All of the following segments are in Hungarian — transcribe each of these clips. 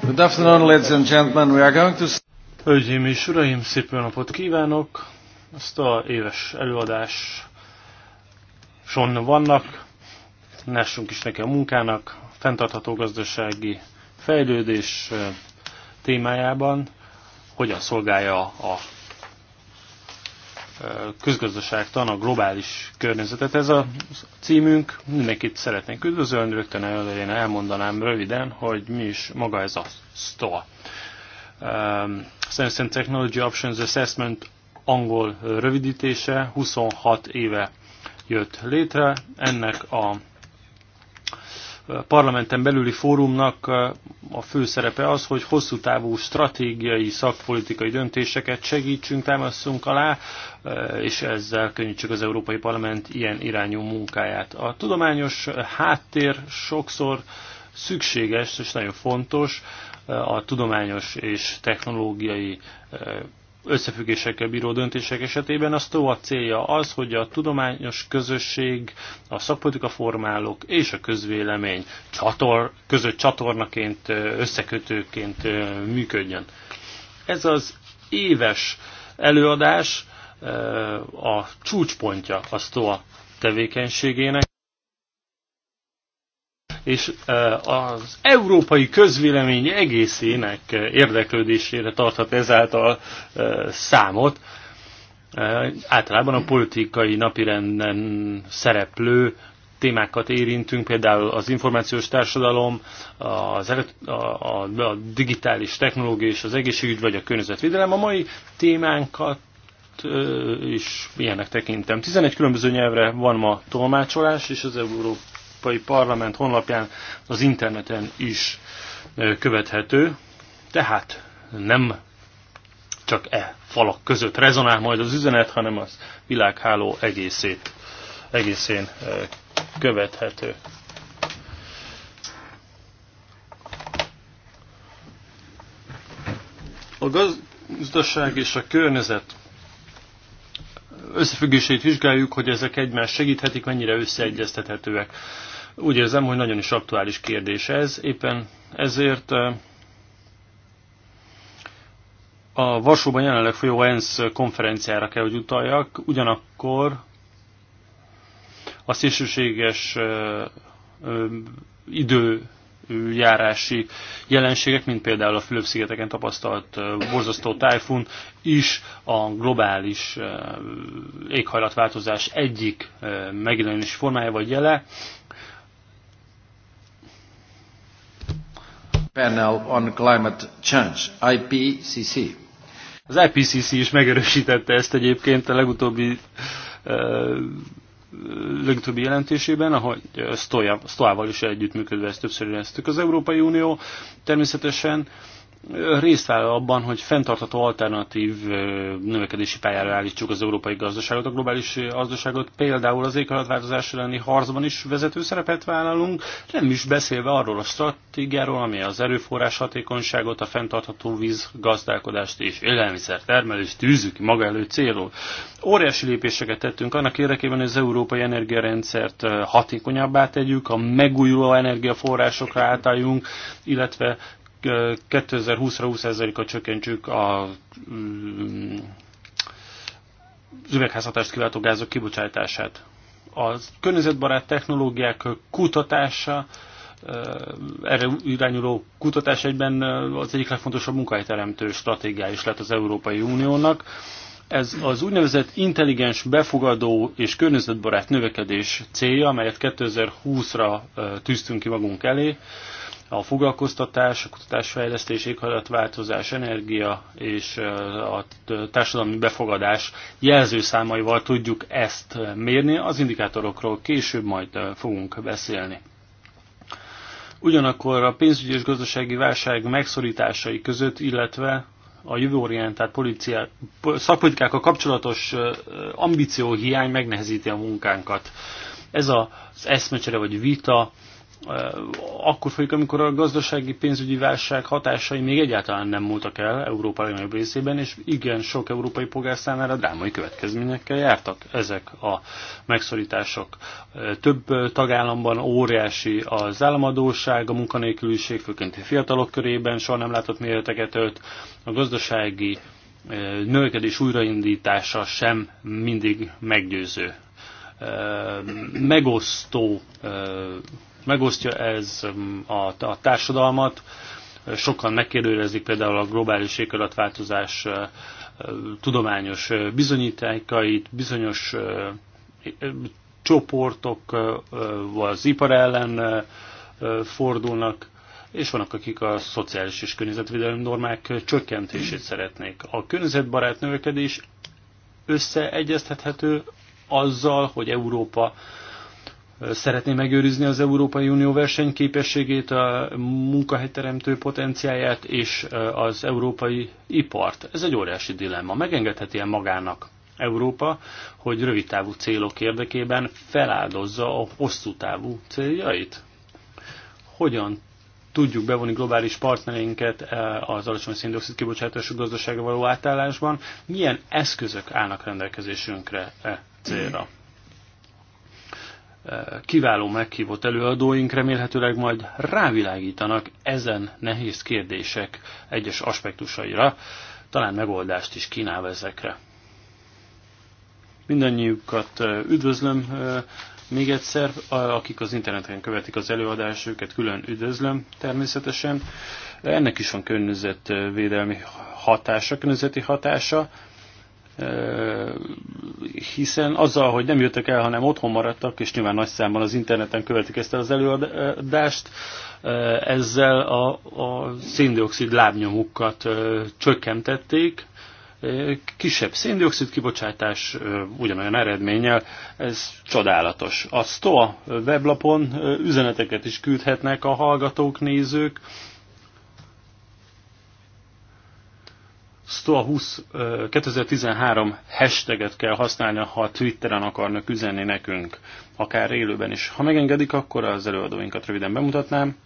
Good afternoon, ladies and gentlemen. We are going to... Hölgyeim és uraim, szép napot kívánok! Ezt a éves előadás son vannak. Lássunk is neki a munkának, fenntartható gazdasági fejlődés témájában, hogyan szolgálja a közgazdaságtan a globális környezetet. Ez a címünk, mindenkit szeretnénk üdvözölni, rögtön elején elmondanám röviden, hogy mi is maga ez a STOA. Um, Science and Technology Options Assessment angol rövidítése 26 éve jött létre. Ennek a parlamenten belüli fórumnak a fő szerepe az, hogy hosszú távú stratégiai, szakpolitikai döntéseket segítsünk, támaszunk alá, és ezzel könnyítsük az Európai Parlament ilyen irányú munkáját. A tudományos háttér sokszor szükséges és nagyon fontos a tudományos és technológiai összefüggésekkel bíró döntések esetében a STOA célja az, hogy a tudományos közösség, a szakpolitika formálók és a közvélemény csator, között csatornaként, összekötőként működjön. Ez az éves előadás a csúcspontja a STOA tevékenységének és az európai közvélemény egészének érdeklődésére tarthat ezáltal számot. Általában a politikai napirenden szereplő témákat érintünk, például az információs társadalom, az, a, a, a digitális technológia és az egészségügy vagy a környezetvédelem. A mai témánkat is ilyenek tekintem. 11 különböző nyelvre van ma tolmácsolás, és az Európa Európai Parlament honlapján az interneten is követhető, tehát nem csak e falak között rezonál majd az üzenet, hanem az világháló egészét, egészén követhető. A gazdaság és a környezet összefüggését vizsgáljuk, hogy ezek egymást segíthetik, mennyire összeegyeztethetőek. Úgy érzem, hogy nagyon is aktuális kérdés ez, éppen ezért eh, a Varsóban jelenleg folyó ENSZ konferenciára kell, hogy utaljak, ugyanakkor a szélsőséges eh, eh, időjárási jelenségek, mint például a Fülöp-szigeteken tapasztalt borzasztó tájfun is a globális éghajlatváltozás egyik megjelenési formája vagy jele. panel on climate change, IPCC. Az IPCC is megerősítette ezt egyébként a legutóbbi uh, legutóbbi jelentésében, ahogy eh, Stoával is együttműködve ezt többször jelentettük Az Európai Unió természetesen uh, részt vállal abban, hogy fenntartható alternatív növekedési pályára állítsuk az európai gazdaságot, a globális gazdaságot, például az éghajlatváltozás elleni harcban is vezető szerepet vállalunk, nem is beszélve arról a stratégiáról, ami az erőforrás hatékonyságot, a fenntartható vízgazdálkodást és élelmiszertermelést tűzzük maga előtt célról. Óriási lépéseket tettünk annak érdekében, hogy az európai energiarendszert hatékonyabbá tegyük, a megújuló energiaforrásokra átálljunk, illetve 2020-ra 20%-kal csökkentsük a mm, az üvegházhatást kiváltó gázok kibocsátását. A környezetbarát technológiák kutatása, erre irányuló kutatás egyben az egyik legfontosabb munkahelyteremtő stratégiája is lett az Európai Uniónak. Ez az úgynevezett intelligens, befogadó és környezetbarát növekedés célja, amelyet 2020-ra tűztünk ki magunk elé a foglalkoztatás, a kutatásfejlesztés, éghajlatváltozás, energia és a társadalmi befogadás jelzőszámaival tudjuk ezt mérni. Az indikátorokról később majd fogunk beszélni. Ugyanakkor a pénzügyi és gazdasági válság megszorításai között, illetve a jövőorientált szakpolitikákkal kapcsolatos ambícióhiány megnehezíti a munkánkat. Ez az eszmecsere vagy vita akkor folyik, amikor a gazdasági pénzügyi válság hatásai még egyáltalán nem múltak el Európa legnagyobb részében, és igen, sok európai polgár számára drámai következményekkel jártak ezek a megszorítások. Több tagállamban óriási az államadóság, a munkanélküliség, főként a fiatalok körében soha nem látott méreteket ölt, a gazdasági növekedés újraindítása sem mindig meggyőző megosztó megosztja ez um, a, a társadalmat. Sokan megkérdőjelezik például a globális éghajlatváltozás uh, tudományos uh, bizonyítékait, bizonyos uh, csoportok az ipar ellen fordulnak, és vannak, akik a szociális és környezetvédelmi normák csökkentését szeretnék. A környezetbarát növekedés összeegyeztethető azzal, hogy Európa szeretné megőrizni az Európai Unió versenyképességét, a munkahelyteremtő potenciáját és az európai ipart. Ez egy óriási dilemma. Megengedheti-e magának Európa, hogy rövidtávú célok érdekében feláldozza a hosszú távú céljait? Hogyan tudjuk bevonni globális partnereinket az alacsony széndiokszid kibocsátású gazdasága való átállásban? Milyen eszközök állnak rendelkezésünkre e célra? Mm kiváló meghívott előadóink remélhetőleg majd rávilágítanak ezen nehéz kérdések egyes aspektusaira, talán megoldást is kínál ezekre. Mindannyiukat üdvözlöm még egyszer, akik az interneten követik az előadást, őket külön üdvözlöm természetesen. Ennek is van környezetvédelmi hatása, környezeti hatása hiszen azzal, hogy nem jöttek el, hanem otthon maradtak, és nyilván nagy számban az interneten követik ezt az előadást, ezzel a, a széndiokszid lábnyomukat csökkentették, kisebb széndiokszid kibocsátás ugyanolyan eredménnyel, ez csodálatos. A STOA weblapon üzeneteket is küldhetnek a hallgatók, nézők, 20 2013 hashtaget kell használni, ha Twitteren akarnak üzenni nekünk, akár élőben is. Ha megengedik, akkor az előadóinkat röviden bemutatnám.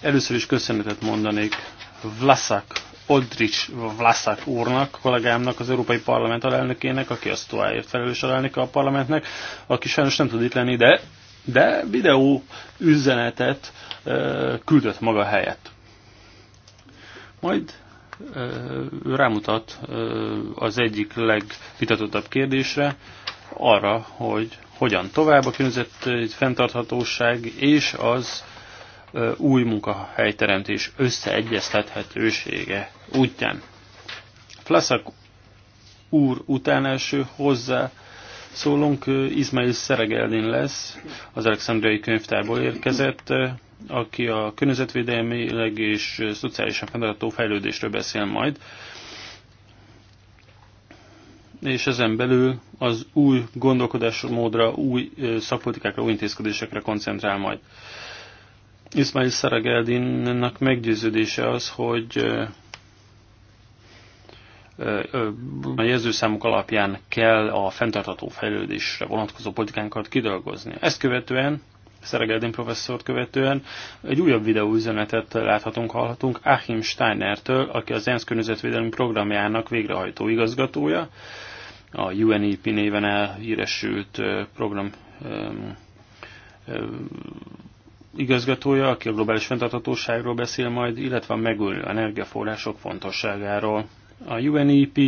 Először is köszönetet mondanék Vlaszak, Odrich Vlaszak úrnak, kollégámnak, az Európai Parlament alelnökének, aki a Sztoáért felelős alelnöke a parlamentnek, aki sajnos nem tud itt lenni, de, de videó üzenetet küldött maga helyett. Majd rámutat az egyik legvitatottabb kérdésre, arra, hogy hogyan tovább a környezet fenntarthatóság és az új munkahelyteremtés összeegyeztethetősége útján. Flaszak úr után első hozzá szólunk, Izmail Szeregeldin lesz, az Alexandriai könyvtárból érkezett, aki a környezetvédelmileg és szociálisan fenntartó fejlődésről beszél majd. És ezen belül az új gondolkodásmódra, új szakpolitikákra, új intézkedésekre koncentrál majd. Ismail Sarageldinnak meggyőződése az, hogy a jelzőszámok alapján kell a fenntartható fejlődésre vonatkozó politikánkat kidolgozni. Ezt követően Szeregedin professzort követően egy újabb videóüzenetet láthatunk, hallhatunk Achim Steinertől, aki az ENSZ környezetvédelmi programjának végrehajtó igazgatója, a UNEP néven elhíresült program igazgatója, aki a globális fenntarthatóságról beszél majd, illetve a megújuló energiaforrások fontosságáról. A UNEP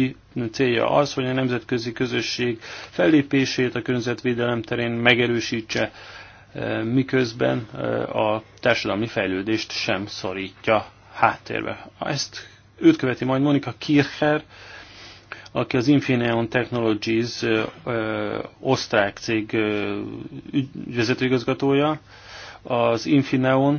célja az, hogy a nemzetközi közösség fellépését a környezetvédelem terén megerősítse, miközben a társadalmi fejlődést sem szorítja háttérbe. Ezt őt követi majd Monika Kircher, aki az Infineon Technologies osztrák cég vezetőigazgatója. Az Infineon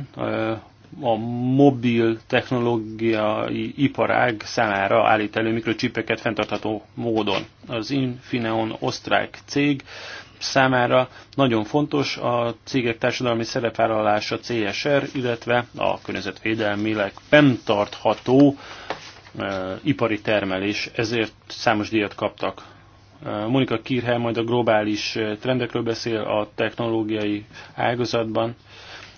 a mobil technológiai iparág számára állít elő mikrocsipeket fenntartható módon. Az Infineon osztrák cég számára nagyon fontos a cégek társadalmi szerepvállalása CSR, illetve a környezetvédelmileg fenntartható e, ipari termelés, ezért számos díjat kaptak. Monika Kirhel majd a globális trendekről beszél a technológiai ágazatban,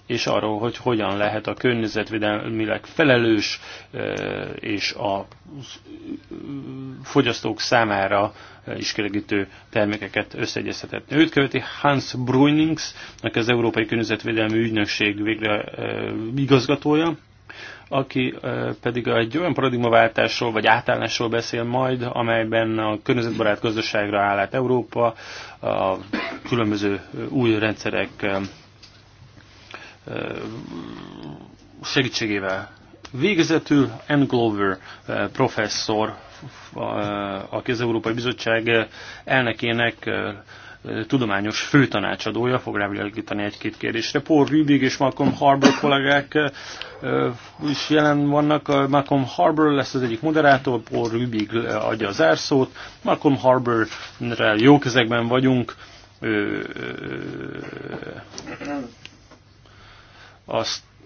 és arról, hogy hogyan lehet a környezetvédelmileg felelős és a fogyasztók számára is kielégítő termékeket összeegyeztetett. Őt követi Hans Brunings, aki az Európai Környezetvédelmi Ügynökség végre igazgatója, aki pedig egy olyan paradigmaváltásról vagy átállásról beszél majd, amelyben a környezetbarát gazdaságra áll át Európa, a különböző új rendszerek segítségével. Végezetül Ann Glover professzor, aki az Európai Bizottság elnökének tudományos főtanácsadója, fog rávilágítani egy-két kérdésre. Paul Rübig és Malcolm Harbour kollégák is jelen vannak. Malcolm Harbour lesz az egyik moderátor, Paul Rübig adja az zárszót. Malcolm harbour jó kezekben vagyunk. A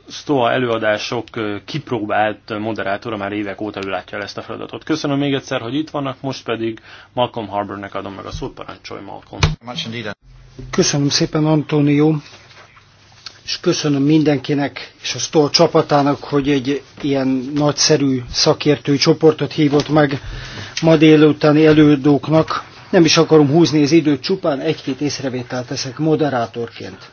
STOA előadások kipróbált moderátora már évek óta ő látja el ezt a feladatot. Köszönöm még egyszer, hogy itt vannak, most pedig Malcolm Harbournek adom meg a szót, parancsolj Malcolm. Köszönöm szépen, Antonio, és köszönöm mindenkinek és a stoa csapatának, hogy egy ilyen nagyszerű szakértői csoportot hívott meg ma délutáni előadóknak. Nem is akarom húzni az időt, csupán egy-két észrevételt teszek moderátorként.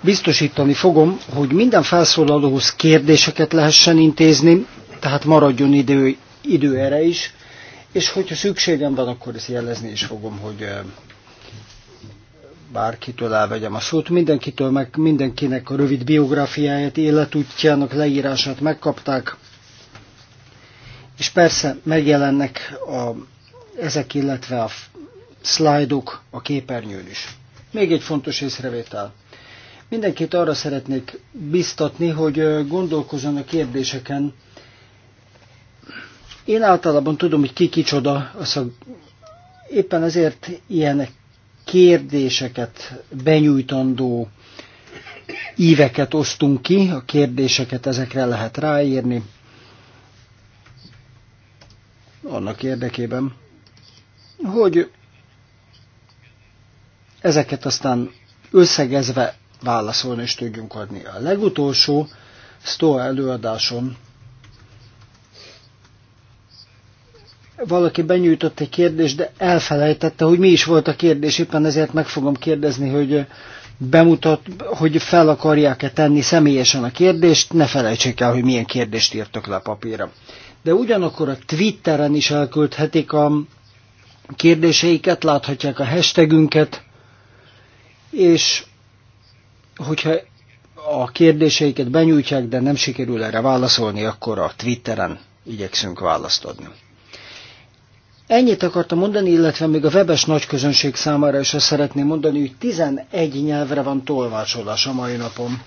Biztosítani fogom, hogy minden felszólalóhoz kérdéseket lehessen intézni, tehát maradjon idő, idő erre is, és hogyha szükségem van, akkor ezt jelezni is fogom, hogy bárkitől elvegyem a szót, mindenkitől, meg mindenkinek a rövid biográfiáját, életútjának leírását megkapták, és persze megjelennek a, ezek, illetve a szlájdok a képernyőn is. Még egy fontos észrevétel. Mindenkit arra szeretnék biztatni, hogy gondolkozzon a kérdéseken. Én általában tudom, hogy ki kicsoda, az a... éppen ezért ilyen kérdéseket benyújtandó íveket osztunk ki, a kérdéseket ezekre lehet ráírni. Annak érdekében, hogy ezeket aztán összegezve válaszolni és tudjunk adni. A legutolsó Stoa előadáson valaki benyújtott egy kérdést, de elfelejtette, hogy mi is volt a kérdés, éppen ezért meg fogom kérdezni, hogy bemutat, hogy fel akarják-e tenni személyesen a kérdést, ne felejtsék el, hogy milyen kérdést írtok le a papírra. De ugyanakkor a Twitteren is elküldhetik a kérdéseiket, láthatják a hashtagünket, és hogyha a kérdéseiket benyújtják, de nem sikerül erre válaszolni, akkor a Twitteren igyekszünk választ adni. Ennyit akartam mondani, illetve még a webes nagyközönség számára is azt szeretném mondani, hogy 11 nyelvre van tolvácsolás a mai napon.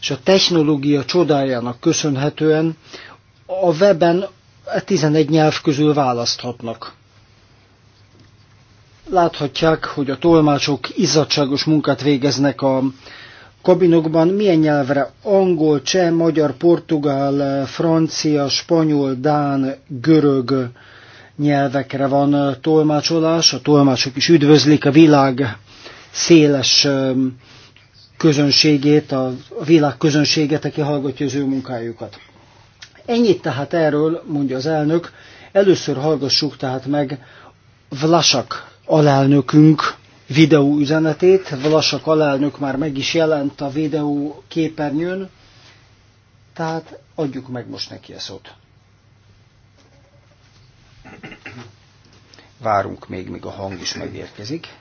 És a technológia csodájának köszönhetően a weben 11 e nyelv közül választhatnak. Láthatják, hogy a tolmácsok izzadságos munkát végeznek a kabinokban milyen nyelvre? Angol, cseh, magyar, portugál, francia, spanyol, dán, görög nyelvekre van tolmácsolás. A tolmácsok is üdvözlik a világ széles közönségét, a világ közönséget, aki hallgatja az ő munkájukat. Ennyit tehát erről, mondja az elnök. Először hallgassuk tehát meg Vlasak alelnökünk videó üzenetét. Vlasak alelnök már meg is jelent a videó képernyőn, tehát adjuk meg most neki a szót. Várunk még, míg a hang is megérkezik.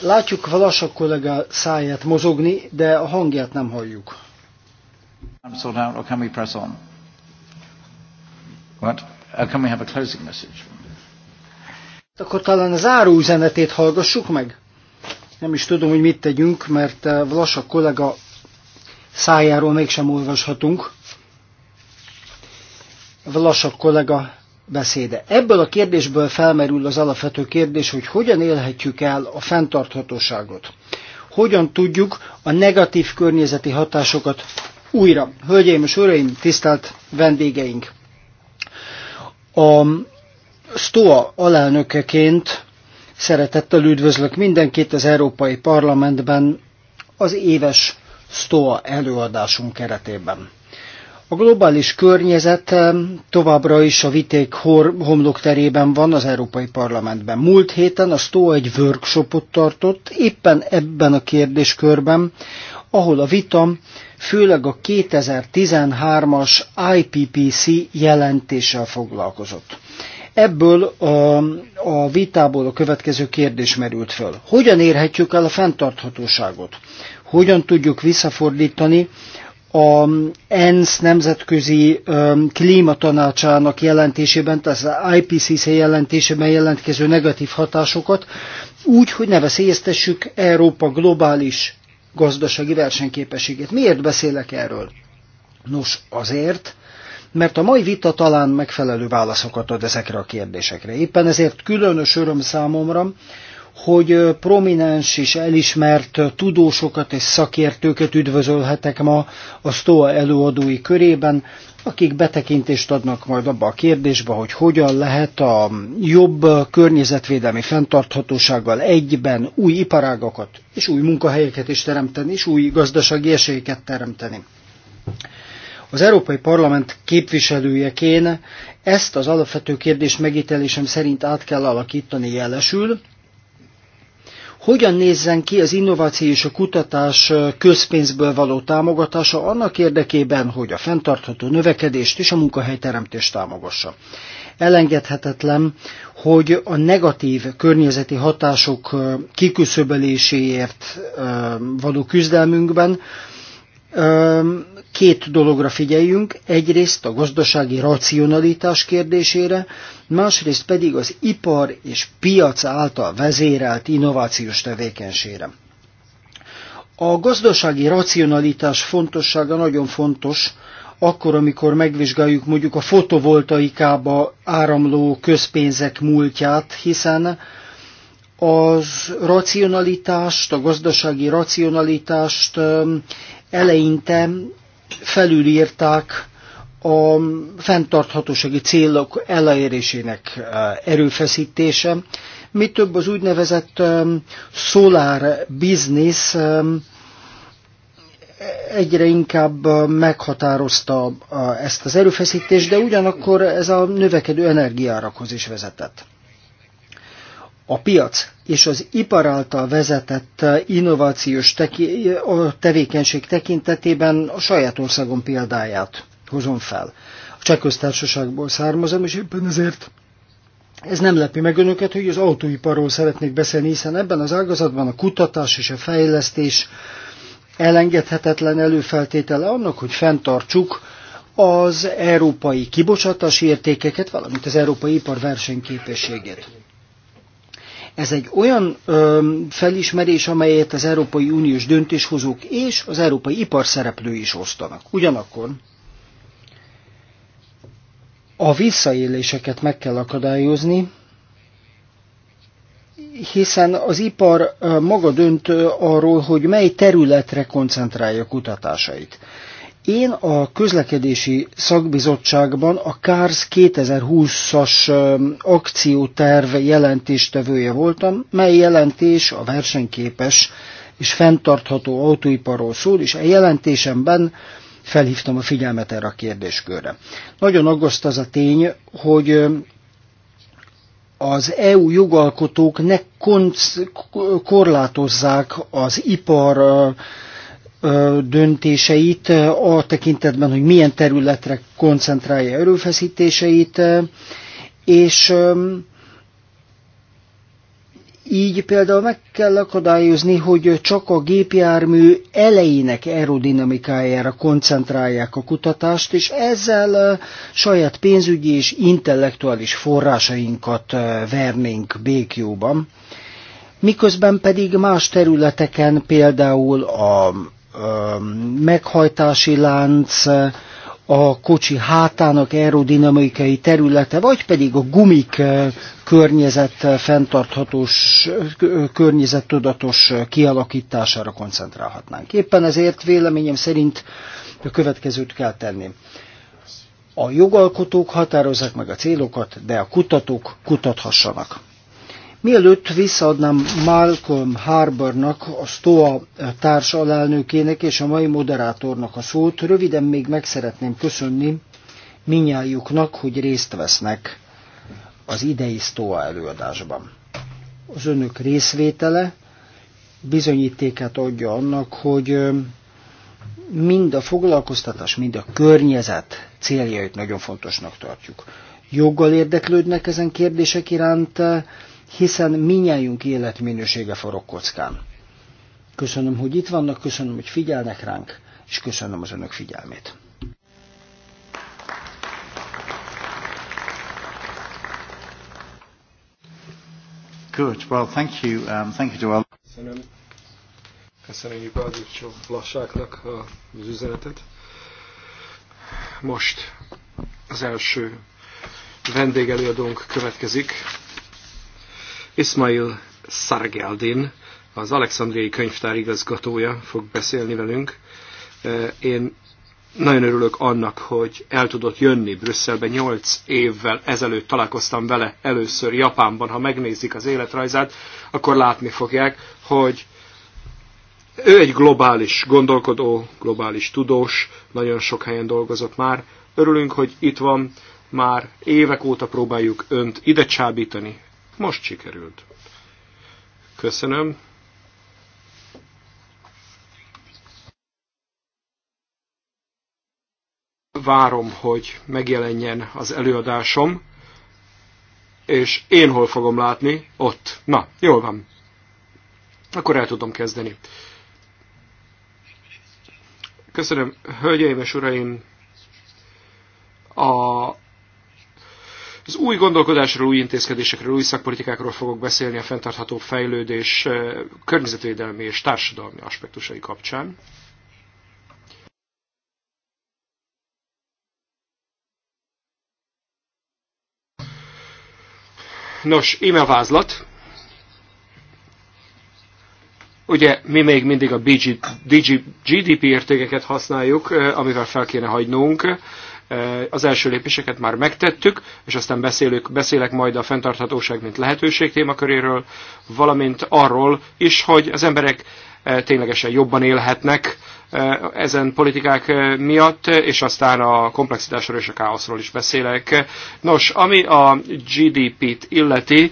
Látjuk Vlasak kollega száját mozogni, de a hangját nem halljuk. can we press on? What? Uh, can we have a closing message? Hát akkor talán a záró üzenetét hallgassuk meg? Nem is tudom, hogy mit tegyünk, mert eh, Vlasa kollega szájáról mégsem olvashatunk. Vlasa kollega beszéde. Ebből a kérdésből felmerül az alapvető kérdés, hogy hogyan élhetjük el a fenntarthatóságot. Hogyan tudjuk a negatív környezeti hatásokat újra. Hölgyeim és uraim, tisztelt vendégeink! A STOA alelnökeként szeretettel üdvözlök mindenkit az Európai Parlamentben az éves STOA előadásunk keretében. A globális környezet továbbra is a viték homlokterében van az Európai Parlamentben. Múlt héten a STOA egy workshopot tartott éppen ebben a kérdéskörben, ahol a vita főleg a 2013-as IPPC jelentéssel foglalkozott. Ebből a, a vitából a következő kérdés merült föl. Hogyan érhetjük el a fenntarthatóságot? Hogyan tudjuk visszafordítani a ENSZ nemzetközi um, klímatanácsának jelentésében, tehát az IPCC jelentésében jelentkező negatív hatásokat, úgy, hogy ne veszélyeztessük Európa globális gazdasági versenyképességét. Miért beszélek erről? Nos, azért, mert a mai vita talán megfelelő válaszokat ad ezekre a kérdésekre. Éppen ezért különös öröm számomra, hogy prominens és elismert tudósokat és szakértőket üdvözölhetek ma a STOA előadói körében, akik betekintést adnak majd abba a kérdésbe, hogy hogyan lehet a jobb környezetvédelmi fenntarthatósággal egyben új iparágakat és új munkahelyeket is teremteni, és új gazdasági esélyeket teremteni. Az Európai Parlament képviselőjeként ezt az alapvető kérdés megítélésem szerint át kell alakítani jelesül. Hogyan nézzen ki az innováció és a kutatás közpénzből való támogatása annak érdekében, hogy a fenntartható növekedést és a munkahelyteremtést támogassa? elengedhetetlen, hogy a negatív környezeti hatások kiküszöböléséért való küzdelmünkben Két dologra figyeljünk, egyrészt a gazdasági racionalitás kérdésére, másrészt pedig az ipar és piac által vezérelt innovációs tevékenységre. A gazdasági racionalitás fontossága nagyon fontos, akkor, amikor megvizsgáljuk mondjuk a fotovoltaikába áramló közpénzek múltját, hiszen az racionalitást, a gazdasági racionalitást eleinte felülírták a fenntarthatósági célok elérésének eh, erőfeszítése, mi több az úgynevezett eh, solar business eh, egyre inkább meghatározta ezt az erőfeszítést, de ugyanakkor ez a növekedő energiárakhoz is vezetett. A piac és az ipar által vezetett eh, innovációs teki, eh, tevékenység tekintetében a saját országom példáját hozom fel. A cseh köztársaságból származom, és éppen ezért ez nem lepi meg önöket, hogy az autóiparról szeretnék beszélni, hiszen ebben az ágazatban a kutatás és a fejlesztés elengedhetetlen előfeltétele annak, hogy fenntartsuk az európai kibocsátási értékeket, valamint az európai ipar versenyképességét. Ez egy olyan ö, felismerés, amelyet az Európai Uniós döntéshozók és az európai ipar szereplői is osztanak. Ugyanakkor a visszaéléseket meg kell akadályozni, hiszen az ipar maga dönt arról, hogy mely területre koncentrálja kutatásait. Én a közlekedési szakbizottságban a KARS 2020-as akcióterv jelentéstevője voltam, mely jelentés a versenyképes és fenntartható autóiparról szól, és a e jelentésemben felhívtam a figyelmet erre a kérdéskörre. Nagyon aggaszt az a tény, hogy az EU jogalkotók ne korlátozzák az ipar döntéseit a tekintetben, hogy milyen területre koncentrálja erőfeszítéseit, és így például meg kell akadályozni, hogy csak a gépjármű elejének aerodinamikájára koncentrálják a kutatást, és ezzel saját pénzügyi és intellektuális forrásainkat vernénk békjóban miközben pedig más területeken, például a meghajtási lánc, a kocsi hátának aerodinamikai területe, vagy pedig a gumik környezet fenntarthatós, környezet tudatos kialakítására koncentrálhatnánk. Éppen ezért véleményem szerint a következőt kell tenni. A jogalkotók határozzák meg a célokat, de a kutatók kutathassanak. Mielőtt visszaadnám Malcolm Harbornak, a STOA társ és a mai moderátornak a szót, röviden még meg szeretném köszönni minnyájuknak, hogy részt vesznek az idei STOA előadásban. Az önök részvétele bizonyítékát adja annak, hogy mind a foglalkoztatás, mind a környezet céljait nagyon fontosnak tartjuk. Joggal érdeklődnek ezen kérdések iránt, hiszen minnyájunk életminősége forog kockán. Köszönöm, hogy itt vannak, köszönöm, hogy figyelnek ránk, és köszönöm az önök figyelmét. Good. Well, thank you. Um, thank you to all. Köszönöm. Köszönjük Baldicsó lassáknak az üzenetet. Most az első vendégelőadónk következik. Ismail Sargeldin, az Alexandriai Könyvtár igazgatója fog beszélni velünk. Én nagyon örülök annak, hogy el tudott jönni Brüsszelbe. Nyolc évvel ezelőtt találkoztam vele először Japánban. Ha megnézik az életrajzát, akkor látni fogják, hogy ő egy globális gondolkodó, globális tudós, nagyon sok helyen dolgozott már. Örülünk, hogy itt van, már évek óta próbáljuk önt ide csábítani most sikerült. Köszönöm. Várom, hogy megjelenjen az előadásom, és én hol fogom látni? Ott. Na, jól van. Akkor el tudom kezdeni. Köszönöm, hölgyeim és uraim, a az új gondolkodásról, új intézkedésekről, új szakpolitikákról fogok beszélni a fenntartható fejlődés környezetvédelmi és társadalmi aspektusai kapcsán. Nos, íme a vázlat. Ugye mi még mindig a BG, DG, GDP értékeket használjuk, amivel fel kéne hagynunk. Az első lépéseket már megtettük, és aztán beszélök, beszélek majd a fenntarthatóság, mint lehetőség témaköréről, valamint arról is, hogy az emberek ténylegesen jobban élhetnek ezen politikák miatt, és aztán a komplexitásról és a káoszról is beszélek. Nos, ami a GDP-t illeti,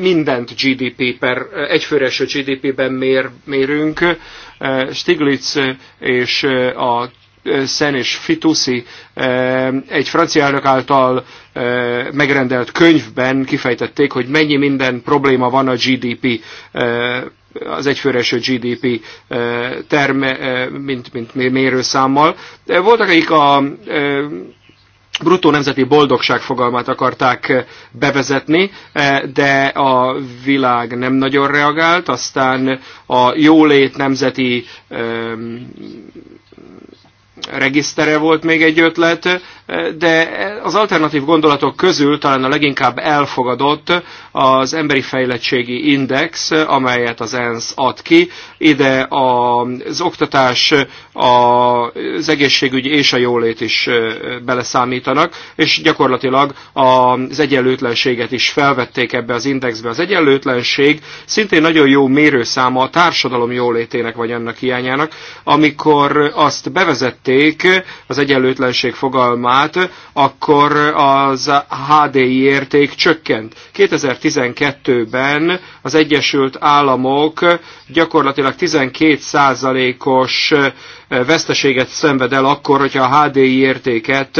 mindent GDP per egyfőre GDP-ben mér, mérünk. Stiglitz és a Szen és Fitusi egy francia elnök által megrendelt könyvben kifejtették, hogy mennyi minden probléma van a GDP az egyfőreső GDP terme, mint, mint mérőszámmal. Voltak, akik a bruttó nemzeti boldogság fogalmát akarták bevezetni, de a világ nem nagyon reagált, aztán a jólét nemzeti regisztere volt még egy ötlet, de az alternatív gondolatok közül talán a leginkább elfogadott az emberi fejlettségi index, amelyet az ENSZ ad ki. Ide az oktatás, az egészségügy és a jólét is beleszámítanak, és gyakorlatilag az egyenlőtlenséget is felvették ebbe az indexbe. Az egyenlőtlenség szintén nagyon jó mérőszáma a társadalom jólétének vagy annak hiányának, amikor azt bevezették az egyenlőtlenség fogalmát, át, akkor az HDI érték csökkent. 2012-ben az Egyesült Államok gyakorlatilag 12%-os veszteséget szenved el akkor, hogyha a HDI értéket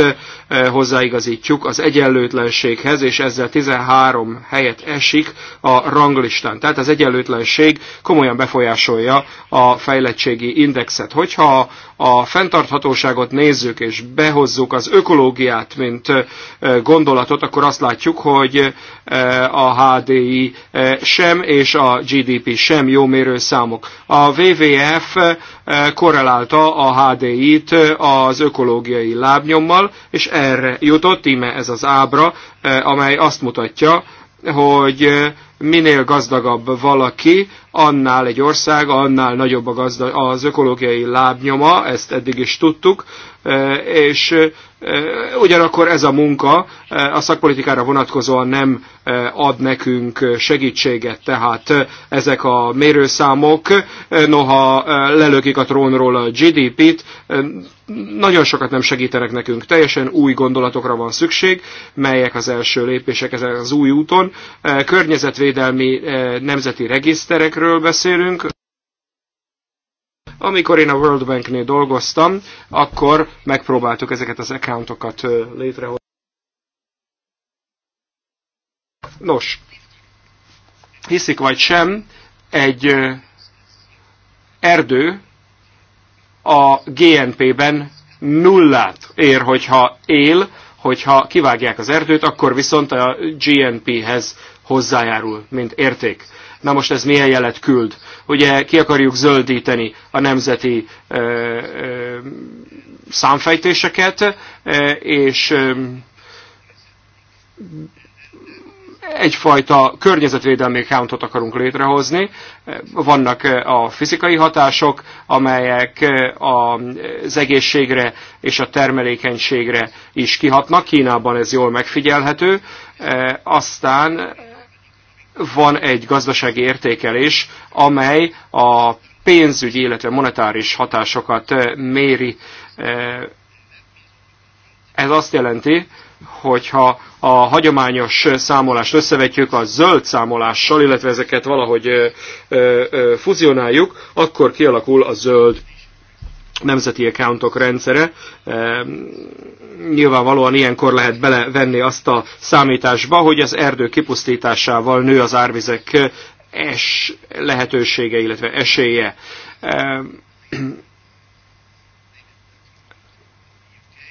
eh, hozzáigazítjuk az egyenlőtlenséghez, és ezzel 13 helyet esik a ranglistán. Tehát az egyenlőtlenség komolyan befolyásolja a fejlettségi indexet. Hogyha a fenntarthatóságot nézzük, és behozzuk az ökológiát, mint eh, gondolatot, akkor azt látjuk, hogy eh, a HDI sem és a GDP sem jó mérőszámok. A WWF korrelálta összehasonlította a HDI-t az ökológiai lábnyommal, és erre jutott, íme ez az ábra, amely azt mutatja, hogy minél gazdagabb valaki, annál egy ország, annál nagyobb a gazda, az ökológiai lábnyoma, ezt eddig is tudtuk, és ugyanakkor ez a munka a szakpolitikára vonatkozóan nem ad nekünk segítséget, tehát ezek a mérőszámok, noha lelökik a trónról a GDP-t, nagyon sokat nem segítenek nekünk. Teljesen új gondolatokra van szükség, melyek az első lépések ezen az új úton. Környezetvédelmi nemzeti regiszterekről beszélünk, amikor én a World Banknél dolgoztam, akkor megpróbáltuk ezeket az accountokat létrehozni. Nos, hiszik vagy sem, egy erdő a GNP-ben nullát ér, hogyha él, hogyha kivágják az erdőt, akkor viszont a GNP-hez hozzájárul, mint érték. Na most ez milyen jelet küld? Ugye ki akarjuk zöldíteni a nemzeti ö, ö, számfejtéseket, ö, és ö, egyfajta környezetvédelmi accountot akarunk létrehozni. Vannak a fizikai hatások, amelyek az egészségre és a termelékenységre is kihatnak. Kínában ez jól megfigyelhető. Aztán van egy gazdasági értékelés, amely a pénzügyi, illetve monetáris hatásokat eh, méri. Eh, ez azt jelenti, hogyha a hagyományos számolást összevetjük a zöld számolással, illetve ezeket valahogy eh, fuzionáljuk, akkor kialakul a zöld nemzeti accountok rendszere. Nyilvánvalóan ilyenkor lehet belevenni azt a számításba, hogy az erdő kipusztításával nő az árvizek eh, es lehetősége, illetve esélye.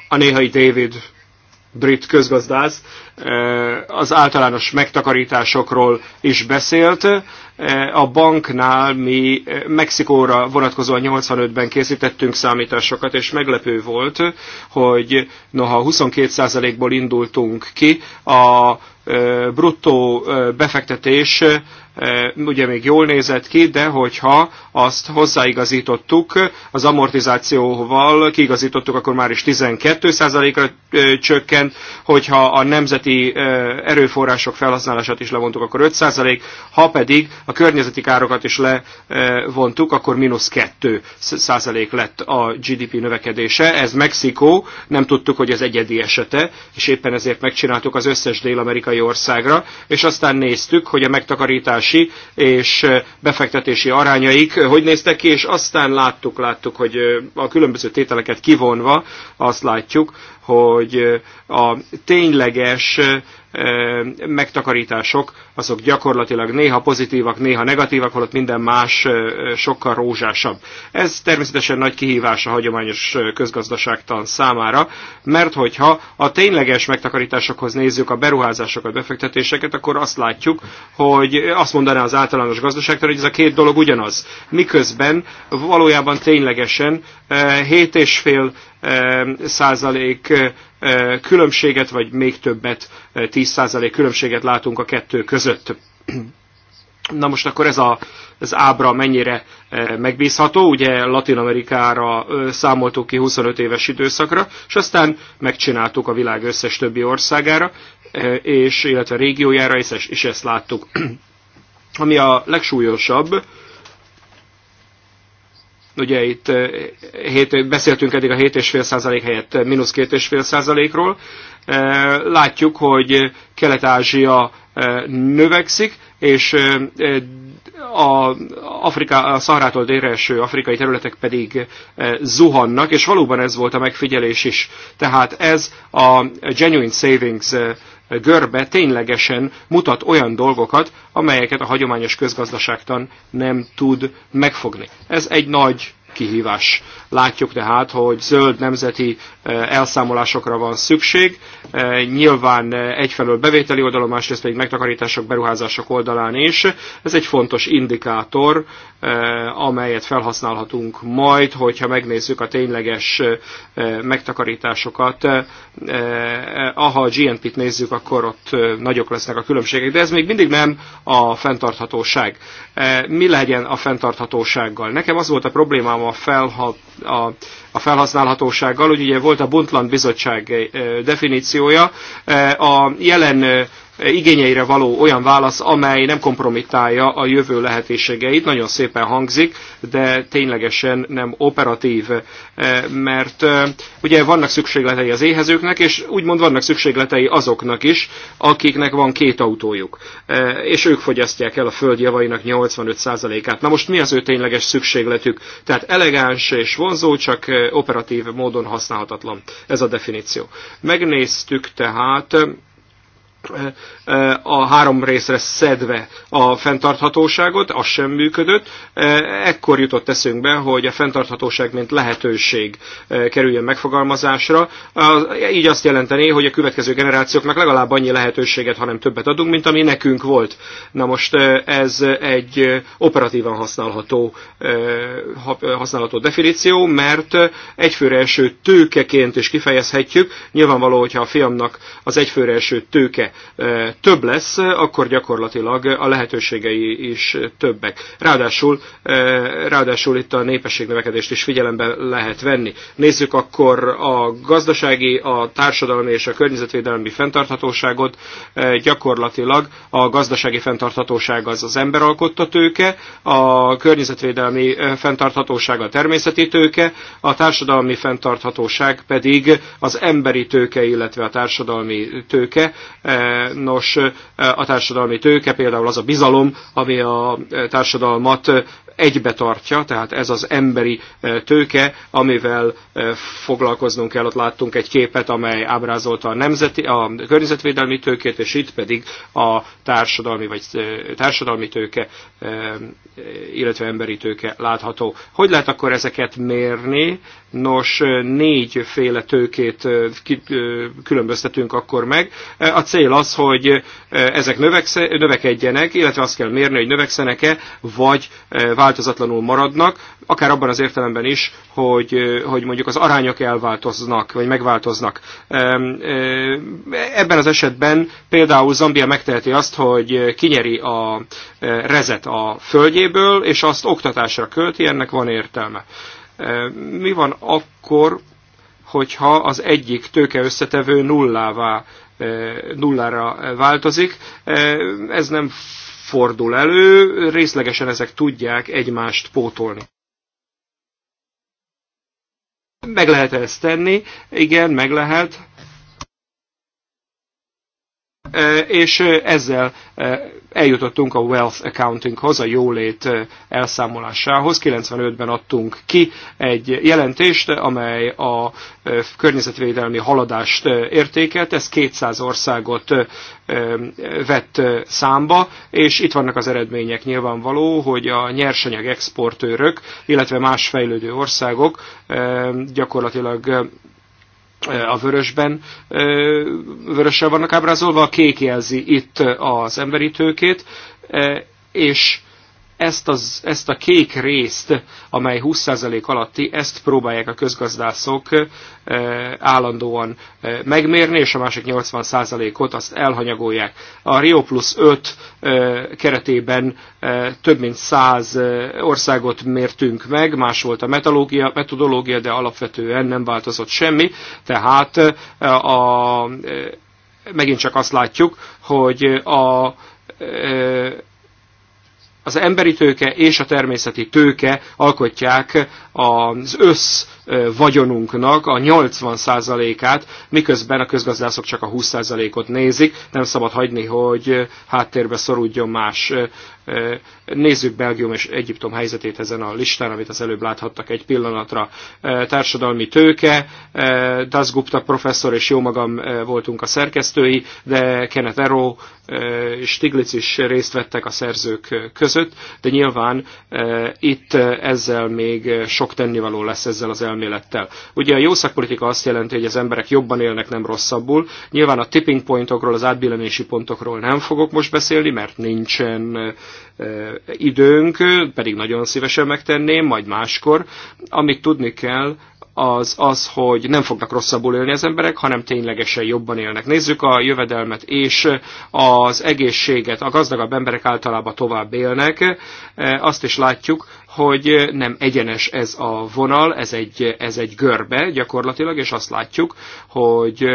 A néhai David brit közgazdász, eh, az általános megtakarításokról is beszélt. Eh, a banknál mi eh, Mexikóra vonatkozóan 85-ben készítettünk számításokat, és meglepő volt, hogy noha 22%-ból indultunk ki, a bruttó befektetés ugye még jól nézett ki, de hogyha azt hozzáigazítottuk az amortizációval, kiigazítottuk, akkor már is 12%-ra csökkent, hogyha a nemzeti erőforrások felhasználását is levontuk, akkor 5%, ha pedig a környezeti károkat is levontuk, akkor mínusz 2% lett a GDP növekedése. Ez Mexikó, nem tudtuk, hogy ez egyedi esete, és éppen ezért megcsináltuk az összes dél-amerikai országra, és aztán néztük, hogy a megtakarítás kiadási és befektetési arányaik hogy néztek ki, és aztán láttuk, láttuk, hogy a különböző tételeket kivonva azt látjuk, hogy a tényleges megtakarítások, azok gyakorlatilag néha pozitívak, néha negatívak, holott minden más sokkal rózsásabb. Ez természetesen nagy kihívás a hagyományos közgazdaságtan számára, mert hogyha a tényleges megtakarításokhoz nézzük a beruházásokat, befektetéseket, akkor azt látjuk, hogy azt mondaná az általános gazdaságtan, hogy ez a két dolog ugyanaz. Miközben valójában ténylegesen 7,5 Ehm, százalék eh, eh, különbséget, vagy még többet, 10 eh, százalék különbséget látunk a kettő között. Na most akkor ez a, az ábra mennyire megbízható, ugye Latin Amerikára számoltuk ki 25 éves időszakra, és aztán megcsináltuk a világ összes többi országára, és illetve régiójára, és, és ezt láttuk. Ami a legsúlyosabb, Ugye itt eh, hét, beszéltünk eddig a 7,5% helyett eh, mínusz 2,5%-ról. Eh, látjuk, hogy Kelet-Ázsia növekszik, és a, Afrika, a Szahrától délre eső afrikai területek pedig zuhannak, és valóban ez volt a megfigyelés is. Tehát ez a Genuine Savings görbe ténylegesen mutat olyan dolgokat, amelyeket a hagyományos közgazdaságtan nem tud megfogni. Ez egy nagy kihívás. Látjuk tehát, hogy zöld nemzeti eh, elszámolásokra van szükség. Eh, nyilván eh, egyfelől bevételi oldalon, másrészt pedig megtakarítások, beruházások oldalán is. Ez egy fontos indikátor, amelyet felhasználhatunk majd, hogyha megnézzük a tényleges megtakarításokat. Ha a GNP-t nézzük, akkor ott nagyok lesznek a különbségek, de ez még mindig nem a fenntarthatóság. Mi legyen a fenntarthatósággal? Nekem az volt a probléma problémám a, felha, a, a felhasználhatósággal, hogy ugye volt a Buntland Bizottság definíciója, a jelen igényeire való olyan válasz, amely nem kompromittálja a jövő lehetőségeit. Nagyon szépen hangzik, de ténylegesen nem operatív, eh, mert eh, ugye vannak szükségletei az éhezőknek, és úgymond vannak szükségletei azoknak is, akiknek van két autójuk, eh, és ők fogyasztják el a föld javainak 85%-át. Na most mi az ő tényleges szükségletük? Tehát elegáns és vonzó, csak operatív módon használhatatlan. Ez a definíció. Megnéztük tehát a három részre szedve a fenntarthatóságot, az sem működött. Ekkor jutott eszünkbe, hogy a fenntarthatóság mint lehetőség kerüljön megfogalmazásra. Így azt jelenteni, hogy a következő generációknak legalább annyi lehetőséget, hanem többet adunk, mint ami nekünk volt. Na most eh, ez egy operatívan használható, eh, használható definíció, mert egyfőre első tőkeként is kifejezhetjük. Nyilvánvaló, hogyha a fiamnak az egyfőre első tőke több lesz, akkor gyakorlatilag a lehetőségei is többek. Ráadásul, ráadásul itt a népességnövekedést is figyelembe lehet venni. Nézzük akkor a gazdasági, a társadalmi és a környezetvédelmi fenntarthatóságot. Gyakorlatilag a gazdasági fenntarthatóság az az emberalkotta tőke, a környezetvédelmi fenntarthatóság a természeti tőke, a társadalmi fenntarthatóság pedig az emberi tőke, illetve a társadalmi tőke, Nos, a társadalmi tőke például az a bizalom, ami a társadalmat egybe tartja, tehát ez az emberi tőke, amivel foglalkoznunk kell. Ott láttunk egy képet, amely ábrázolta a, nemzeti, a környezetvédelmi tőkét, és itt pedig a társadalmi, vagy társadalmi tőke, illetve emberi tőke látható. Hogy lehet akkor ezeket mérni? Nos, négyféle tőkét különböztetünk akkor meg. A cél az, hogy ezek növekedjenek, illetve azt kell mérni, hogy növekszenek-e, vagy változatlanul maradnak, akár abban az értelemben is, hogy, hogy mondjuk az arányok elváltoznak, vagy megváltoznak. Ebben az esetben például Zambia megteheti azt, hogy kinyeri a rezet a földjéből, és azt oktatásra költi, ennek van értelme. Mi van akkor, hogyha az egyik tőke összetevő nullává, nullára változik? Ez nem fordul elő, részlegesen ezek tudják egymást pótolni. Meg lehet -e ezt tenni? Igen, meg lehet. És ezzel eljutottunk a wealth accountinghoz, a jólét eh, elszámolásához. 95-ben adtunk ki egy jelentést, amely a eh, környezetvédelmi haladást eh, értékelt, ez 200 országot vett számba, és itt vannak az eredmények nyilvánvaló, hogy a nyersanyag exportőrök, illetve más fejlődő országok gyakorlatilag a vörösben vörössel vannak ábrázolva, a kék jelzi itt az emberi tőkét, és ezt, az, ezt a kék részt, amely 20% alatti, ezt próbálják a közgazdászok eh, állandóan eh, megmérni, és a másik 80%-ot azt elhanyagolják. A Rio Plus 5 eh, keretében több mint 100 országot mértünk meg, más volt a metodológia, de alapvetően nem változott semmi, tehát a, megint csak azt látjuk, hogy a az emberi tőke és a természeti tőke alkotják az össz vagyonunknak a 80%-át, miközben a közgazdászok csak a 20%-ot nézik, nem szabad hagyni, hogy háttérbe szoruljon más. Nézzük Belgium és Egyiptom helyzetét ezen a listán, amit az előbb láthattak egy pillanatra. Társadalmi tőke, Das Gupta professzor és jó magam voltunk a szerkesztői, de Kenneth Arrow és Stiglitz is részt vettek a szerzők között, de nyilván itt ezzel még sok tennivaló lesz ezzel az elmélettel. Ugye a jó szakpolitika azt jelenti, hogy az emberek jobban élnek, nem rosszabbul. Nyilván a tipping pointokról, az átbillenési pontokról nem fogok most beszélni, mert nincsen Eh, időnk, pedig nagyon szívesen megtenném, majd máskor. Amit tudni kell, az az, hogy nem fognak rosszabbul élni az emberek, hanem ténylegesen jobban élnek. Nézzük a jövedelmet és az egészséget. A gazdagabb emberek általában tovább élnek. Eh, azt is látjuk, hogy nem egyenes ez a vonal, ez egy, ez egy görbe gyakorlatilag, és azt látjuk, hogy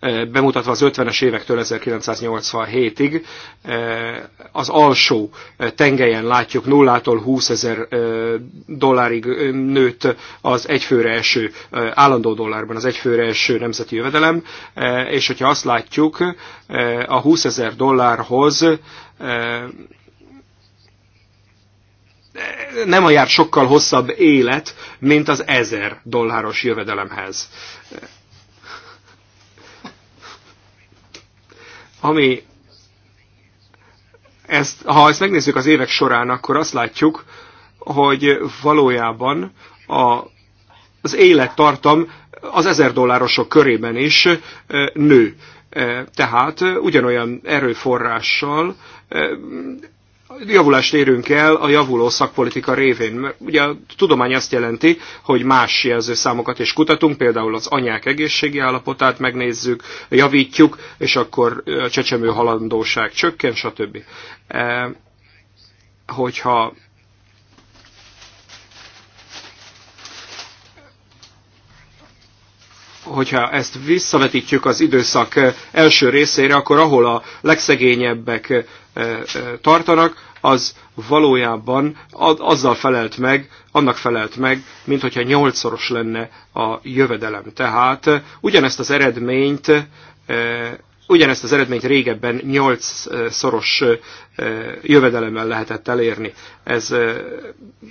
Eh, bemutatva az 50-es évektől 1987-ig. Eh, az alsó eh, tengelyen látjuk 0-tól 20 ezer dollárig nőtt az egyfőre eső, állandó dollárban az egyfőre eső nemzeti jövedelem, és hogyha azt látjuk, a 20 ezer dollárhoz nem ajár sokkal hosszabb élet, mint az ezer dolláros jövedelemhez. Ami ezt, ha ezt megnézzük az évek során, akkor azt látjuk, hogy valójában a, az élettartam az ezer dollárosok körében is nő. Tehát ugyanolyan erőforrással javulást érünk el a javuló szakpolitika révén. Mert ugye a tudomány azt jelenti, hogy más jelzőszámokat is kutatunk, például az anyák egészségi állapotát megnézzük, javítjuk, és akkor a csecsemő halandóság csökken, stb. E, hogyha hogyha ezt visszavetítjük az időszak első részére, akkor ahol a legszegényebbek tartanak, az valójában azzal felelt meg, annak felelt meg, mint hogyha nyolcszoros lenne a jövedelem. Tehát ugyanezt az eredményt ugyanezt az eredményt régebben nyolcszoros jövedelemmel lehetett elérni. Ez,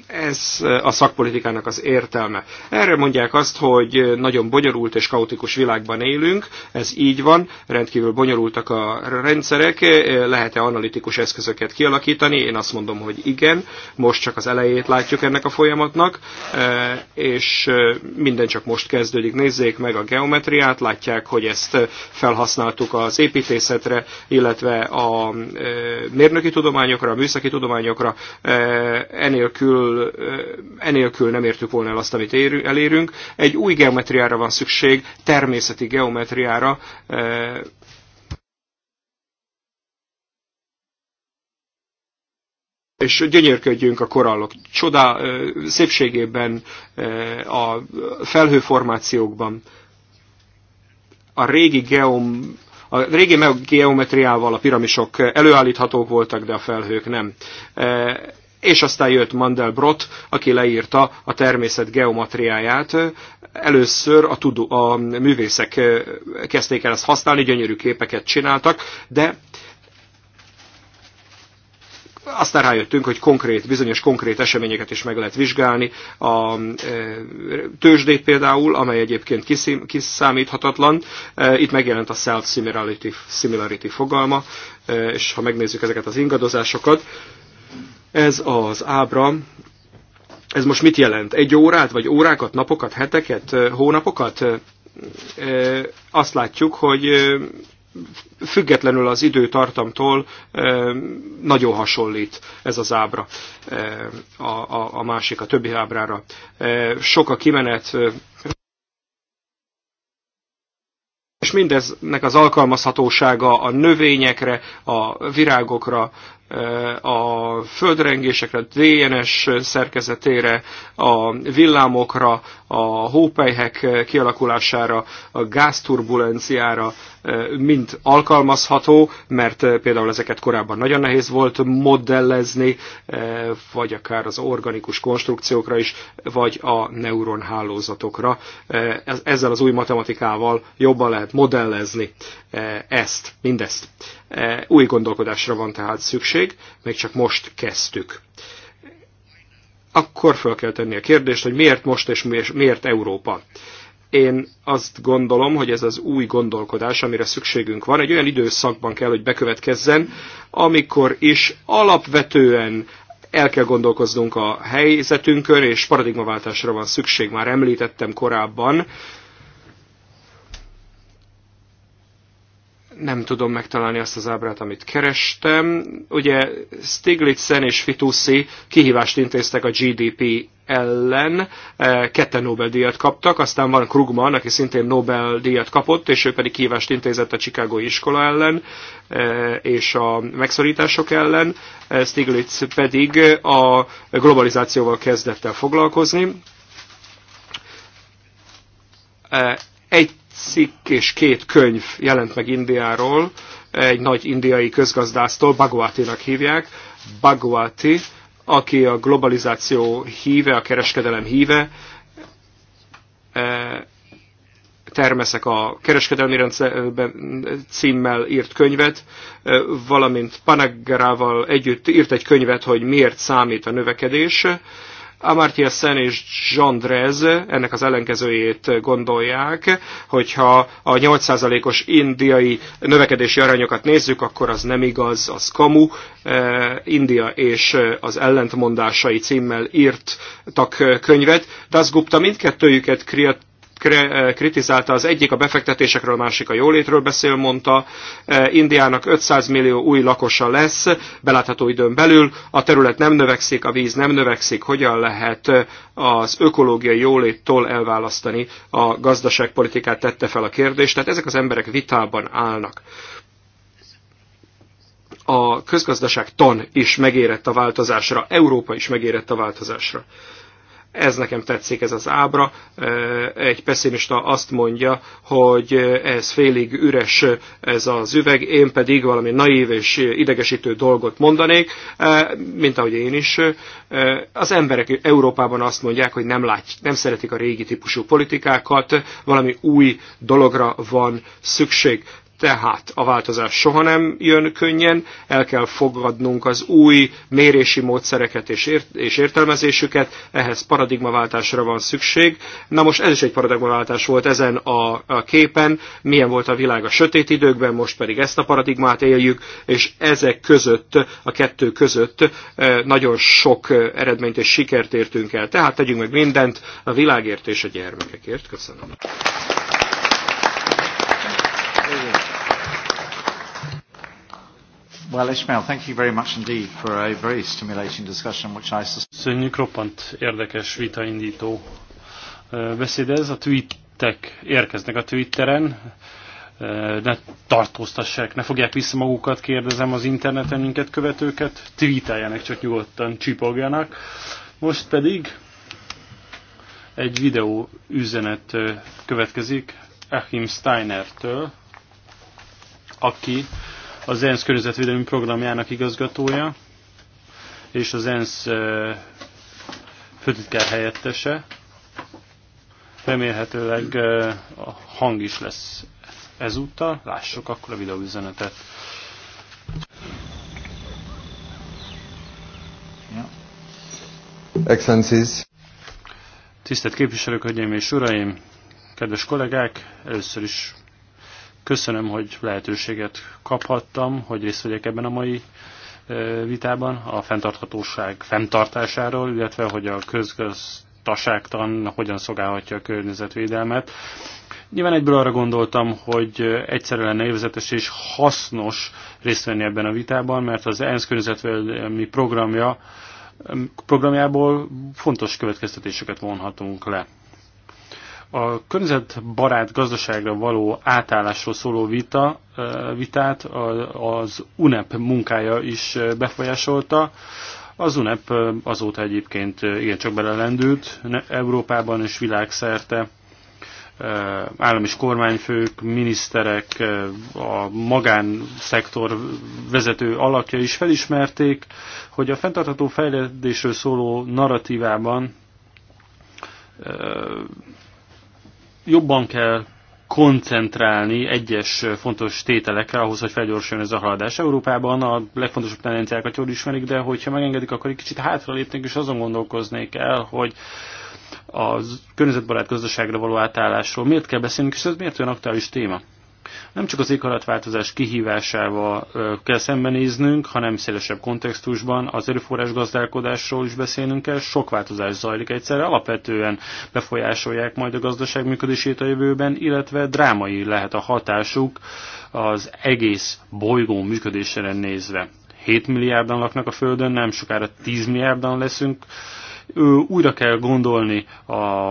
ez a szakpolitikának az értelme. Erre mondják azt, hogy nagyon bonyolult és kaotikus világban élünk, ez így van, rendkívül bonyolultak a rendszerek, lehet-e analitikus eszközöket kialakítani? Én azt mondom, hogy igen, most csak az elejét látjuk ennek a folyamatnak, és minden csak most kezdődik. Nézzék meg a geometriát, látják, hogy ezt felhasználtuk az építészetre, illetve a mérnök mérnöki tudományokra, a műszaki tudományokra, eh, enélkül, eh, enélkül nem értük volna el azt, amit elérünk. Egy új geometriára van szükség, természeti geometriára, eh, és gyönyörködjünk a korallok csodá szépségében, a felhőformációkban. A régi geom a régi geometriával a piramisok előállíthatók voltak, de a felhők nem. E, és aztán jött Mandelbrot, aki leírta a természet geometriáját. Először a, tudó, a művészek e, kezdték el ezt használni, gyönyörű képeket csináltak, de aztán rájöttünk, hogy konkrét, bizonyos konkrét eseményeket is meg lehet vizsgálni. A e, tőzsdét például, amely egyébként kiszámíthatatlan, e, itt megjelent a self-similarity similarity fogalma, e, és ha megnézzük ezeket az ingadozásokat, ez az ábra, ez most mit jelent? Egy órát, vagy órákat, napokat, heteket, hónapokat? Azt látjuk, hogy függetlenül az időtartamtól nagyon hasonlít ez az ábra a, a, a másik, a többi ábrára. Sok a kimenet, és mindeznek az alkalmazhatósága a növényekre, a virágokra, a földrengésekre, a DNS szerkezetére, a villámokra, a hópelyhek kialakulására, a gázturbulenciára mind alkalmazható, mert például ezeket korábban nagyon nehéz volt modellezni, vagy akár az organikus konstrukciókra is, vagy a neuronhálózatokra. Ezzel az új matematikával jobban lehet modellezni ezt, mindezt. Új gondolkodásra van tehát szükség, még csak most kezdtük akkor föl kell tenni a kérdést, hogy miért most és miért Európa. Én azt gondolom, hogy ez az új gondolkodás, amire szükségünk van, egy olyan időszakban kell, hogy bekövetkezzen, amikor is alapvetően el kell gondolkoznunk a helyzetünkön, és paradigmaváltásra van szükség. Már említettem korábban, nem tudom megtalálni azt az ábrát, amit kerestem. Ugye Stiglitzen és Fitusi kihívást intéztek a GDP ellen, e, ketten Nobel-díjat kaptak, aztán van Krugman, aki szintén Nobel-díjat kapott, és ő pedig kihívást intézett a Chicago iskola ellen, e, és a megszorítások ellen. E, Stiglitz pedig a globalizációval kezdett el foglalkozni. Egy cikk és két könyv jelent meg Indiáról, egy nagy indiai közgazdásztól, Bagwati-nak hívják. Bagwati, aki a globalizáció híve, a kereskedelem híve, e, termeszek a kereskedelmi rendszerben címmel írt könyvet, e, valamint Panaggarával együtt írt egy könyvet, hogy miért számít a növekedés, Amartya Sen és Jean Drez ennek az ellenkezőjét gondolják, hogyha a 8%-os indiai növekedési arányokat nézzük, akkor az nem igaz, az kamu. E, India és az ellentmondásai címmel írtak könyvet. Das Gupta mindkettőjüket Eh, kritizálta. Az egyik a befektetésekről, a másik a jólétről beszél, mondta. Eh, Indiának 500 millió új lakosa lesz, belátható időn belül. A terület nem növekszik, a víz nem növekszik. Hogyan lehet eh, az ökológiai jóléttól elválasztani a gazdaságpolitikát tette fel a kérdést. Tehát ezek az emberek vitában állnak a közgazdaság tan is megérett a változásra, Európa is megérett a változásra. Ez nekem tetszik, ez az ábra. Egy pessimista azt mondja, hogy ez félig üres ez az üveg, én pedig valami naív és idegesítő dolgot mondanék, mint ahogy én is. Az emberek Európában azt mondják, hogy nem, lát, nem szeretik a régi típusú politikákat, valami új dologra van szükség. Tehát a változás soha nem jön könnyen, el kell fogadnunk az új mérési módszereket és, ért és értelmezésüket, ehhez paradigmaváltásra van szükség. Na most ez is egy paradigmaváltás volt ezen a, a képen, milyen volt a világ a sötét időkben, most pedig ezt a paradigmát éljük, és ezek között, a kettő között e, nagyon sok eredményt és sikert értünk el. Tehát tegyünk meg mindent a világért és a gyermekekért. Köszönöm. Well, Ismail, thank you very much indeed for a very stimulating discussion, which I... Köszönjük, roppant érdekes vitaindító beszéd ez. A tweetek érkeznek a Twitteren. Ne tartóztassák, ne fogják vissza magukat, kérdezem az interneten minket követőket. Tweeteljenek, csak nyugodtan csipogjanak. Most pedig egy videó üzenet következik Achim Steinertől, aki az ENSZ környezetvédelmi programjának igazgatója, és az ENSZ főtitkár helyettese. Remélhetőleg a hang is lesz ezúttal. Lássuk akkor a videóüzenetet. Excellencies. Tisztelt képviselők, hölgyeim és uraim, kedves kollégák, először is Köszönöm, hogy lehetőséget kaphattam, hogy részt vegyek ebben a mai e, vitában a fenntarthatóság fenntartásáról, illetve hogy a közgazdaságtan hogyan szolgálhatja a környezetvédelmet. Nyilván egyből arra gondoltam, hogy egyszerű lenne évezetes és hasznos részt venni ebben a vitában, mert az ENSZ környezetvédelmi programja, programjából fontos következtetéseket vonhatunk le. A környezetbarát gazdaságra való átállásról szóló vita, vitát az UNEP munkája is befolyásolta. Az UNEP azóta egyébként igencsak belelendült Európában és világszerte. Állam és kormányfők, miniszterek, a magánszektor vezető alakja is felismerték, hogy a fenntartható fejlődésről szóló narratívában jobban kell koncentrálni egyes fontos tételekre ahhoz, hogy felgyorsuljon ez a haladás. Európában a legfontosabb tendenciákat jól ismerik, de hogyha megengedik, akkor egy kicsit hátralépnék, és azon gondolkoznék el, hogy a környezetbarát gazdaságra való átállásról miért kell beszélnünk, és ez miért olyan aktuális téma? Nem csak az éghajlatváltozás kihívásával kell szembenéznünk, hanem szélesebb kontextusban az erőforrás gazdálkodásról is beszélnünk kell. Sok változás zajlik egyszerre, alapvetően befolyásolják majd a gazdaság működését a jövőben, illetve drámai lehet a hatásuk az egész bolygó működésére nézve. 7 milliárdan laknak a Földön, nem sokára 10 milliárdan leszünk. Újra kell gondolni a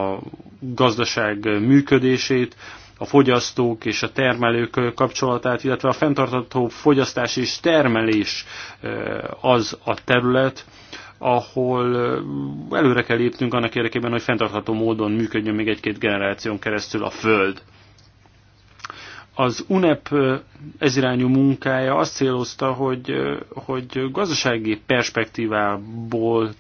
gazdaság működését, a fogyasztók és a termelők kapcsolatát, illetve a fenntartható fogyasztás és termelés az a terület, ahol előre kell lépnünk annak érdekében, hogy fenntartható módon működjön még egy-két generáción keresztül a Föld. Az UNEP ezirányú munkája azt célozta, hogy, hogy gazdasági perspektívából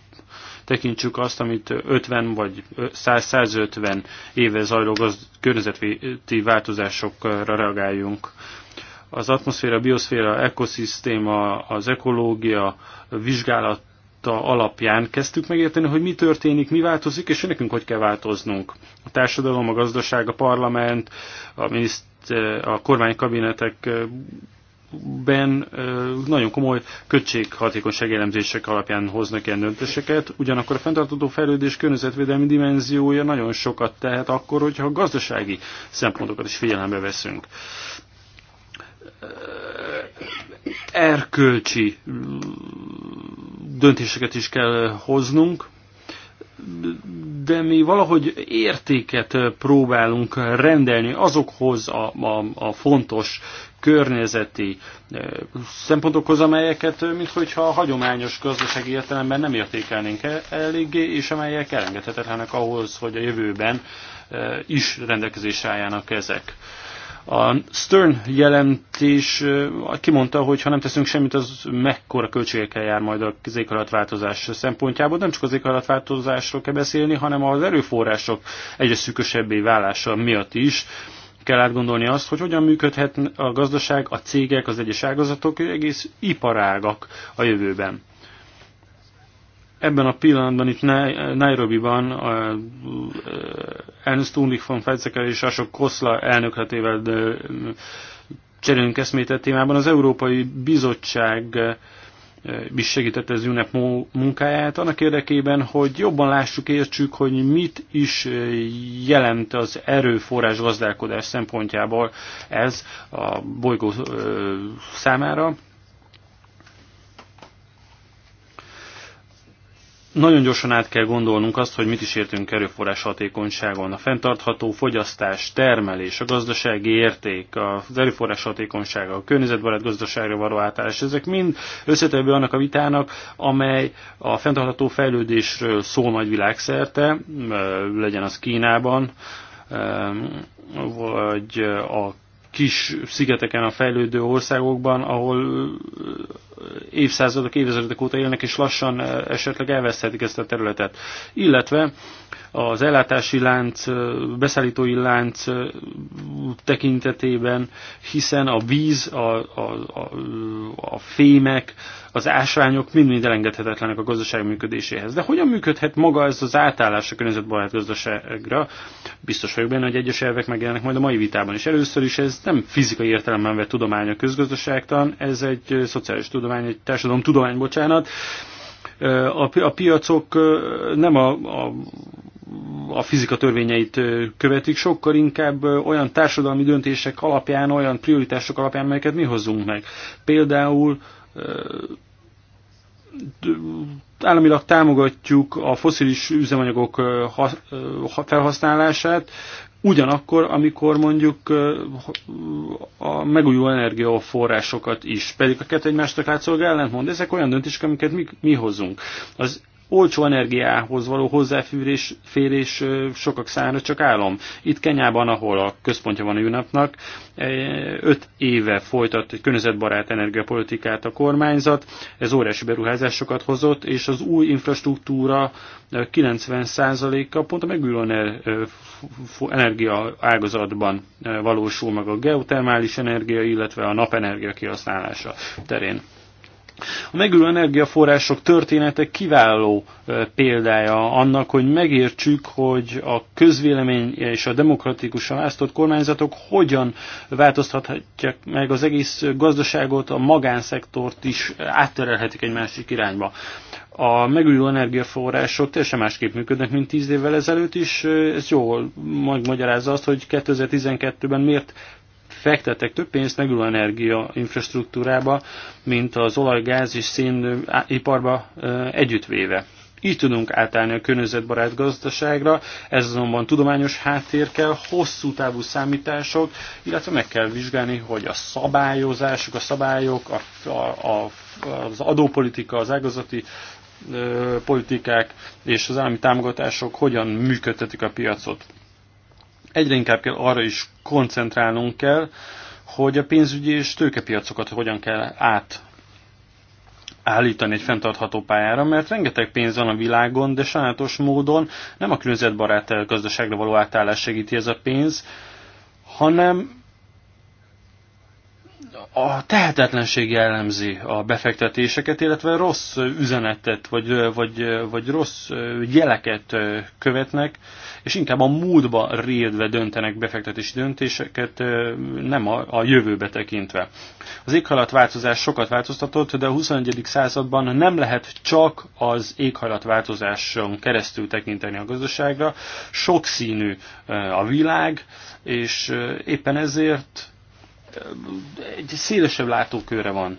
tekintsük azt, amit 50 vagy 100-150 éve zajló környezeti változásokra reagáljunk. Az atmoszféra, bioszféra, ekoszisztéma, az ekológia vizsgálat tapasztalata alapján kezdtük megérteni, hogy mi történik, mi változik, és hogy nekünk hogy kell változnunk. A társadalom, a gazdaság, a parlament, a miniszt, a kormánykabinetek ben nagyon komoly költséghatékonyság elemzések alapján hoznak ilyen döntéseket, ugyanakkor a fenntartató fejlődés környezetvédelmi dimenziója nagyon sokat tehet akkor, hogyha a gazdasági szempontokat is figyelembe veszünk. Erkölcsi döntéseket is kell hoznunk, de mi valahogy értéket próbálunk rendelni azokhoz a, a, a fontos környezeti szempontokhoz, amelyeket, minthogyha a hagyományos gazdasági értelemben nem értékelnénk eléggé, és amelyek elengedhetetlenek ahhoz, hogy a jövőben is rendelkezésre álljanak ezek. A Stern jelentés kimondta, hogy ha nem teszünk semmit, az mekkora költségekkel jár majd az éghajlatváltozás szempontjából. Nem csak az éghajlatváltozásról kell beszélni, hanem az erőforrások egyre szűkösebbé válása miatt is kell átgondolni azt, hogy hogyan működhet a gazdaság, a cégek, az egyes ágazatok, egész iparágak a jövőben. Ebben a pillanatban itt Nairobi-ban eh, Ernst Unlich von Feitzeker és Asok Koszla elnökletével eh, cserélünk eszmétett témában. Az Európai Bizottság eh, is segített az UNEP munkáját, annak érdekében, hogy jobban lássuk, értsük, hogy mit is jelent az erőforrás gazdálkodás szempontjából ez a bolygó számára. Nagyon gyorsan át kell gondolnunk azt, hogy mit is értünk erőforrás hatékonyságon. A fenntartható fogyasztás, termelés, a gazdasági érték, az erőforrás hatékonysága, a környezetbarát gazdaságra való átállás, ezek mind összetevő annak a vitának, amely a fenntartható fejlődésről szól nagy világszerte, legyen az Kínában, vagy a kis szigeteken a fejlődő országokban, ahol eh, évszázadok, évezredek óta élnek, és lassan eh, esetleg elveszthetik ezt a területet. Illetve az ellátási lánc, eh, beszállítói lánc tekintetében, hiszen a víz, a, a, a, a fémek, az ásványok mind-mind elengedhetetlenek a gazdaság működéséhez. De hogyan működhet maga ez az átállás a környezetbarát gazdaságra? Biztos vagyok benne, hogy egyes elvek megjelennek majd a mai vitában is. Először is ez nem fizikai értelemben vett tudomány a közgazdaságtan, ez egy szociális tudomány, egy társadalom tudomány, bocsánat. A, piacok nem a, a a fizika törvényeit követik, sokkal inkább olyan társadalmi döntések alapján, olyan prioritások alapján, melyeket mi hozzunk meg. Például államilag támogatjuk a foszilis üzemanyagok felhasználását, ugyanakkor, amikor mondjuk a megújuló energiaforrásokat is, pedig a kettő egymásnak látszólag ellentmond. Ezek olyan döntések, amiket mi, mi hozunk. Az olcsó energiához való hozzáférés férés sokak számára csak állom. Itt Kenyában, ahol a központja van a UNAP-nak, öt éve folytat egy környezetbarát energiapolitikát a kormányzat, ez óriási beruházásokat hozott, és az új infrastruktúra 90%-a pont a megújuló energia ágazatban valósul meg a geotermális energia, illetve a napenergia kihasználása terén. A megülő energiaforrások története kiváló példája annak, hogy megértsük, hogy a közvélemény és a demokratikusan választott kormányzatok hogyan változtathatják meg az egész gazdaságot, a magánszektort is átterelhetik egy másik irányba. A megújuló energiaforrások teljesen másképp működnek, mint 10 évvel ezelőtt is. Ez jól magyarázza azt, hogy 2012-ben miért fektettek több pénzt megülő energia infrastruktúrába, mint az olaj, gáz és szén iparba együttvéve. Így tudunk átállni a környezetbarát gazdaságra, ez azonban tudományos háttér kell, hosszú távú számítások, illetve meg kell vizsgálni, hogy a szabályozások, a szabályok, a, a, az adópolitika, az ágazati ö, politikák és az állami támogatások hogyan működtetik a piacot. Egyre inkább kell arra is koncentrálnunk kell, hogy a pénzügyi és tőkepiacokat hogyan kell át állítani egy fenntartható pályára, mert rengeteg pénz van a világon, de sajátos módon nem a környezetbarát gazdaságra való átállás segíti ez a pénz, hanem a tehetetlenség jellemzi a befektetéseket, illetve rossz üzenetet, vagy, vagy, vagy rossz jeleket követnek, és inkább a múltba rédve döntenek befektetési döntéseket, nem a, a jövőbe tekintve. Az éghajlatváltozás sokat változtatott, de a XXI. században nem lehet csak az éghajlatváltozáson keresztül tekinteni a gazdaságra, sokszínű eh, a világ, és eh, éppen ezért egy szélesebb látókörre van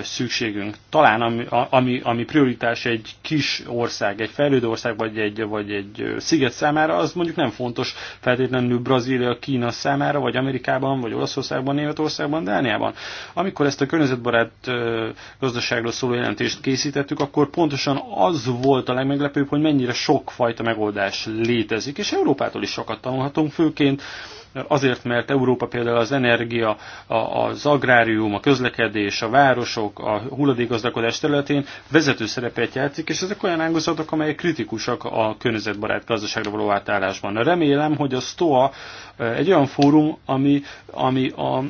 szükségünk. Talán ami, ami, ami prioritás egy kis ország, egy fejlődő ország, vagy egy, vagy egy sziget számára, az mondjuk nem fontos feltétlenül Brazília, Kína számára, vagy Amerikában, vagy Olaszországban, Németországban, Dániában. Amikor ezt a környezetbarát gazdaságról szóló jelentést készítettük, akkor pontosan az volt a legmeglepőbb, hogy mennyire sokfajta megoldás létezik, és Európától is sokat tanulhatunk, főként azért, mert Európa például az energia, az agrárium, a közlekedés, a városok, a hulladékgazdálkodás területén vezető szerepet játszik, és ezek olyan ágazatok, amelyek kritikusak a környezetbarát gazdaságra való átállásban. Remélem, hogy a STOA egy olyan fórum, ami, ami a, a,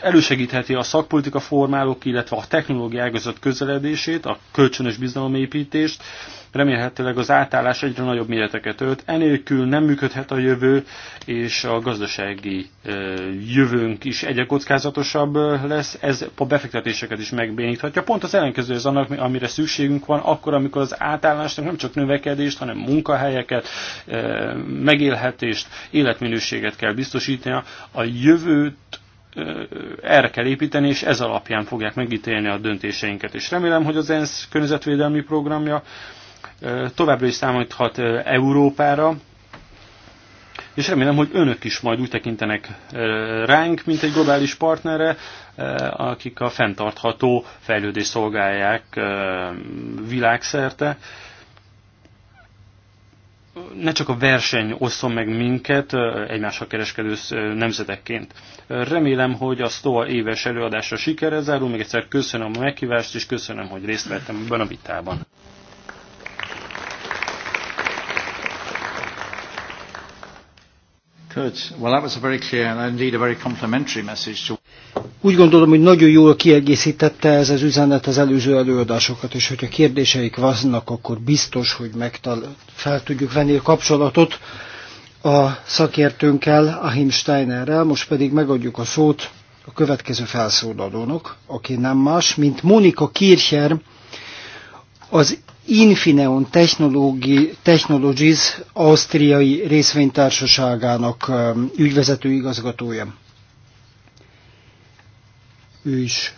elősegítheti a szakpolitika formálók, illetve a technológia ágazat közeledését, a kölcsönös bizalomépítést, remélhetőleg az átállás egyre nagyobb méreteket ölt, enélkül nem működhet a jövő, és a gazdasági jövőnk is egyre kockázatosabb lesz, ez a befektetéseket is megbéníthatja. Pont az ellenkező az annak, amire szükségünk van, akkor, amikor az átállásnak nem csak növekedést, hanem munkahelyeket, megélhetést, életminőséget lehetőséget kell biztosítania, a jövőt erre kell építeni, és ez alapján fogják megítélni a döntéseinket. És remélem, hogy az ENSZ környezetvédelmi programja továbbra is számíthat Európára, és remélem, hogy önök is majd úgy tekintenek ránk, mint egy globális partnere, akik a fenntartható fejlődést szolgálják világszerte, ne csak a verseny osszon meg minket egymással kereskedő nemzetekként. Remélem, hogy a STOA éves előadásra sikerre zárul. Még egyszer köszönöm a meghívást, és köszönöm, hogy részt vettem ebben a vitában. Good. Well, that was a very clear and indeed a very complimentary message to... Úgy gondolom, hogy nagyon jól kiegészítette ez az üzenet az előző előadásokat, és hogyha kérdéseik vannak, akkor biztos, hogy megtal- fel tudjuk venni a kapcsolatot a szakértőnkkel, Ahim Steinerrel, most pedig megadjuk a szót a következő felszólalónak, aki nem más, mint Monika Kircher, az Infineon Technologi, Technologies Ausztriai részvénytársaságának um, ügyvezető igazgatója. Ő is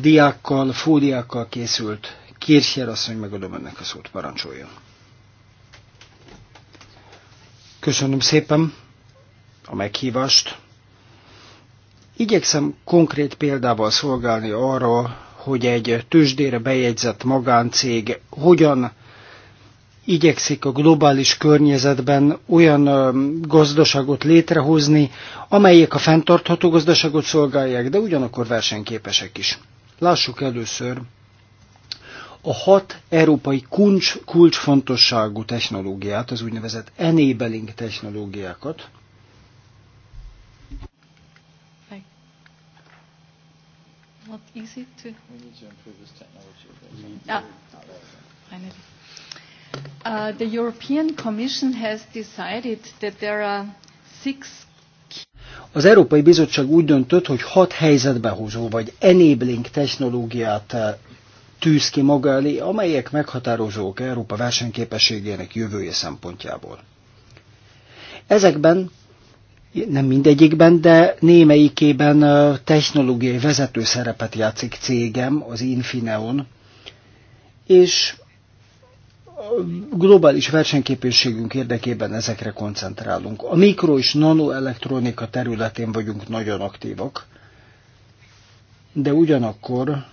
diákkal, fódiákkal készült. Kirchher asszony, megadom ennek a szót, parancsoljon. Köszönöm szépen a meghívást. Igyekszem konkrét példával szolgálni arra, hogy egy tőzsdére bejegyzett magáncég hogyan igyekszik a globális környezetben olyan gazdaságot létrehozni, amelyek a fenntartható gazdaságot szolgálják, de ugyanakkor versenyképesek is. Lássuk először a hat európai kulcs, kulcsfontosságú technológiát, az úgynevezett enabling technológiákat, not easy to. We need to improve this technology. finally. Uh, the European Commission has decided that there are six az Európai Bizottság úgy döntött, hogy hat helyzetbehozó vagy enabling technológiát uh, tűz ki maga elé, amelyek meghatározók Európa versenyképességének jövője szempontjából. Ezekben nem mindegyikben, de némelyikében technológiai vezető szerepet játszik cégem, az Infineon, és globális versenyképességünk érdekében ezekre koncentrálunk. A mikro- és nanoelektronika területén vagyunk nagyon aktívak, de ugyanakkor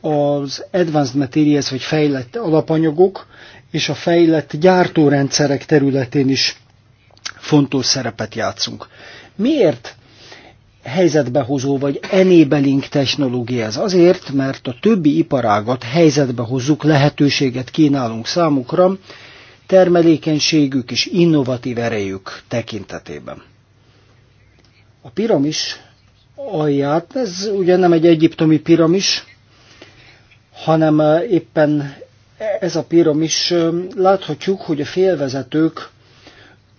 az advanced materials, vagy fejlett alapanyagok és a fejlett gyártórendszerek területén is fontos szerepet játszunk. Miért helyzetbehozó vagy enabling technológia ez? Azért, mert a többi iparágat helyzetbe hozzuk, lehetőséget kínálunk számukra, termelékenységük és innovatív erejük tekintetében. A piramis alját, ez ugye nem egy egyiptomi piramis, hanem eh, éppen ez a piramis, eh, láthatjuk, hogy a félvezetők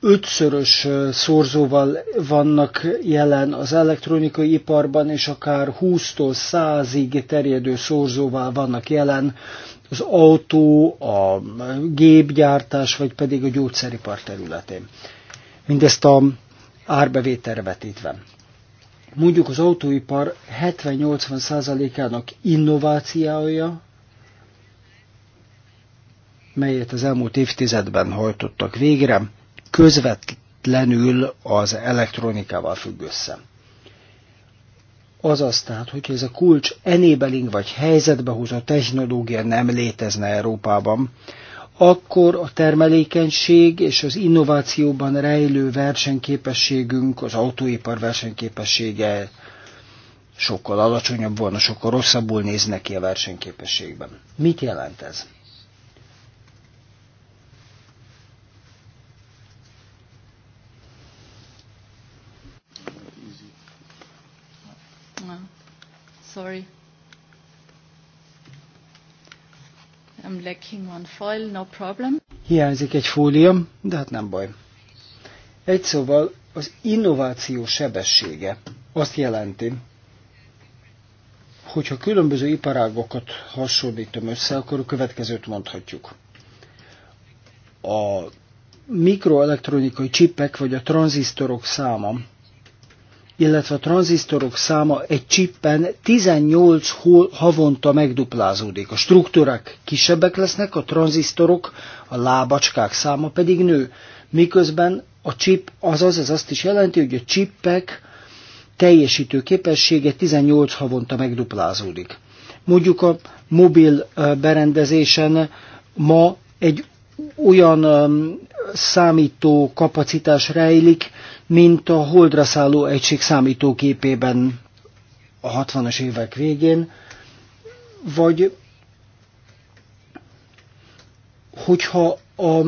ötszörös szorzóval vannak jelen az elektronikai iparban, és akár 20-tól 100-ig terjedő szorzóval vannak jelen az autó, a gépgyártás, vagy pedig a gyógyszeripar területén. Mindezt a árbevételre vetítve. Mondjuk az autóipar 70-80%-ának innovációja, melyet az elmúlt évtizedben hajtottak végre, közvetlenül az elektronikával függ össze. Azaz tehát, hogyha ez a kulcs enabling vagy helyzetbe hozó technológia nem létezne Európában, akkor a termelékenység és az innovációban rejlő versenyképességünk, az autóipar versenyképessége sokkal alacsonyabb volna, sokkal rosszabbul néznek ki a versenyképességben. Mit jelent ez? sorry. I'm lacking one foil, no problem. Hiányzik egy fólium, de hát nem baj. Egy szóval az innováció sebessége azt jelenti, hogyha különböző iparágokat hasonlítom össze, akkor a következőt mondhatjuk. A mikroelektronikai csipek vagy a tranzisztorok száma illetve a tranzisztorok száma egy csippen 18 havonta megduplázódik. A struktúrák kisebbek lesznek, a tranzisztorok, a lábacskák száma pedig nő. Miközben a chip, azaz ez azt is jelenti, hogy a csippek teljesítő képessége 18 havonta megduplázódik. Mondjuk a mobil berendezésen ma egy olyan számító kapacitás rejlik, mint a holdra szálló egység számítógépében a 60-as évek végén, vagy hogyha a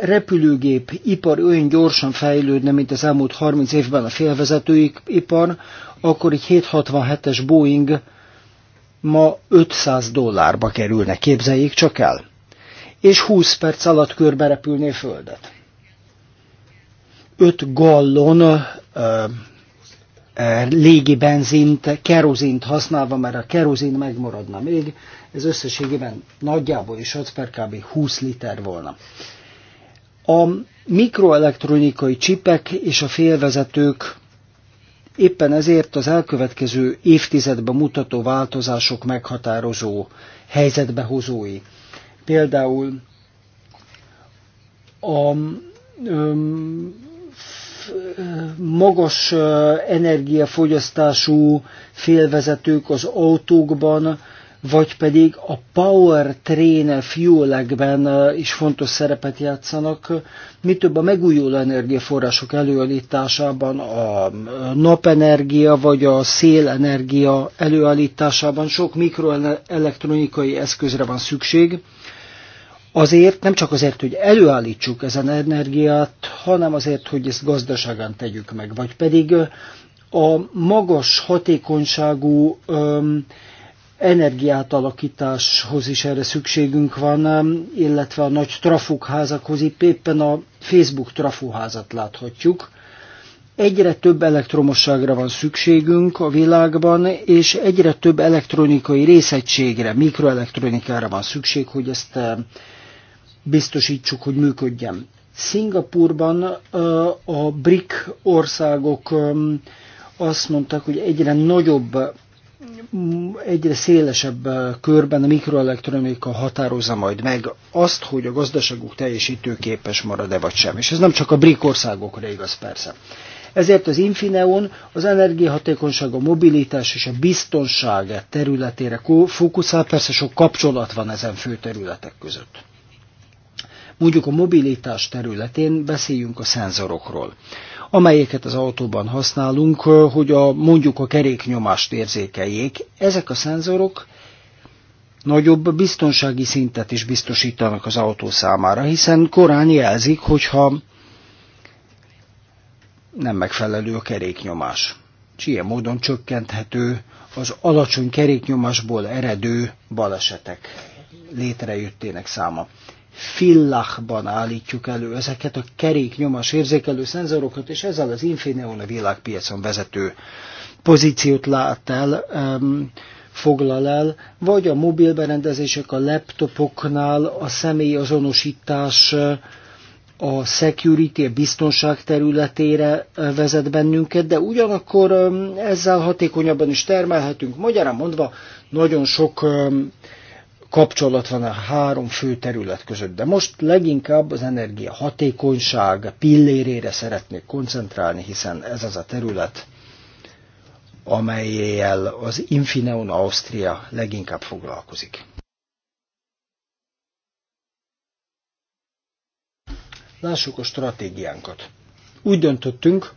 repülőgép ipar olyan gyorsan fejlődne, mint az elmúlt 30 évben a félvezetői ipar, akkor egy 767-es Boeing ma 500 dollárba kerülne, képzeljék csak el. És 20 perc alatt körberepülné földet. 5 gallon légi benzint, kerozint használva, mert a kerozin megmaradna még, ez összességében nagyjából is 5 per kb. 20 liter volna. A mikroelektronikai csipek és a félvezetők éppen ezért az elkövetkező évtizedben mutató változások meghatározó helyzetbe hozói. Például a magas energiafogyasztású félvezetők az autókban, vagy pedig a power train fuelekben is fontos szerepet játszanak, mi több a megújuló energiaforrások előállításában, a napenergia vagy a szélenergia előállításában sok mikroelektronikai eszközre van szükség, Azért, nem csak azért, hogy előállítsuk ezen energiát, hanem azért, hogy ezt gazdaságán tegyük meg. Vagy pedig a magas hatékonyságú öm, energiátalakításhoz is erre szükségünk van, illetve a nagy trafukházakhoz, itt éppen a Facebook trafóházat láthatjuk. Egyre több elektromosságra van szükségünk a világban, és egyre több elektronikai részegységre, mikroelektronikára van szükség, hogy ezt biztosítsuk, hogy működjen. Szingapurban a BRIC országok azt mondták, hogy egyre nagyobb, egyre szélesebb körben a mikroelektronika határozza majd meg azt, hogy a gazdaságuk képes marad-e vagy sem. És ez nem csak a BRIC országokra igaz, persze. Ezért az Infineon az energiahatékonyság, a mobilitás és a biztonság területére fókuszál, persze sok kapcsolat van ezen fő területek között. Mondjuk a mobilitás területén beszéljünk a szenzorokról amelyeket az autóban használunk, hogy a, mondjuk a keréknyomást érzékeljék. Ezek a szenzorok nagyobb biztonsági szintet is biztosítanak az autó számára, hiszen korán jelzik, hogyha nem megfelelő a keréknyomás. És ilyen módon csökkenthető az alacsony keréknyomásból eredő balesetek létrejöttének száma fillachban állítjuk elő ezeket a keréknyomás érzékelő szenzorokat, és ezzel az Infineon a világpiacon vezető pozíciót lát el, um, foglal el, vagy a mobilberendezések, a laptopoknál a személyazonosítás a security, a biztonság területére vezet bennünket, de ugyanakkor ezzel hatékonyabban is termelhetünk. Magyarán mondva, nagyon sok kapcsolat van a három fő terület között, de most leginkább az energia hatékonyság pillérére szeretnék koncentrálni, hiszen ez az a terület, amelyel az Infineon Ausztria leginkább foglalkozik. Lássuk a stratégiánkat. Úgy döntöttünk,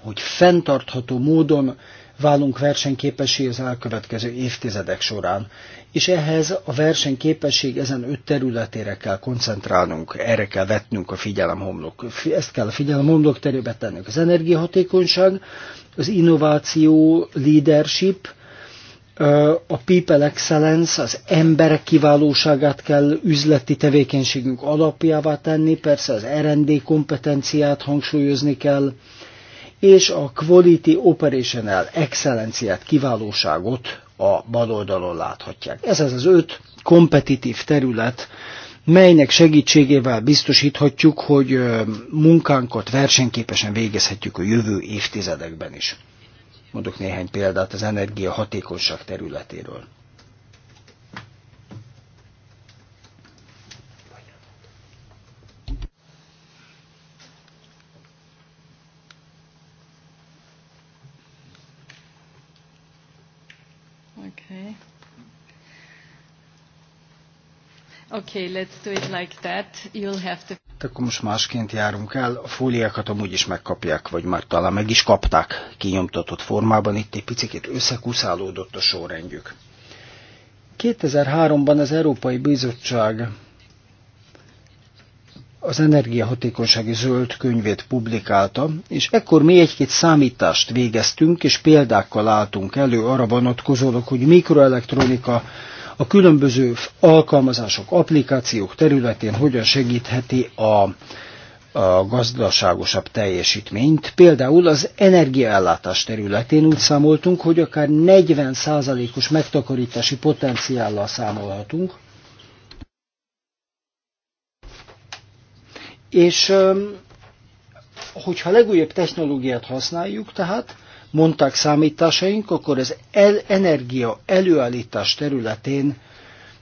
hogy fenntartható módon válunk versenyképessé az elkövetkező évtizedek során, és ehhez a versenyképesség ezen öt területére kell koncentrálnunk, erre kell vetnünk a figyelem homlok. Ezt kell a figyelem homlok terébe tennünk. Az energiahatékonyság, az innováció, leadership, a people excellence, az emberek kiválóságát kell üzleti tevékenységünk alapjává tenni, persze az R&D kompetenciát hangsúlyozni kell, és a quality operational excellenciát, kiválóságot a bal oldalon láthatják. Ez az az öt kompetitív terület, melynek segítségével biztosíthatjuk, hogy munkánkat versenyképesen végezhetjük a jövő évtizedekben is. Mondok néhány példát az energiahatékonyság területéről. Okay. Okay, let's do it like that. You'll have to... Hát akkor most másként járunk el, a fóliákat amúgy is megkapják, vagy már talán meg is kapták kinyomtatott formában, itt egy picit összekuszálódott a sorrendjük. 2003-ban az Európai Bizottság az energiahatékonysági zöld könyvét publikálta, és ekkor mi egy-két számítást végeztünk, és példákkal álltunk elő arra vonatkozólag, hogy mikroelektronika a különböző alkalmazások, applikációk területén hogyan segítheti a, a gazdaságosabb teljesítményt. Például az energiaellátás területén úgy számoltunk, hogy akár 40%-os megtakarítási potenciállal számolhatunk, És hogyha a legújabb technológiát használjuk, tehát mondták számításaink, akkor az el energia előállítás területén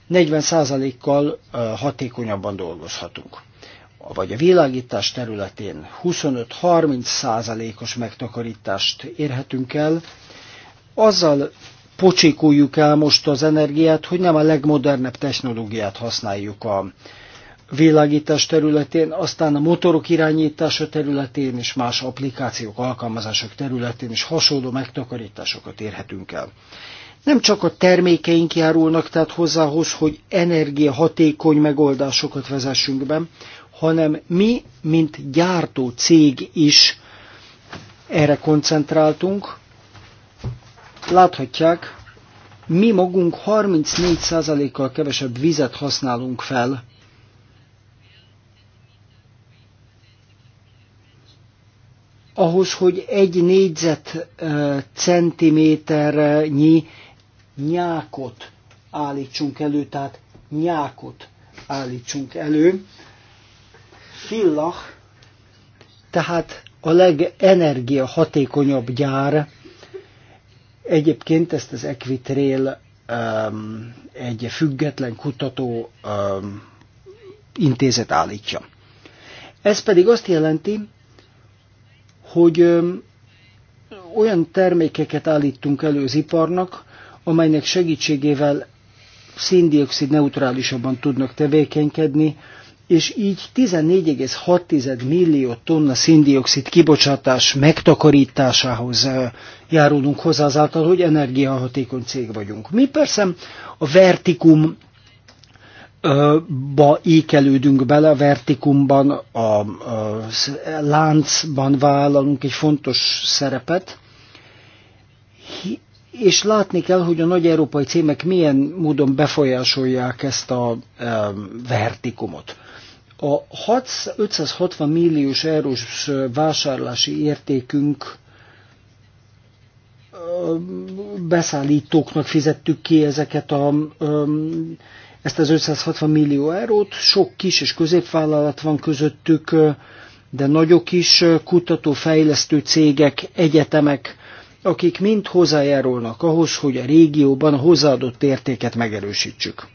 40%-kal hatékonyabban dolgozhatunk. Vagy a világítás területén 25-30%-os megtakarítást érhetünk el, azzal pocsékoljuk el most az energiát, hogy nem a legmodernebb technológiát használjuk a, világítás területén, aztán a motorok irányítása területén és más applikációk, alkalmazások területén is hasonló megtakarításokat érhetünk el. Nem csak a termékeink járulnak tehát hozzához, hogy energiahatékony megoldásokat vezessünk be, hanem mi, mint gyártó cég is erre koncentráltunk. Láthatják, mi magunk 34%-kal kevesebb vizet használunk fel, ahhoz, hogy egy négyzet centiméternyi nyákot állítsunk elő, tehát nyákot állítsunk elő. Fillach, tehát a legenergiahatékonyabb gyár, egyébként ezt az Equitrail um, egy független kutató um, intézet állítja. Ez pedig azt jelenti, hogy olyan termékeket állítunk elő az iparnak, amelynek segítségével széndiokszid neutrálisabban tudnak tevékenykedni, és így 14,6 millió tonna széndiokszid kibocsátás megtakarításához járulunk hozzá azáltal, hogy energiahatékony cég vagyunk. Mi persze a vertikum ba ékelődünk bele, a vertikumban, a, a láncban vállalunk egy fontos szerepet, és látni kell, hogy a nagy európai címek milyen módon befolyásolják ezt a e, vertikumot. A 6, 560 milliós eurós vásárlási értékünk beszállítóknak fizettük ki ezeket a e, ezt az 560 millió eurót. Sok kis és középvállalat van közöttük, de nagyok is, kutató-fejlesztő cégek, egyetemek, akik mind hozzájárulnak ahhoz, hogy a régióban a hozzáadott értéket megerősítsük.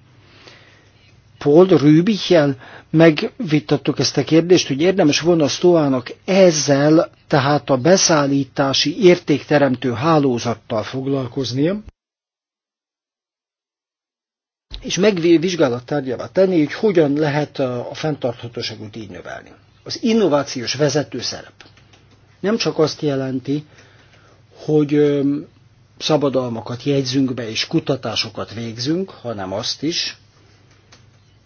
Paul Rübichel megvitattuk ezt a kérdést, hogy érdemes volna Stoának ezzel, tehát a beszállítási értékteremtő hálózattal foglalkoznia, és megvizsgálat tárgyává tenni, hogy hogyan lehet a fenntarthatóságot így növelni. Az innovációs vezető szerep nem csak azt jelenti, hogy szabadalmakat jegyzünk be és kutatásokat végzünk, hanem azt is,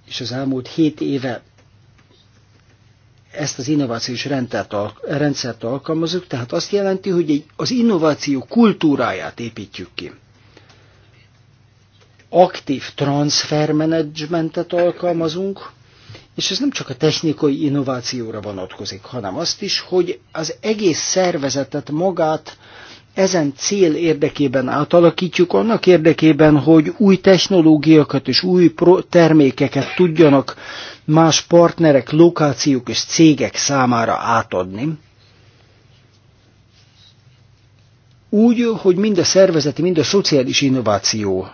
és az elmúlt hét éve ezt az innovációs rendszert, rendszert alkalmazunk, tehát azt jelenti, hogy az innováció kultúráját építjük ki aktív menedzsmentet alkalmazunk, és ez nem csak a technikai innovációra vonatkozik, hanem azt is, hogy az egész szervezetet magát ezen cél érdekében átalakítjuk, annak érdekében, hogy új technológiákat és új termékeket tudjanak más partnerek, lokációk és cégek számára átadni. Úgy, hogy mind a szervezeti, mind a szociális innováció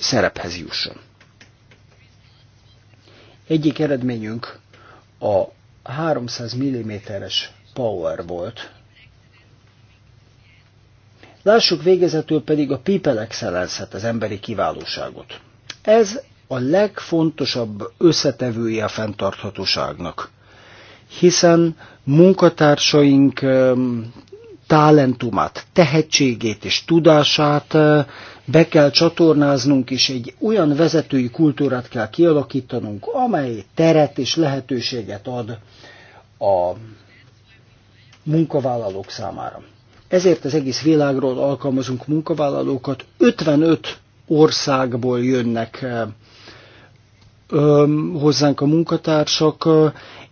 szerephez jusson. Egyik eredményünk a 300 mm-es power volt. Lássuk végezetül pedig a people excellence az emberi kiválóságot. Ez a legfontosabb összetevője a fenntarthatóságnak, hiszen munkatársaink talentumát, tehetségét és tudását be kell csatornáznunk, és egy olyan vezetői kultúrát kell kialakítanunk, amely teret és lehetőséget ad a munkavállalók számára. Ezért az egész világról alkalmazunk munkavállalókat, 55 országból jönnek hozzánk a munkatársak,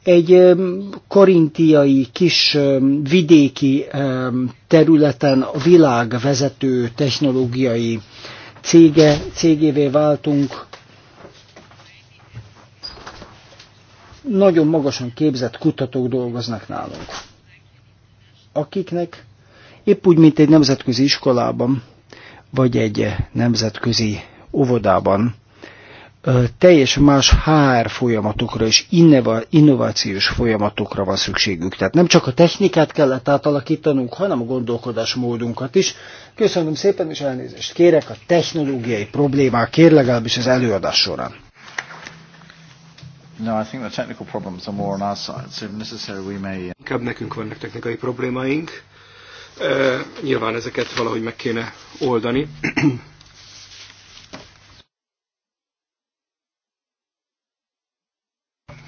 egy korintiai kis vidéki területen a világ vezető technológiai cége, cégévé váltunk, nagyon magasan képzett kutatók dolgoznak nálunk, akiknek épp úgy, mint egy nemzetközi iskolában, vagy egy nemzetközi óvodában teljes más HR folyamatokra és innovációs folyamatokra van szükségük. Tehát nem csak a technikát kellett átalakítanunk, hanem a gondolkodásmódunkat is. Köszönöm szépen, és elnézést kérek a technológiai problémákért, legalábbis az előadás során. No, I think the technical problems are more on our side, so if necessary we may... Uh, Inkább nekünk vannak technikai problémáink. Uh, nyilván ezeket valahogy meg kéne oldani.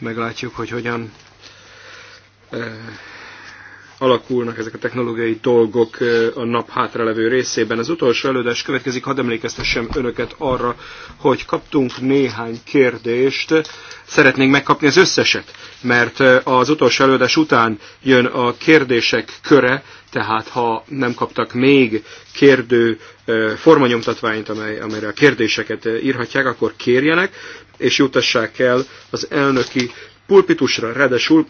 meglátjuk, hogy hogyan eh, alakulnak ezek a technológiai dolgok a nap hátralevő részében. Az utolsó előadás következik, hadd emlékeztessem önöket arra, hogy kaptunk néhány kérdést, szeretnénk megkapni az összeset, mert az utolsó előadás után jön a kérdések köre, tehát ha nem kaptak még kérdő formanyomtatványt, amely, amelyre a kérdéseket írhatják, akkor kérjenek, és jutassák el az elnöki pulpitusra. Ráadásul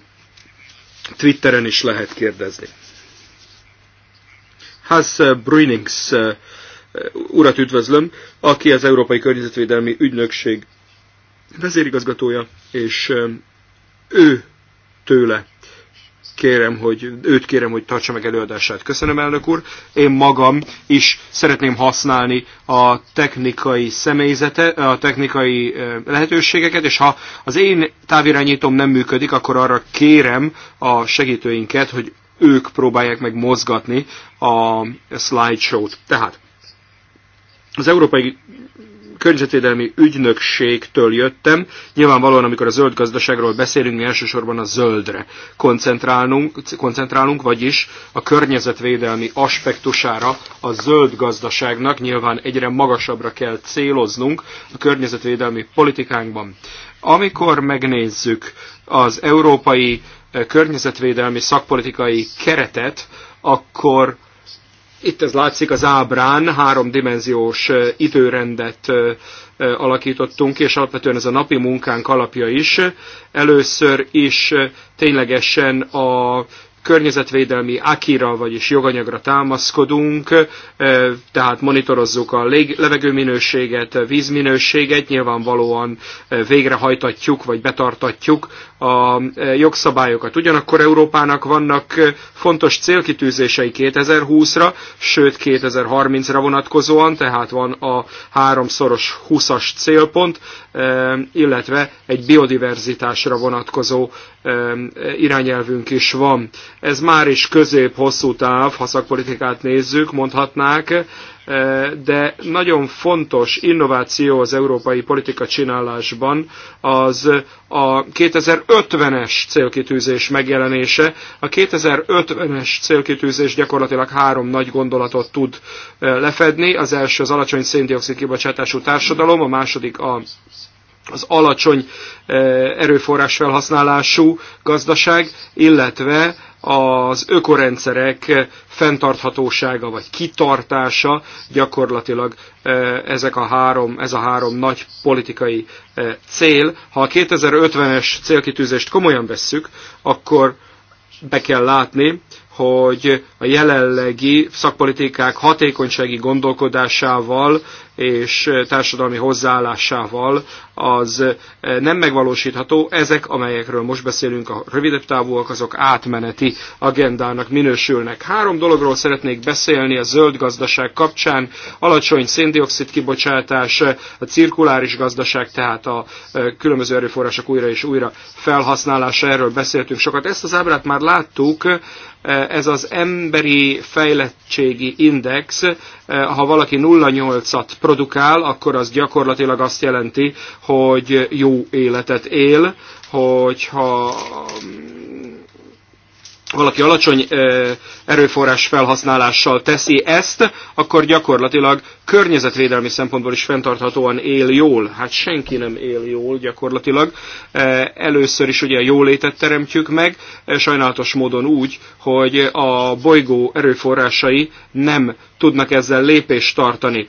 Twitteren is lehet kérdezni. Hans eh, Brünings eh, eh, urat üdvözlöm, aki az Európai Környezetvédelmi Ügynökség vezérigazgatója, és ő tőle kérem, hogy őt kérem, hogy tartsa meg előadását. Köszönöm, elnök úr. Én magam is szeretném használni a technikai személyzete, a technikai lehetőségeket, és ha az én távirányítom nem működik, akkor arra kérem a segítőinket, hogy ők próbálják meg mozgatni a slideshow-t. Tehát az Európai környezetvédelmi ügynökségtől jöttem. Nyilvánvalóan, amikor a zöld gazdaságról beszélünk, mi elsősorban a zöldre koncentrálunk, koncentrálunk vagyis a környezetvédelmi aspektusára a zöld gazdaságnak nyilván egyre magasabbra kell céloznunk a környezetvédelmi politikánkban. Amikor megnézzük az európai eh, környezetvédelmi szakpolitikai keretet, akkor itt ez látszik az ábrán, háromdimenziós időrendet alakítottunk, és alapvetően ez a napi munkánk alapja is. Először is ténylegesen a környezetvédelmi akira, vagyis joganyagra támaszkodunk, tehát monitorozzuk a levegőminőséget, vízminőséget, nyilvánvalóan végrehajtatjuk, vagy betartatjuk a jogszabályokat. Ugyanakkor Európának vannak fontos célkitűzései 2020-ra, sőt 2030-ra vonatkozóan, tehát van a háromszoros 20-as célpont, illetve egy biodiverzitásra vonatkozó irányelvünk is van. Ez már is közép-hosszú táv, ha szakpolitikát nézzük, mondhatnák, eh, de nagyon fontos innováció az európai politika csinálásban az a 2050-es célkitűzés megjelenése. A 2050-es célkitűzés gyakorlatilag három nagy gondolatot tud eh, lefedni. Az első az alacsony széndiokszid kibocsátású társadalom, a második a az alacsony eh, erőforrás felhasználású gazdaság, illetve az ökorendszerek fenntarthatósága vagy kitartása gyakorlatilag e, ezek a három, ez a három nagy politikai e, cél. Ha a 2050-es célkitűzést komolyan vesszük, akkor be kell látni, hogy a jelenlegi szakpolitikák hatékonysági gondolkodásával és társadalmi hozzáállásával az nem megvalósítható. Ezek, amelyekről most beszélünk, a rövidebb távúak, azok átmeneti agendának minősülnek. Három dologról szeretnék beszélni a zöld gazdaság kapcsán. Alacsony széndiokszid kibocsátás, a cirkuláris gazdaság, tehát a különböző erőforrások újra és újra felhasználása, erről beszéltünk sokat. Ezt az ábrát már láttuk, ez az emberi fejlettségi index, ha valaki 0,8-at produkál, akkor az gyakorlatilag azt jelenti, hogy jó életet él, hogyha valaki alacsony erőforrás felhasználással teszi ezt, akkor gyakorlatilag környezetvédelmi szempontból is fenntarthatóan él jól. Hát senki nem él jól gyakorlatilag. Először is ugye a jólétet teremtjük meg, sajnálatos módon úgy, hogy a bolygó erőforrásai nem tudnak ezzel lépést tartani,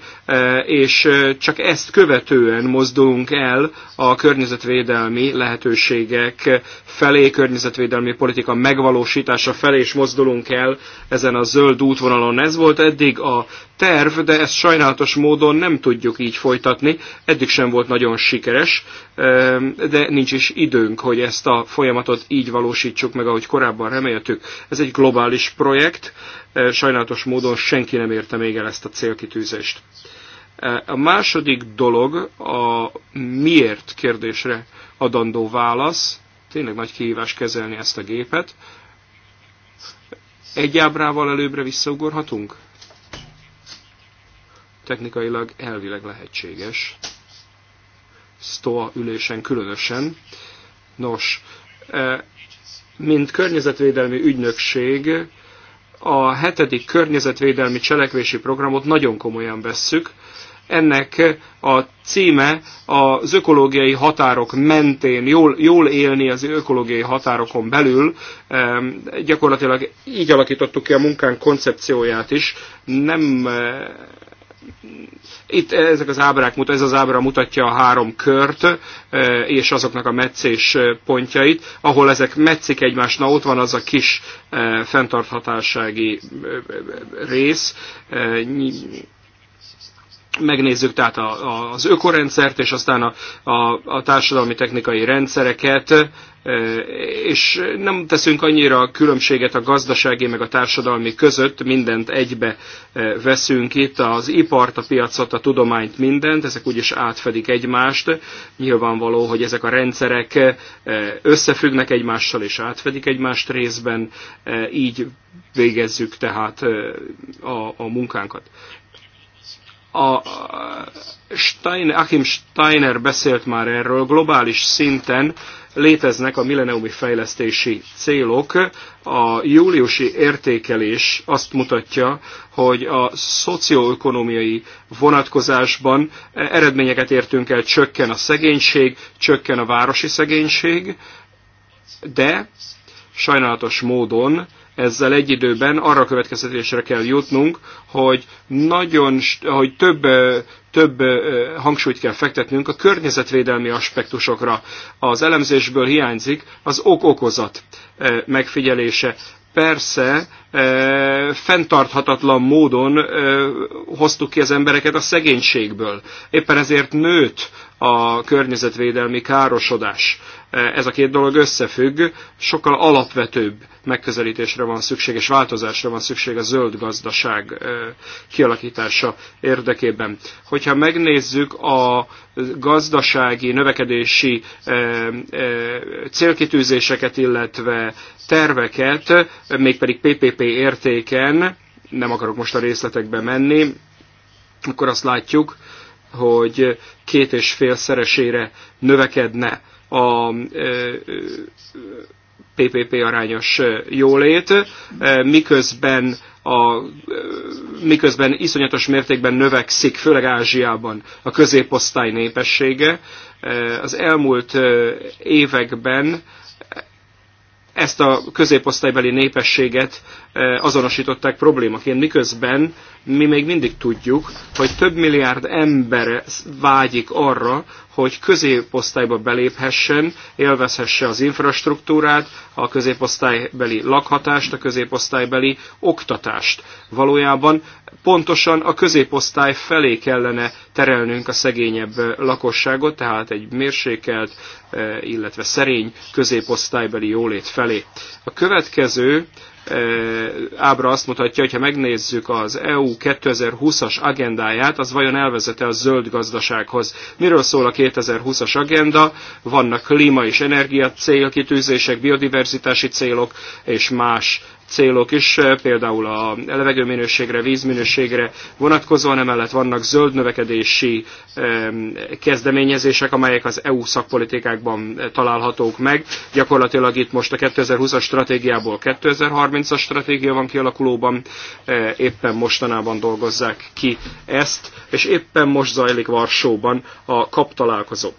és csak ezt követően mozdulunk el a környezetvédelmi lehetőségek felé, környezetvédelmi politika megvalósítása, megváltása felé is mozdulunk el ezen a zöld útvonalon. Ez volt eddig a terv, de ezt sajnálatos módon nem tudjuk így folytatni. Eddig sem volt nagyon sikeres, ehm, de nincs is időnk, hogy ezt a folyamatot így valósítsuk meg, ahogy korábban reméltük. Ez egy globális projekt, ehm, sajnálatos módon senki nem érte még el ezt a célkitűzést. Ehm, a második dolog a miért kérdésre adandó válasz. Tényleg nagy kihívás kezelni ezt a gépet. Egy ábrával előbbre visszaugorhatunk? Technikailag elvileg lehetséges. Stoa ülésen különösen. Nos, e, mint környezetvédelmi ügynökség, a hetedik környezetvédelmi cselekvési programot nagyon komolyan vesszük, ennek a címe az ökológiai határok mentén, jól, jól élni az ökológiai határokon belül. Gyakorlatilag így alakítottuk ki a munkánk koncepcióját is. Nem eh, itt ezek az ábrák, ez az ábra mutatja a három kört, eh, és azoknak a meccés eh, pontjait, ahol ezek meccik egymást, na ott van az a kis fenntarthatásági rész, megnézzük tehát a, a, az ökorendszert, és aztán a, a, a társadalmi technikai rendszereket, e, és nem teszünk annyira különbséget a gazdasági meg a társadalmi között, mindent egybe e, veszünk itt, az ipart, a piacot, a tudományt, mindent, ezek úgyis átfedik egymást, nyilvánvaló, hogy ezek a rendszerek e, összefüggnek egymással és átfedik egymást részben, így végezzük tehát a, a munkánkat a Steiner, Achim Steiner beszélt már erről, globális szinten léteznek a milleniumi fejlesztési célok. A júliusi értékelés azt mutatja, hogy a szocioökonomiai vonatkozásban eredményeket értünk el, csökken a szegénység, csökken a városi szegénység, de sajnálatos módon ezzel egy időben arra a következtetésre kell jutnunk, hogy, nagyon, hogy több, több hangsúlyt kell fektetnünk a környezetvédelmi aspektusokra. Az elemzésből hiányzik az ok-okozat megfigyelése. Persze fenntarthatatlan módon hoztuk ki az embereket a szegénységből. Éppen ezért nőtt a környezetvédelmi károsodás. Ez a két dolog összefügg, sokkal alapvetőbb megközelítésre van szükség, és változásra van szükség a zöld gazdaság kialakítása érdekében. Hogyha megnézzük a gazdasági növekedési célkitűzéseket, illetve terveket, mégpedig PPP értéken, nem akarok most a részletekbe menni, akkor azt látjuk, hogy két és fél szeresére növekedne a PPP arányos jólét, miközben, a, miközben iszonyatos mértékben növekszik, főleg Ázsiában a középosztály népessége. Az elmúlt években ezt a középosztálybeli népességet azonosították problémaként, miközben mi még mindig tudjuk, hogy több milliárd ember vágyik arra, hogy középosztályba beléphessen, élvezhesse az infrastruktúrát, a középosztálybeli lakhatást, a középosztálybeli oktatást. Valójában pontosan a középosztály felé kellene terelnünk a szegényebb lakosságot, tehát egy mérsékelt, illetve szerény középosztálybeli jólét felé. A következő ábra azt mutatja, hogy megnézzük az EU 2020-as agendáját, az vajon elvezete a zöld gazdasághoz. Miről szól a 2020-as agenda? Vannak klíma és energia célkitűzések, biodiverzitási célok és más célok is, eh, például a levegőminőségre, vízminőségre vonatkozóan, emellett vannak zöld növekedési kezdeményezések, amelyek az EU szakpolitikákban eh, találhatók meg. Gyakorlatilag itt most a 2020-as stratégiából 2030-as stratégia van kialakulóban, eh, éppen mostanában dolgozzák ki ezt, és éppen most zajlik Varsóban a kap találkozó.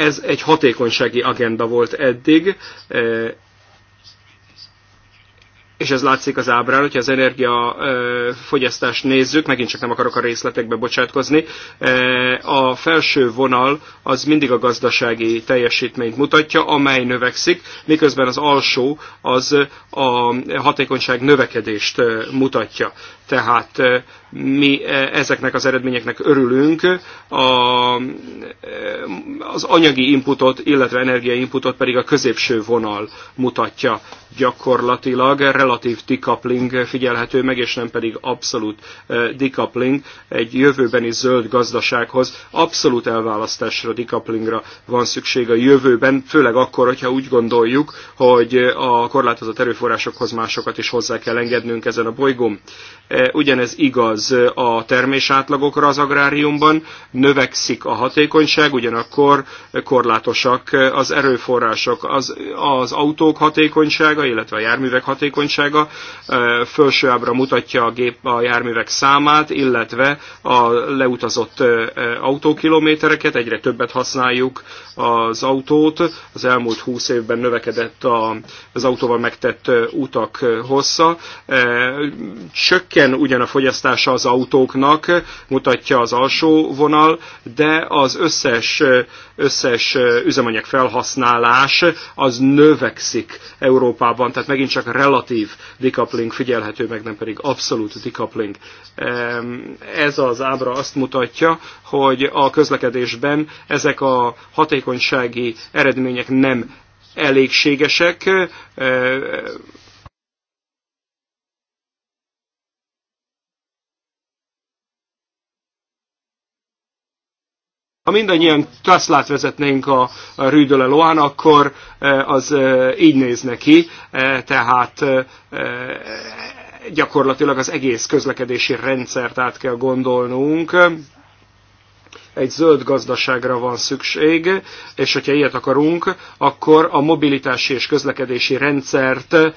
Ez egy hatékonysági agenda volt eddig, e, és ez látszik az ábrán, hogyha az energiafogyasztást e, nézzük, megint csak nem akarok a részletekbe bocsátkozni, e, a felső vonal az mindig a gazdasági teljesítményt mutatja, amely növekszik, miközben az alsó az a hatékonyság növekedést mutatja. Tehát mi ezeknek az eredményeknek örülünk, a, az anyagi inputot, illetve inputot pedig a középső vonal mutatja gyakorlatilag. Relatív decoupling figyelhető meg, és nem pedig abszolút decoupling. Egy jövőbeni zöld gazdasághoz abszolút elválasztásra, decouplingra van szükség a jövőben, főleg akkor, hogyha úgy gondoljuk, hogy a korlátozott erőforrásokhoz másokat is hozzá kell engednünk ezen a bolygón. Eh, ugyanez igaz eh, a termésátlagokra az agráriumban, növekszik a hatékonyság, ugyanakkor eh, korlátosak az erőforrások. Az, az autók hatékonysága, illetve a járművek hatékonysága felső ábra mutatja a, gép, a járművek számát, illetve a leutazott autókilométereket, egyre többet használjuk az autót, az elmúlt 20 évben növekedett az autóval megtett utak hossza, csökken csökken ugyan a fogyasztása az autóknak, mutatja az alsó vonal, de az összes, összes üzemanyag felhasználás az növekszik Európában, tehát megint csak relatív decoupling figyelhető meg, nem pedig abszolút decoupling. Ez az ábra azt mutatja, hogy a közlekedésben ezek a hatékonysági eredmények nem elégségesek, Ha mindannyian Taslát vezetnénk a, a Rüdöle Loán, akkor e, az e, így néz neki, e, tehát gyakorlatilag az egész közlekedési rendszert át kell gondolnunk egy zöld gazdaságra van szükség, és hogyha ilyet akarunk, akkor a mobilitási és közlekedési rendszert eh,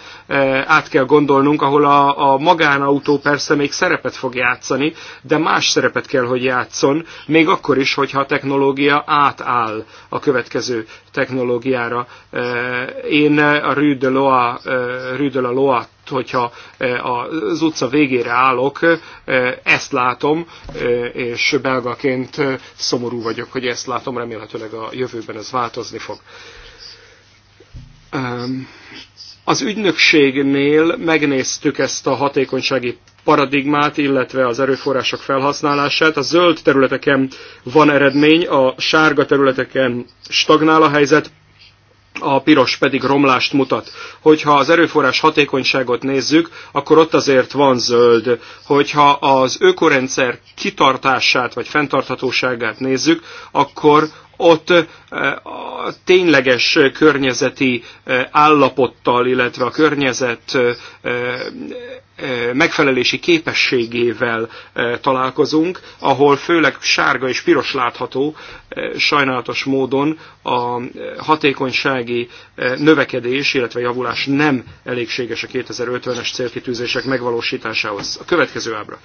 át kell gondolnunk, ahol a, a magánautó persze még szerepet fog játszani, de más szerepet kell, hogy játszon, még akkor is, hogyha a technológia átáll a következő technológiára. Eh, én a Rue de, Loa, eh, Rue de la Loa hogyha e, az utca végére állok, e, ezt látom, e, és belgaként szomorú vagyok, hogy ezt látom, remélhetőleg a jövőben ez változni fog. Ehm, az ügynökségnél megnéztük ezt a hatékonysági paradigmát, illetve az erőforrások felhasználását. A zöld területeken van eredmény, a sárga területeken stagnál a helyzet, a piros pedig romlást mutat. Hogyha az erőforrás hatékonyságot nézzük, akkor ott azért van zöld. Hogyha az ökorendszer kitartását vagy fenntarthatóságát nézzük, akkor ott eh, a tényleges környezeti eh, állapottal, illetve a környezet eh, megfelelési képességével találkozunk, ahol főleg sárga és piros látható sajnálatos módon a hatékonysági növekedés, illetve javulás nem elégséges a 2050-es célkitűzések megvalósításához. A következő ábra.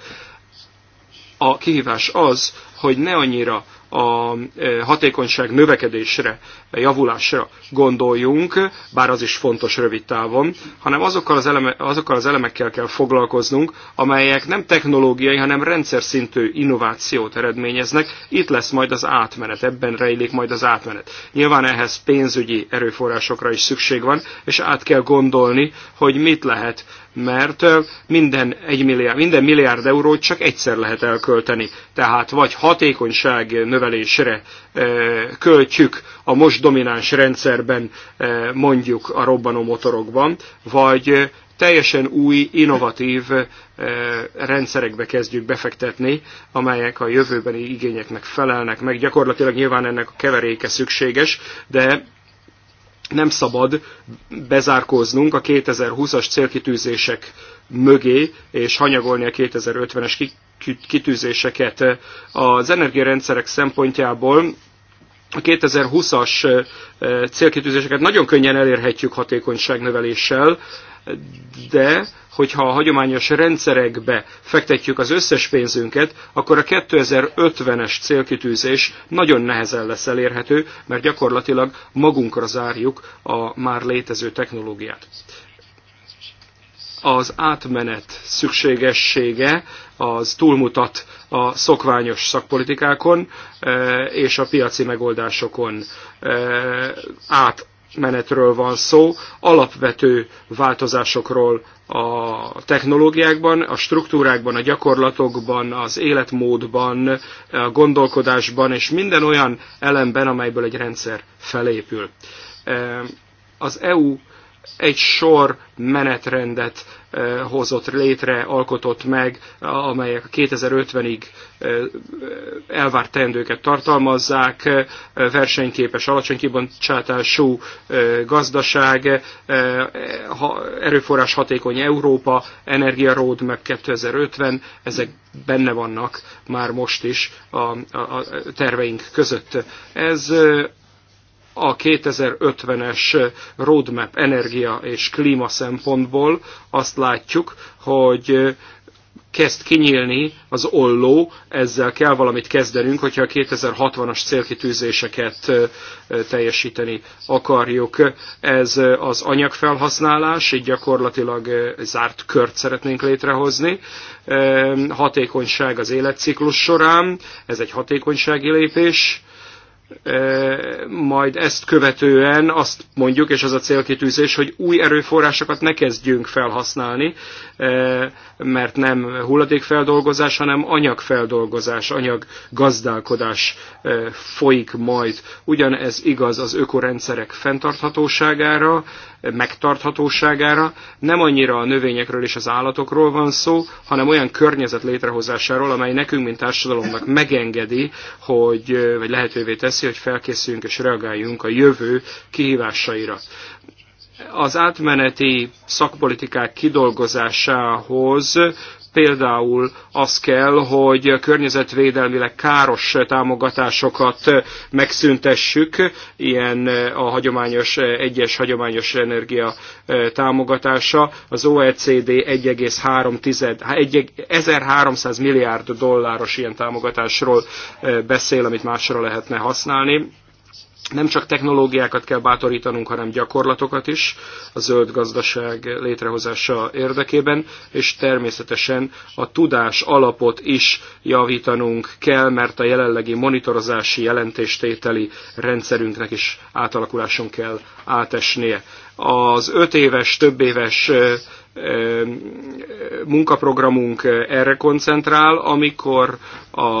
A kihívás az, hogy ne annyira a e, hatékonyság növekedésre, javulásra gondoljunk, bár az is fontos rövid távon, hanem azokkal az, eleme, azokkal az elemekkel kell foglalkoznunk, amelyek nem technológiai, hanem rendszer szintű innovációt eredményeznek. Itt lesz majd az átmenet, ebben rejlik majd az átmenet. Nyilván ehhez pénzügyi erőforrásokra is szükség van, és át kell gondolni, hogy mit lehet mert minden, egy milliárd, minden milliárd eurót csak egyszer lehet elkölteni. Tehát vagy hatékonyság növelésre költjük a most domináns rendszerben mondjuk a robbanó motorokban, vagy teljesen új, innovatív rendszerekbe kezdjük befektetni, amelyek a jövőbeni igényeknek felelnek meg. Gyakorlatilag nyilván ennek a keveréke szükséges, de nem szabad bezárkóznunk a 2020-as célkitűzések mögé, és hanyagolni a 2050-es kitűzéseket. Az energiarendszerek szempontjából a 2020-as célkitűzéseket nagyon könnyen elérhetjük hatékonyságnöveléssel, de hogyha a hagyományos rendszerekbe fektetjük az összes pénzünket, akkor a 2050-es célkitűzés nagyon nehezen lesz elérhető, mert gyakorlatilag magunkra zárjuk a már létező technológiát. Az átmenet szükségessége az túlmutat a szokványos szakpolitikákon eh, és a piaci megoldásokon. Eh, át menetről van szó, alapvető változásokról a technológiákban, a struktúrákban, a gyakorlatokban, az életmódban, a gondolkodásban és minden olyan elemben, amelyből egy rendszer felépül. Ehm, az EU egy sor menetrendet eh, hozott létre, alkotott meg, amelyek 2050-ig eh, eh, elvárt teendőket tartalmazzák, versenyképes, alacsony kibocsátású gazdaság, erőforrás hatékony Európa, Energia Roadmap 2050, ezek benne vannak már most is a, a, a terveink között. Ez a 2050-es roadmap energia és klíma szempontból azt látjuk, hogy kezd kinyílni az olló, ezzel kell valamit kezdenünk, hogyha a 2060-as célkitűzéseket teljesíteni akarjuk. Ez az anyagfelhasználás, így gyakorlatilag zárt kört szeretnénk létrehozni. Hatékonyság az életciklus során, ez egy hatékonysági lépés majd ezt követően azt mondjuk, és az a célkitűzés, hogy új erőforrásokat ne kezdjünk felhasználni, mert nem hulladékfeldolgozás, hanem anyagfeldolgozás, anyaggazdálkodás folyik majd. Ugyanez igaz az ökorendszerek fenntarthatóságára, megtarthatóságára. Nem annyira a növényekről és az állatokról van szó, hanem olyan környezet létrehozásáról, amely nekünk, mint társadalomnak megengedi, hogy, vagy lehetővé teszi, hogy felkészüljünk és reagáljunk a jövő kihívásaira az átmeneti szakpolitikák kidolgozásához például az kell, hogy környezetvédelmileg káros támogatásokat megszüntessük, ilyen a hagyományos, egyes hagyományos energia e, támogatása. Az OECD 1300 e-, milliárd dolláros ilyen támogatásról e, beszél, amit másra lehetne használni nem csak technológiákat kell bátorítanunk, hanem gyakorlatokat is a zöld gazdaság létrehozása érdekében, és természetesen a tudás alapot is javítanunk kell, mert a jelenlegi monitorozási jelentéstételi rendszerünknek is átalakuláson kell átesnie. Az öt éves, több éves munkaprogramunk erre koncentrál. Amikor a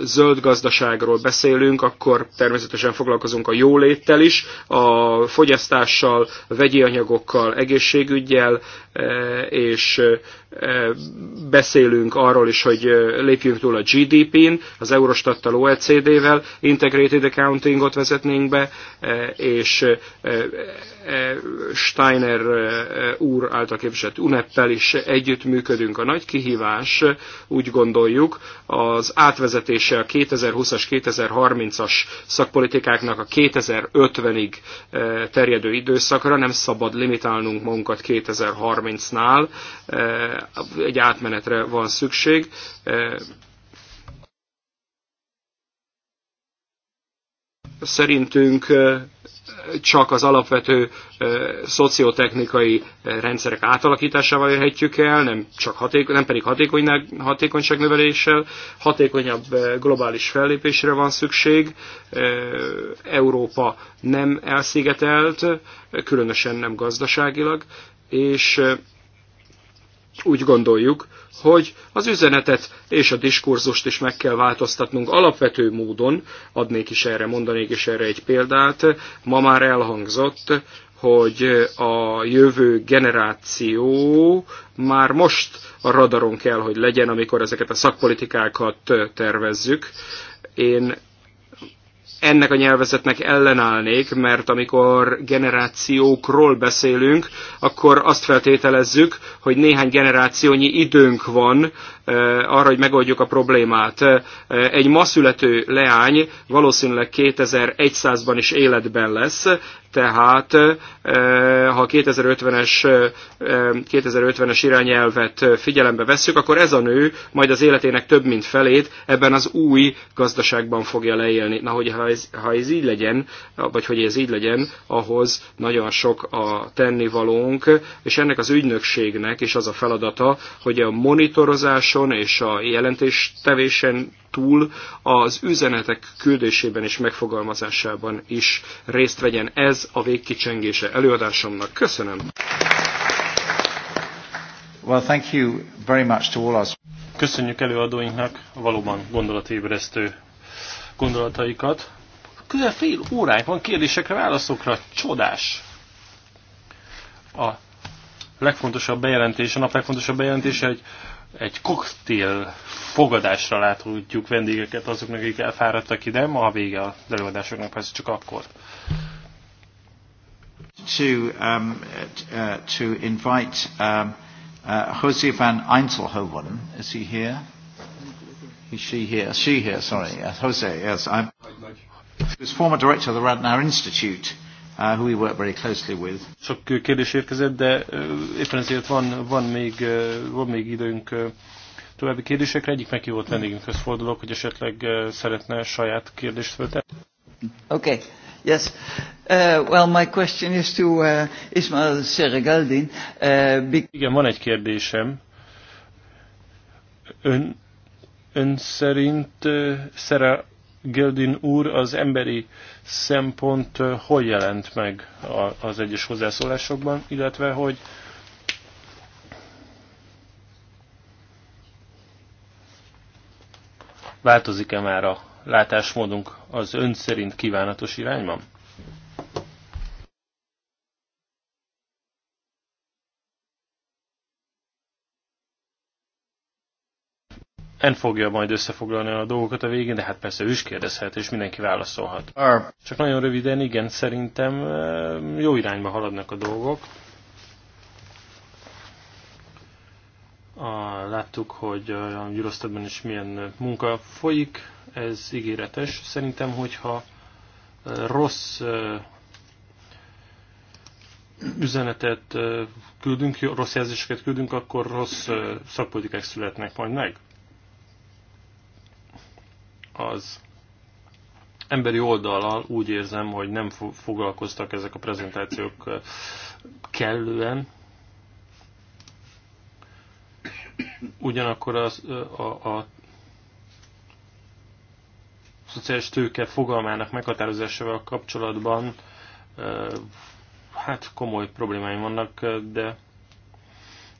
zöld gazdaságról beszélünk, akkor természetesen foglalkozunk a jóléttel is, a fogyasztással, a vegyi anyagokkal, egészségügyel, eh, és eh, beszélünk arról is, hogy eh, lépjünk túl a GDP-n, az Eurostattal, OECD-vel, Integrated Accountingot vezetnénk be, és E, Steiner e, úr által képviselt UNEP-pel is együttműködünk. A nagy kihívás, úgy gondoljuk, az átvezetése a 2020-as, 2030-as szakpolitikáknak a 2050-ig e, terjedő időszakra. Nem szabad limitálnunk magunkat 2030-nál. Egy átmenetre van szükség. Szerintünk csak az alapvető szociotechnikai rendszerek átalakításával érhetjük el, nem, csak hatékony, nem pedig hatékony, hatékonyság növeléssel, hatékonyabb globális fellépésre van szükség. Európa nem elszigetelt, különösen nem gazdaságilag, és úgy gondoljuk, hogy az üzenetet és a diskurzust is meg kell változtatnunk alapvető módon, adnék is erre, mondanék is erre egy példát, ma már elhangzott, hogy a jövő generáció már most a radaron kell, hogy legyen, amikor ezeket a szakpolitikákat tervezzük. Én ennek a nyelvezetnek ellenállnék, mert amikor generációkról beszélünk, akkor azt feltételezzük, hogy néhány generációnyi időnk van arra, hogy megoldjuk a problémát. Egy ma születő leány valószínűleg 2100-ban is életben lesz, tehát ha 2050-es 2050-es irányelvet figyelembe vesszük, akkor ez a nő majd az életének több mint felét ebben az új gazdaságban fogja leélni. Na, hogy ha ez, ha ez így legyen, vagy hogy ez így legyen, ahhoz nagyon sok a tennivalónk, és ennek az ügynökségnek is az a feladata, hogy a monitorozáson és a jelentéstevésen túl az üzenetek küldésében és megfogalmazásában is részt vegyen. Ez a végkicsengése előadásomnak. Köszönöm. Well, thank you very much to all us. Köszönjük előadóinknak valóban gondolatébresztő gondolataikat. Közel fél óránk van kérdésekre, válaszokra. Csodás! A legfontosabb bejelentés, a nap legfontosabb bejelentése, hogy egy koktél fogadásra láthatjuk vendégeket azoknak, akik elfáradtak ide, ma a vége a előadásoknak persze csak akkor. To, um, uh, to invite um, uh, Jose van Einzelhoven, is he here? Is she here? She here, sorry. Yes, Jose, yes. I'm, he was former director of the Radnor Institute Uh, who we work very closely with. Sok kérdés érkezett, de uh, éppen ezért van, van, még, uh, van még időnk további kérdésekre. Egyik meghívott vendégünkhöz fordulok, hogy esetleg szeretne saját kérdést föltenni. Oké. Okay. Yes. Uh, well, my question is to uh, Ismail Seregaldin. Uh, Igen, van egy kérdésem. Ön, ön szerint uh, Sarah úr az emberi uh, szempont hogy jelent meg az egyes hozzászólásokban, illetve hogy változik-e már a látásmódunk az ön szerint kívánatos irányban? En fogja majd összefoglalni a dolgokat a végén, de hát persze ő is kérdezhet, és mindenki válaszolhat. Csak nagyon röviden, igen, szerintem jó irányba haladnak a dolgok. a, láttuk, hogy a Eurostatban is milyen munka folyik, ez ígéretes. Szerintem, hogyha rossz üzenetet küldünk, rossz jelzéseket küldünk, akkor rossz szakpolitikák születnek majd meg az emberi oldalal úgy érzem, hogy nem foglalkoztak ezek a prezentációk kellően. Ugyanakkor az, a, a szociális tőke fogalmának meghatározásával kapcsolatban hát komoly problémáim vannak, de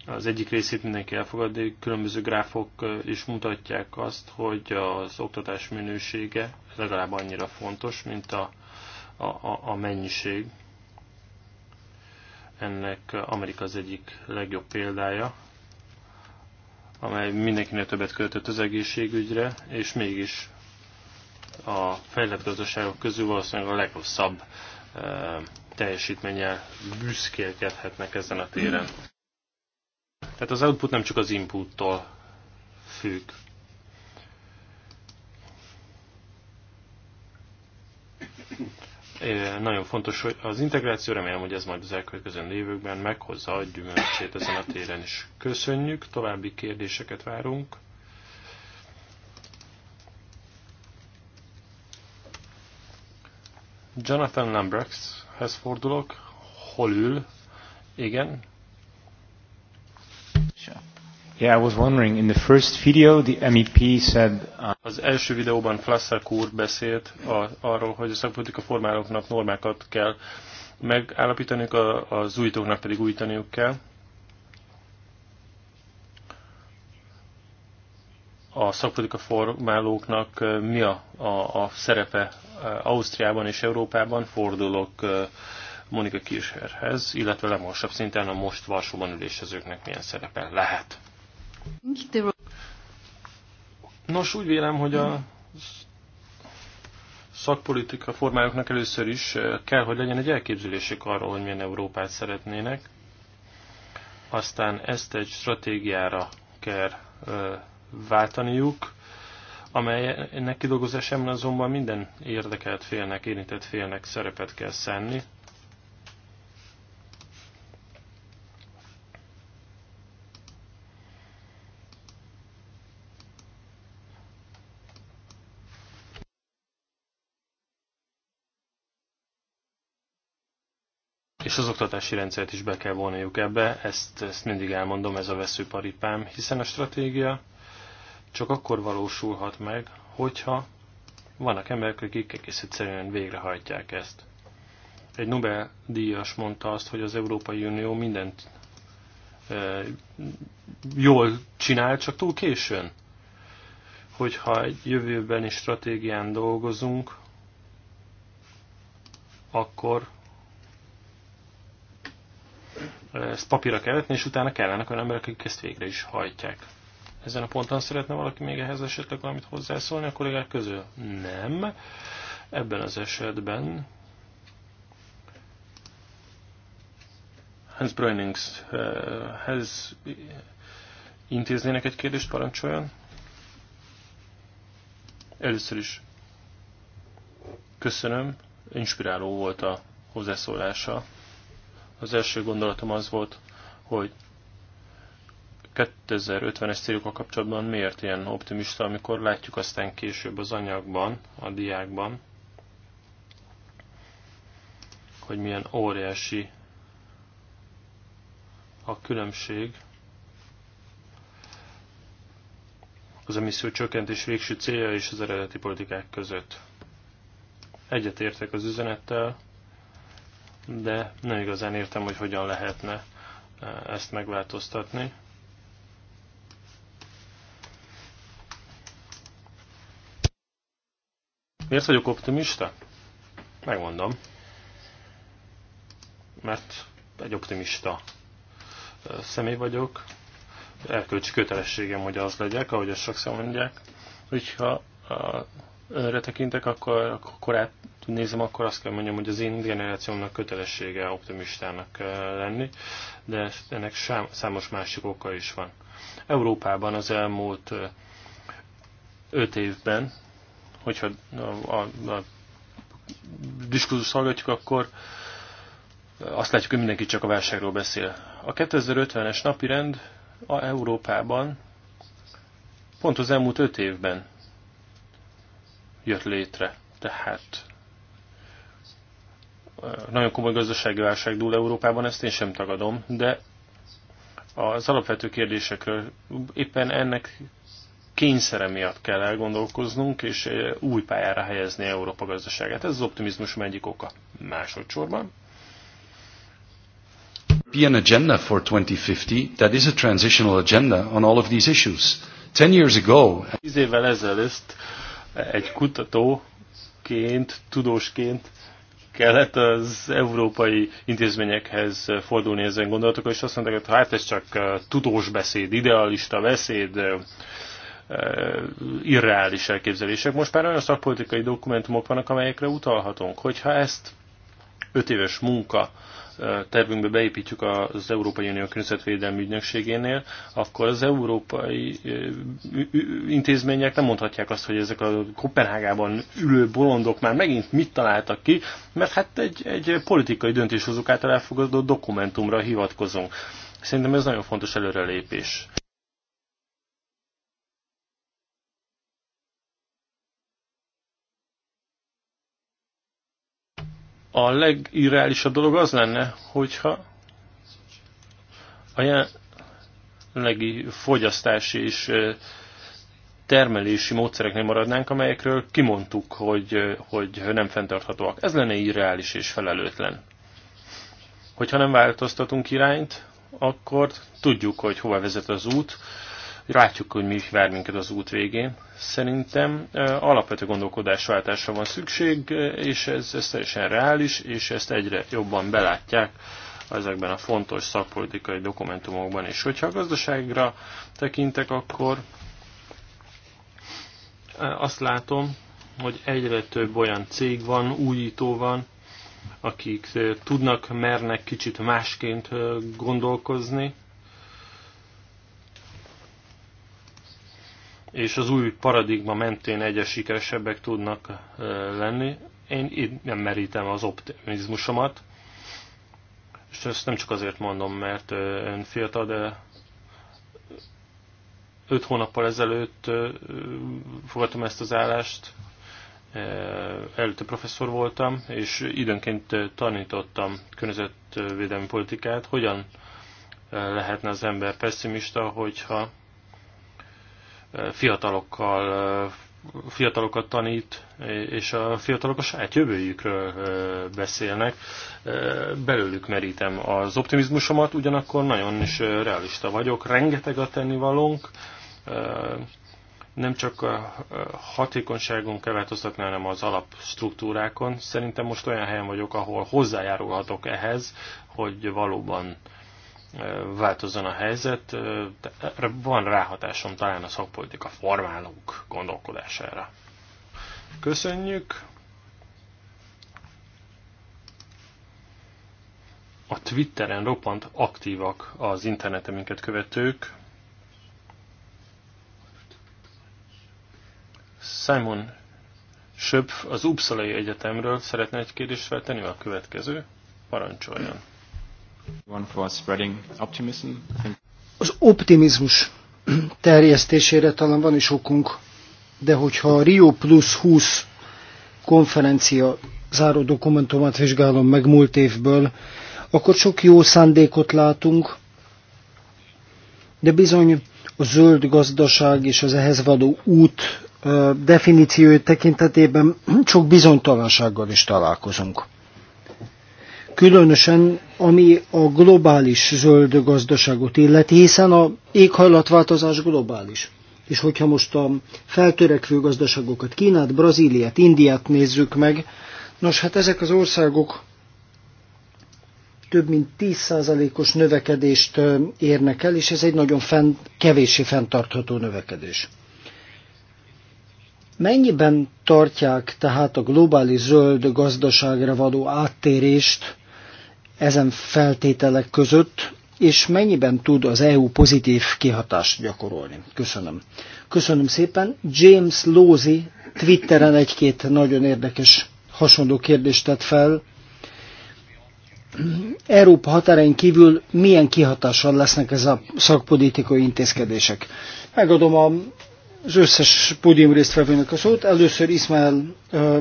az egyik részét mindenki de különböző gráfok is mutatják azt, hogy az oktatás minősége legalább annyira fontos, mint a, a, a mennyiség. Ennek Amerika az egyik legjobb példája, amely mindenkinek többet költött az egészségügyre, és mégis a fejlett gazdaságok közül valószínűleg a legrosszabb teljesítménnyel büszkélkedhetnek ezen a téren. Tehát az output nem csak az inputtól függ. Nagyon fontos, hogy az integráció, remélem, hogy ez majd az elkövetkező lévőkben meghozza a gyümölcsét ezen a téren is. Köszönjük, további kérdéseket várunk. Jonathan Lambraxhez fordulok. Hol ül? Igen, Yeah, I was wondering, in the first video the MEP said... Uh... Az első videóban Flasszak úr beszélt a, arról, hogy a szakpolitika formálóknak normákat kell megállapítaniuk, a, az újítóknak pedig újítaniuk kell. A szakpolitika formálóknak mi a, a, a szerepe Ausztriában és Európában? Fordulok Monika Kirscherhez, illetve Lemorsabb szinten a most Varsóban ülésezőknek milyen szerepe lehet. Nos, úgy vélem, hogy a szakpolitika formájuknak először is eh, kell, hogy legyen egy elképzelésük arról, hogy milyen Európát szeretnének. Aztán ezt egy stratégiára kell eh, váltaniuk, amelynek kidolgozásában azonban minden érdekelt félnek, érintett félnek szerepet kell szenni. és az oktatási rendszert is be kell vonniuk ebbe, ezt, ezt mindig elmondom, ez a veszőparipám, hiszen a stratégia csak akkor valósulhat meg, hogyha vannak emberek, akik egész egyszerűen végrehajtják ezt. Egy Nobel-díjas mondta azt, hogy az Európai Unió mindent e, jól csinál, csak túl későn. Hogyha egy jövőbeni stratégián dolgozunk, akkor ezt papírra kell vetni, és utána kellene olyan emberek, akik ezt végre is hajtják. Ezen a ponton szeretne valaki még ehhez esetleg valamit hozzászólni a kollégák közül? Nem. Ebben az esetben Hans Breuningshez intéznének egy kérdést, parancsoljon. Először is köszönöm, inspiráló volt a hozzászólása. Az első gondolatom az volt, hogy 2050-es célokkal kapcsolatban miért ilyen optimista, amikor látjuk aztán később az anyagban, a diákban, hogy milyen óriási a különbség az emisszió csökkentés végső célja és az eredeti politikák között. Egyetértek az üzenettel, de nem igazán értem, hogy hogyan lehetne e, ezt megváltoztatni. Miért vagyok optimista? Megmondom. Mert egy optimista e, személy vagyok. Elkölcsi kötelességem, hogy az legyek, ahogy azt sokszor mondják. Hogyha e, önre tekintek, akkor a korát nézem, akkor azt kell mondjam, hogy az én generációmnak kötelessége optimistának eh, lenni, de ennek számos másik oka is van. Európában az elmúlt eh, öt évben, hogyha a, a, a diskurzus hallgatjuk, akkor eh, azt látjuk, hogy mindenki csak a válságról beszél. A 2050-es rend a Európában pont az elmúlt öt évben jött létre. Tehát nagyon komoly gazdasági válság dúl Európában, ezt én sem tagadom, de az alapvető kérdésekről éppen ennek kényszere miatt kell elgondolkoznunk, és eh, új pályára helyezni Európa gazdaságát. Ez az optimizmus egyik oka. Másodszorban. European agenda for 2050, that is a transitional agenda on all of these issues. Ten years ago... Tíz évvel ezelőtt egy kutatóként, tudósként kellett az európai intézményekhez fordulni ezen gondolatokkal, és azt mondták, hogy hát ez csak tudós beszéd, idealista beszéd, irreális elképzelések. Most már olyan szakpolitikai dokumentumok vannak, amelyekre utalhatunk. Hogyha ezt öt éves munka tervünkbe beépítjük az Európai Unió Környezetvédelmi Ügynökségénél, akkor az európai intézmények nem mondhatják azt, hogy ezek a Kopenhágában ülő bolondok már megint mit találtak ki, mert hát egy, egy politikai döntéshozók által elfogadott dokumentumra hivatkozunk. Szerintem ez nagyon fontos előrelépés. A legirreálisabb dolog az lenne, hogyha a jelenlegi fogyasztási és termelési módszereknél maradnánk, amelyekről kimondtuk, hogy, hogy nem fenntarthatóak. Ez lenne irreális és felelőtlen. Hogyha nem változtatunk irányt, akkor tudjuk, hogy hova vezet az út, látjuk, hogy mi is vár minket az út végén. Szerintem alapvető gondolkodásváltásra van szükség, és ez, ez teljesen reális, és ezt egyre jobban belátják ezekben a fontos szakpolitikai dokumentumokban is. Hogyha a gazdaságra tekintek, akkor azt látom, hogy egyre több olyan cég van, újító van, akik tudnak, mernek kicsit másként gondolkozni, és az új paradigma mentén egyes sikeresebbek tudnak lenni. Én itt nem merítem az optimizmusomat, és ezt nem csak azért mondom, mert ön fiatal, de öt hónappal ezelőtt fogadtam ezt az állást, előtte professzor voltam, és időnként tanítottam környezetvédelmi politikát, hogyan lehetne az ember pessimista, hogyha fiatalokkal, fiatalokat tanít, és a fiatalok a saját jövőjükről beszélnek. Belőlük merítem az optimizmusomat, ugyanakkor nagyon is realista vagyok. Rengeteg a tennivalónk, nem csak a hatékonyságon kell változtatni, hanem az alapstruktúrákon. Szerintem most olyan helyen vagyok, ahol hozzájárulhatok ehhez, hogy valóban változzon a helyzet. Erre van ráhatásom talán a szakpolitika formálók gondolkodására. Köszönjük! A Twitteren roppant aktívak az interneteminket követők. Simon Söpf az Uppsala Egyetemről szeretne egy kérdést feltenni, a következő parancsoljon. Az optimizmus terjesztésére talán van is okunk, de hogyha a Rio Plus 20 konferencia záró dokumentumát vizsgálom meg múlt évből, akkor sok jó szándékot látunk, de bizony a zöld gazdaság és az ehhez való út definíciói tekintetében sok bizonytalansággal is találkozunk különösen ami a globális zöld gazdaságot illeti, hiszen a éghajlatváltozás globális. És hogyha most a feltörekvő gazdaságokat, Kínát, Brazíliát, Indiát nézzük meg, nos hát ezek az országok több mint 10%-os növekedést érnek el, és ez egy nagyon fenn, kevéssé fenntartható növekedés. Mennyiben tartják tehát a globális zöld gazdaságra való áttérést ezen feltételek között, és mennyiben tud az EU pozitív kihatást gyakorolni. Köszönöm. Köszönöm szépen. James Lózi Twitteren egy-két nagyon érdekes hasonló kérdést tett fel. Európa határain kívül milyen kihatással lesznek ez a szakpolitikai intézkedések? Megadom a, az összes pódium résztvevőnek a szót. Először Ismail uh,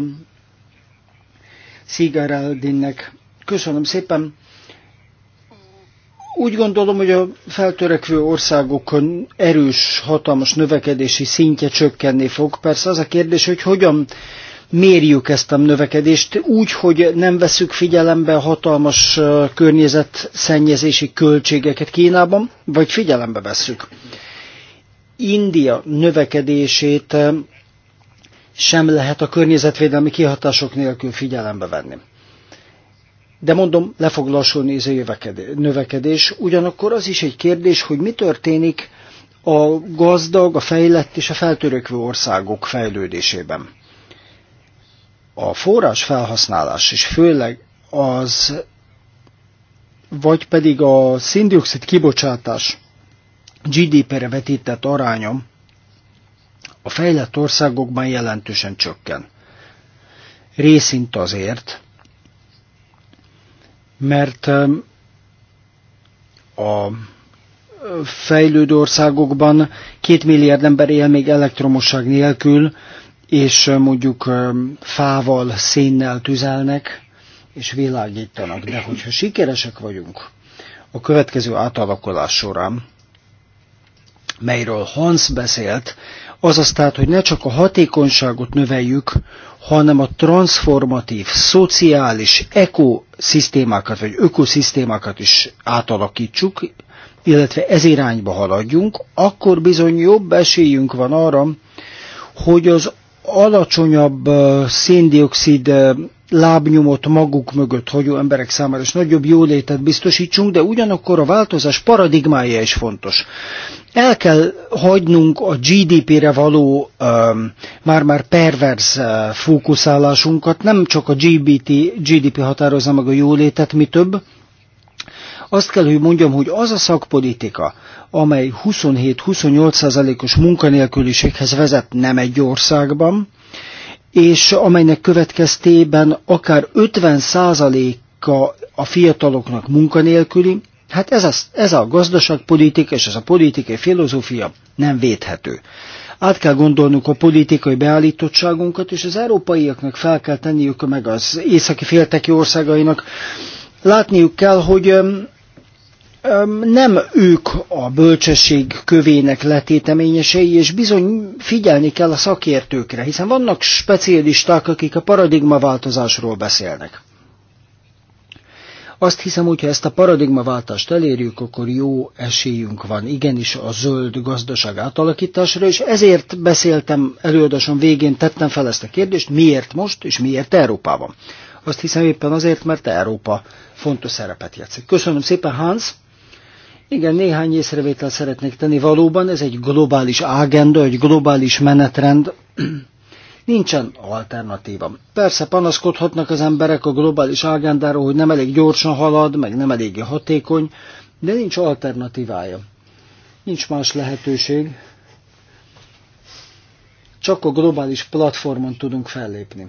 Szigareldinnek Köszönöm szépen. Úgy gondolom, hogy a feltörekvő országokon erős, hatalmas növekedési szintje csökkenni fog. Persze az a kérdés, hogy hogyan mérjük ezt a növekedést úgy, hogy nem veszük figyelembe a hatalmas környezetszennyezési költségeket Kínában, vagy figyelembe vesszük. India növekedését sem lehet a környezetvédelmi kihatások nélkül figyelembe venni de mondom, le fog lassulni ez a növekedés. Ugyanakkor az is egy kérdés, hogy mi történik a gazdag, a fejlett és a feltörekvő országok fejlődésében. A forrás felhasználás, és főleg az, vagy pedig a szindioxid kibocsátás GDP-re vetített arányom a fejlett országokban jelentősen csökken. Részint azért, mert a fejlődő országokban két milliárd ember él még elektromosság nélkül, és mondjuk fával, szénnel tüzelnek, és világítanak. De hogyha sikeresek vagyunk a következő átalakulás során, melyről Hans beszélt, az azt hogy ne csak a hatékonyságot növeljük, hanem a transformatív, szociális ekoszisztémákat, vagy ökoszisztémákat is átalakítsuk, illetve ez irányba haladjunk, akkor bizony jobb esélyünk van arra, hogy az alacsonyabb széndiokszid lábnyomot maguk mögött hagyó emberek számára is nagyobb jólétet biztosítsunk, de ugyanakkor a változás paradigmája is fontos. El kell hagynunk a GDP-re való um, már-már perverz uh, fókuszálásunkat, nem csak a GBT, GDP határozza meg a jólétet, mi több, azt kell, hogy mondjam, hogy az a szakpolitika, amely 27-28%-os munkanélküliséghez vezet nem egy országban, és amelynek következtében akár 50%-a a fiataloknak munkanélküli, Hát ez a, ez a gazdaságpolitika és ez a politikai filozófia nem védhető. Át kell gondolnunk a politikai beállítottságunkat, és az európaiaknak fel kell tenniük meg az északi félteki országainak. Látniuk kell, hogy öm, öm, nem ők a bölcsesség kövének letéteményesei, és bizony figyelni kell a szakértőkre, hiszen vannak specialisták, akik a paradigmaváltozásról beszélnek. Azt hiszem, hogyha ezt a paradigmaváltást elérjük, akkor jó esélyünk van igenis a zöld gazdaság átalakításra, és ezért beszéltem előadásom végén, tettem fel ezt a kérdést, miért most, és miért Európában. Azt hiszem éppen azért, mert Európa fontos szerepet játszik. Köszönöm szépen, Hans! Igen, néhány észrevétel szeretnék tenni. Valóban ez egy globális ágenda, egy globális menetrend, Nincsen alternatíva. Persze panaszkodhatnak az emberek a globális agendáról, hogy nem elég gyorsan halad, meg nem eléggé hatékony, de nincs alternatívája. Nincs más lehetőség. Csak a globális platformon tudunk fellépni.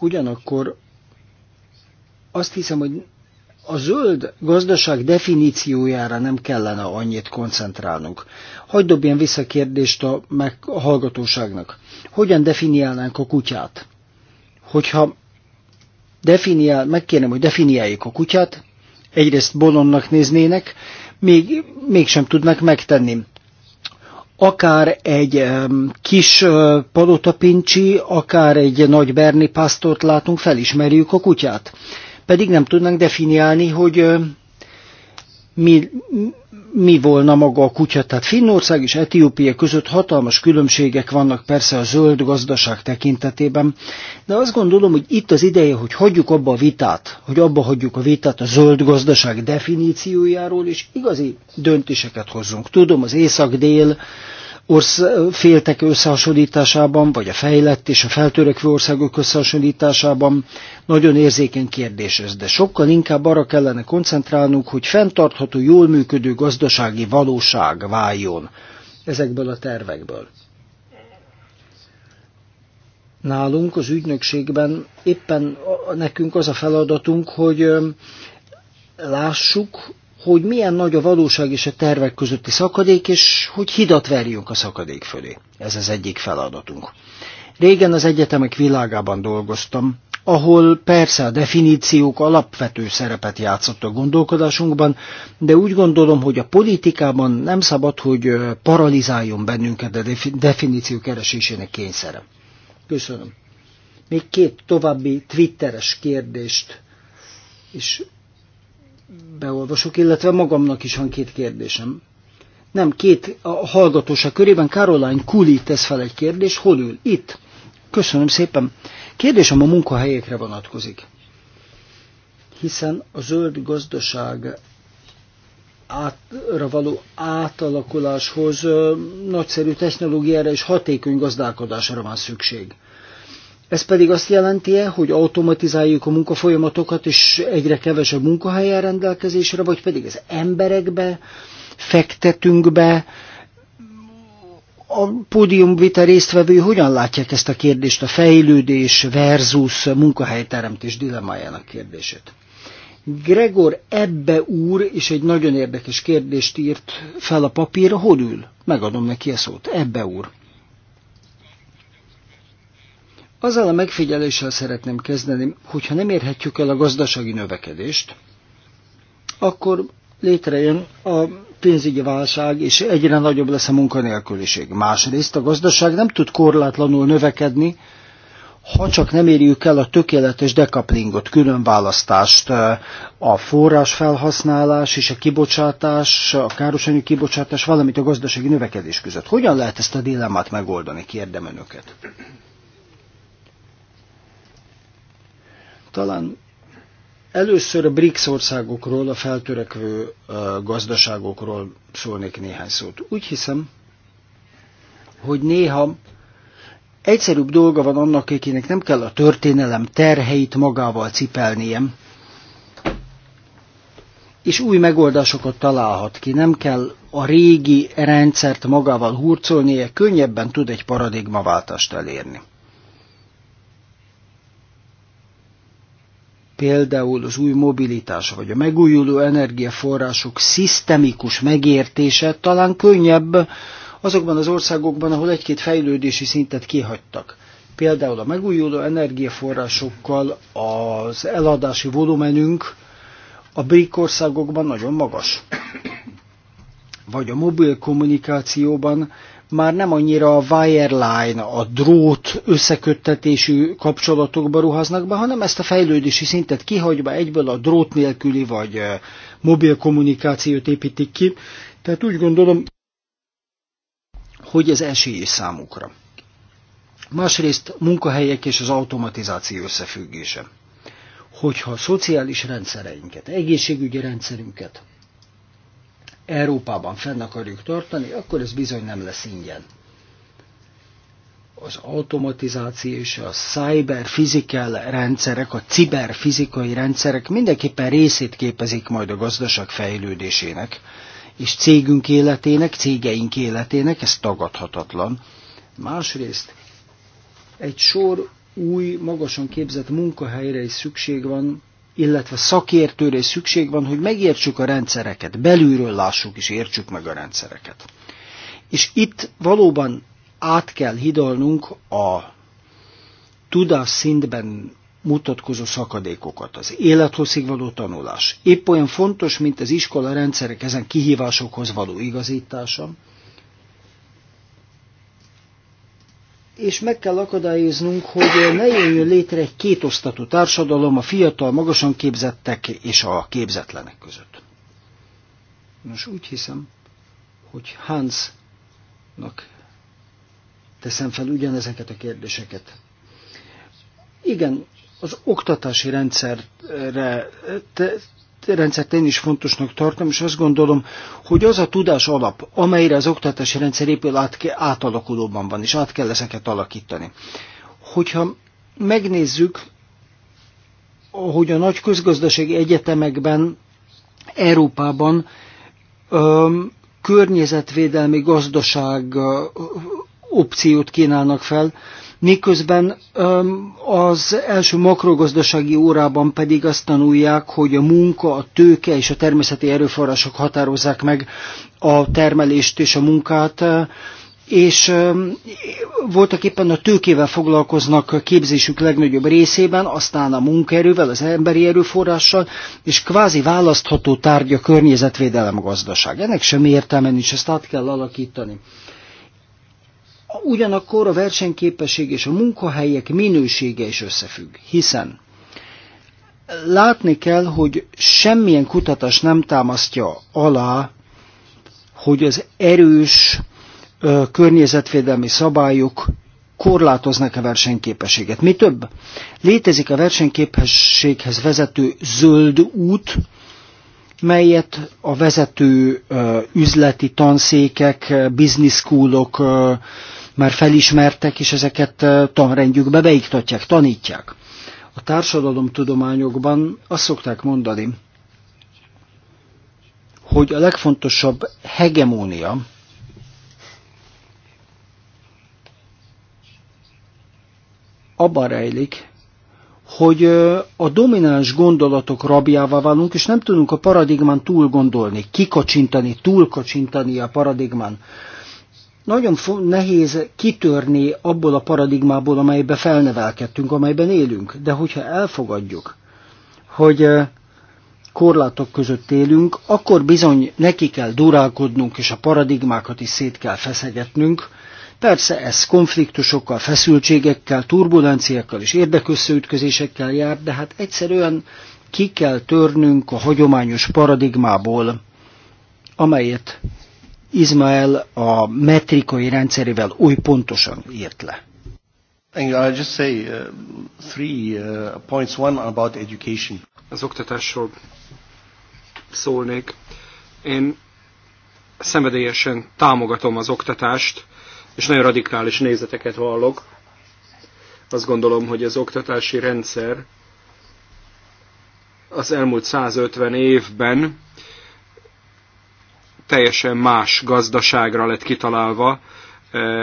Ugyanakkor azt hiszem, hogy a zöld gazdaság definíciójára nem kellene annyit koncentrálnunk. Hogy dobjam vissza kérdést a, meg, a hallgatóságnak. Hogyan definiálnánk a kutyát? Hogyha definiál, megkérem, hogy definiáljuk a kutyát, egyrészt bolonnak néznének, még, mégsem tudnak megtenni. Akár egy um, kis uh, palotapincsi, akár egy nagy berni pásztort látunk, felismerjük a kutyát pedig nem tudnánk definiálni, hogy mi, mi volna maga a kutya. Tehát Finnország és Etiópia között hatalmas különbségek vannak persze a zöld gazdaság tekintetében, de azt gondolom, hogy itt az ideje, hogy hagyjuk abba a vitát, hogy abba hagyjuk a vitát a zöld gazdaság definíciójáról, és igazi döntéseket hozzunk. Tudom, az észak-dél orsz, féltek összehasonlításában, vagy a fejlett és a feltörekvő országok összehasonlításában nagyon érzékeny kérdés ez, de sokkal inkább arra kellene koncentrálnunk, hogy fenntartható, jól működő gazdasági valóság váljon ezekből a tervekből. Nálunk az ügynökségben éppen nekünk az a feladatunk, hogy lássuk, hogy milyen nagy a valóság és a tervek közötti szakadék, és hogy hidat verjünk a szakadék fölé. Ez az egyik feladatunk. Régen az egyetemek világában dolgoztam, ahol persze a definíciók alapvető szerepet játszott a gondolkodásunkban, de úgy gondolom, hogy a politikában nem szabad, hogy paralizáljon bennünket a definíció keresésének kényszere. Köszönöm. Még két további twitteres kérdést, és beolvasok, illetve magamnak is van két kérdésem. Nem, két a hallgatósa körében Caroline Kuli tesz fel egy kérdés, hol ül? Itt. Köszönöm szépen. Kérdésem a munkahelyekre vonatkozik. Hiszen a zöld gazdaság átra való átalakuláshoz nagyszerű technológiára és hatékony gazdálkodásra van szükség. Ez pedig azt jelenti -e, hogy automatizáljuk a munkafolyamatokat, és egyre kevesebb munkahelyen rendelkezésre, vagy pedig az emberekbe fektetünk be, a pódiumvita résztvevő hogyan látják ezt a kérdést, a fejlődés versus munkahelyteremtés dilemmájának kérdését? Gregor Ebbe úr is egy nagyon érdekes kérdést írt fel a papírra, hol ül? Megadom neki a szót. Ebbe úr. Azzal a megfigyeléssel szeretném kezdeni, hogyha nem érhetjük el a gazdasági növekedést, akkor létrejön a pénzügyi válság, és egyre nagyobb lesz a munkanélküliség. Másrészt a gazdaság nem tud korlátlanul növekedni, ha csak nem érjük el a tökéletes dekaplingot, különválasztást, a forrás felhasználás és a kibocsátás, a károsanyú kibocsátás, valamint a gazdasági növekedés között. Hogyan lehet ezt a dilemmát megoldani, kérdem önöket? Talán először a BRICS országokról, a feltörekvő gazdaságokról szólnék néhány szót. Úgy hiszem, hogy néha egyszerűbb dolga van annak, akinek nem kell a történelem terheit magával cipelnie, és új megoldásokat találhat ki. Nem kell a régi rendszert magával hurcolnie, könnyebben tud egy paradigmaváltást elérni. például az új mobilitás vagy a megújuló energiaforrások szisztemikus megértése talán könnyebb azokban az országokban, ahol egy-két fejlődési szintet kihagytak. Például a megújuló energiaforrásokkal az eladási volumenünk a BRIC országokban nagyon magas. Vagy a mobil kommunikációban már nem annyira a wireline, a drót összeköttetésű kapcsolatokba ruháznak be, hanem ezt a fejlődési szintet kihagyva egyből a drót nélküli vagy mobil kommunikációt építik ki. Tehát úgy gondolom, hogy ez esélyes számukra. Másrészt munkahelyek és az automatizáció összefüggése. Hogyha a szociális rendszereinket, egészségügyi rendszerünket, Európában fenn akarjuk tartani, akkor ez bizony nem lesz ingyen. Az automatizáció és a cyber rendszerek, a ciberfizikai rendszerek mindenképpen részét képezik majd a gazdaság fejlődésének, és cégünk életének, cégeink életének, ez tagadhatatlan. Másrészt egy sor új, magasan képzett munkahelyre is szükség van, illetve szakértőre is szükség van, hogy megértsük a rendszereket, belülről lássuk és értsük meg a rendszereket. És itt valóban át kell hidalnunk a tudás szintben mutatkozó szakadékokat, az élethosszig való tanulás. Épp olyan fontos, mint az iskola rendszerek ezen kihívásokhoz való igazítása, és meg kell akadályoznunk, hogy ne jöjjön létre egy kétosztatú társadalom a fiatal, magasan képzettek és a képzetlenek között. Nos, úgy hiszem, hogy Hansnak teszem fel ugyanezeket a kérdéseket. Igen, az oktatási rendszerre rendszert én is fontosnak tartom, és azt gondolom, hogy az a tudás alap, amelyre az oktatási rendszer épül, át, átalakulóban van, és át kell ezeket alakítani. Hogyha megnézzük, hogy a nagy közgazdasági egyetemekben Európában öm, környezetvédelmi gazdaság opciót kínálnak fel, Miközben az első makrogazdasági órában pedig azt tanulják, hogy a munka, a tőke és a természeti erőforrások határozzák meg a termelést és a munkát, és voltak éppen a tőkével foglalkoznak a képzésük legnagyobb részében, aztán a munkaerővel, az emberi erőforrással, és kvázi választható tárgya környezetvédelem gazdaság. Ennek semmi értelme nincs, ezt át kell alakítani. Ugyanakkor a versenyképesség és a munkahelyek minősége is összefügg, hiszen látni kell, hogy semmilyen kutatás nem támasztja alá, hogy az erős ö, környezetvédelmi szabályok korlátoznak a versenyképességet. Mi több, létezik a versenyképességhez vezető zöld út, melyet a vezető ö, üzleti tanszékek, business schoolok, ö, már felismertek, és ezeket tanrendjükbe beiktatják, tanítják. A társadalomtudományokban azt szokták mondani, hogy a legfontosabb hegemónia, abban rejlik, hogy a domináns gondolatok rabjává válunk, és nem tudunk a paradigmán túl gondolni, kikacsintani, túlkacsintani a paradigmán nagyon nehéz kitörni abból a paradigmából, amelybe felnevelkedtünk, amelyben élünk. De hogyha elfogadjuk, hogy eh, korlátok között élünk, akkor bizony neki kell durálkodnunk, és a paradigmákat is szét kell feszegetnünk. Persze ez konfliktusokkal, feszültségekkel, turbulenciákkal és érdekösszeütközésekkel jár, de hát egyszerűen ki kell törnünk a hagyományos paradigmából, amelyet Izmael a metrikai rendszerével új pontosan írt le. just say uh, three uh, points. One about education. Az oktatásról szólnék. Én szenvedélyesen támogatom az oktatást, és nagyon radikális nézeteket vallok. Azt gondolom, hogy az oktatási rendszer az elmúlt 150 évben teljesen más gazdaságra lett kitalálva.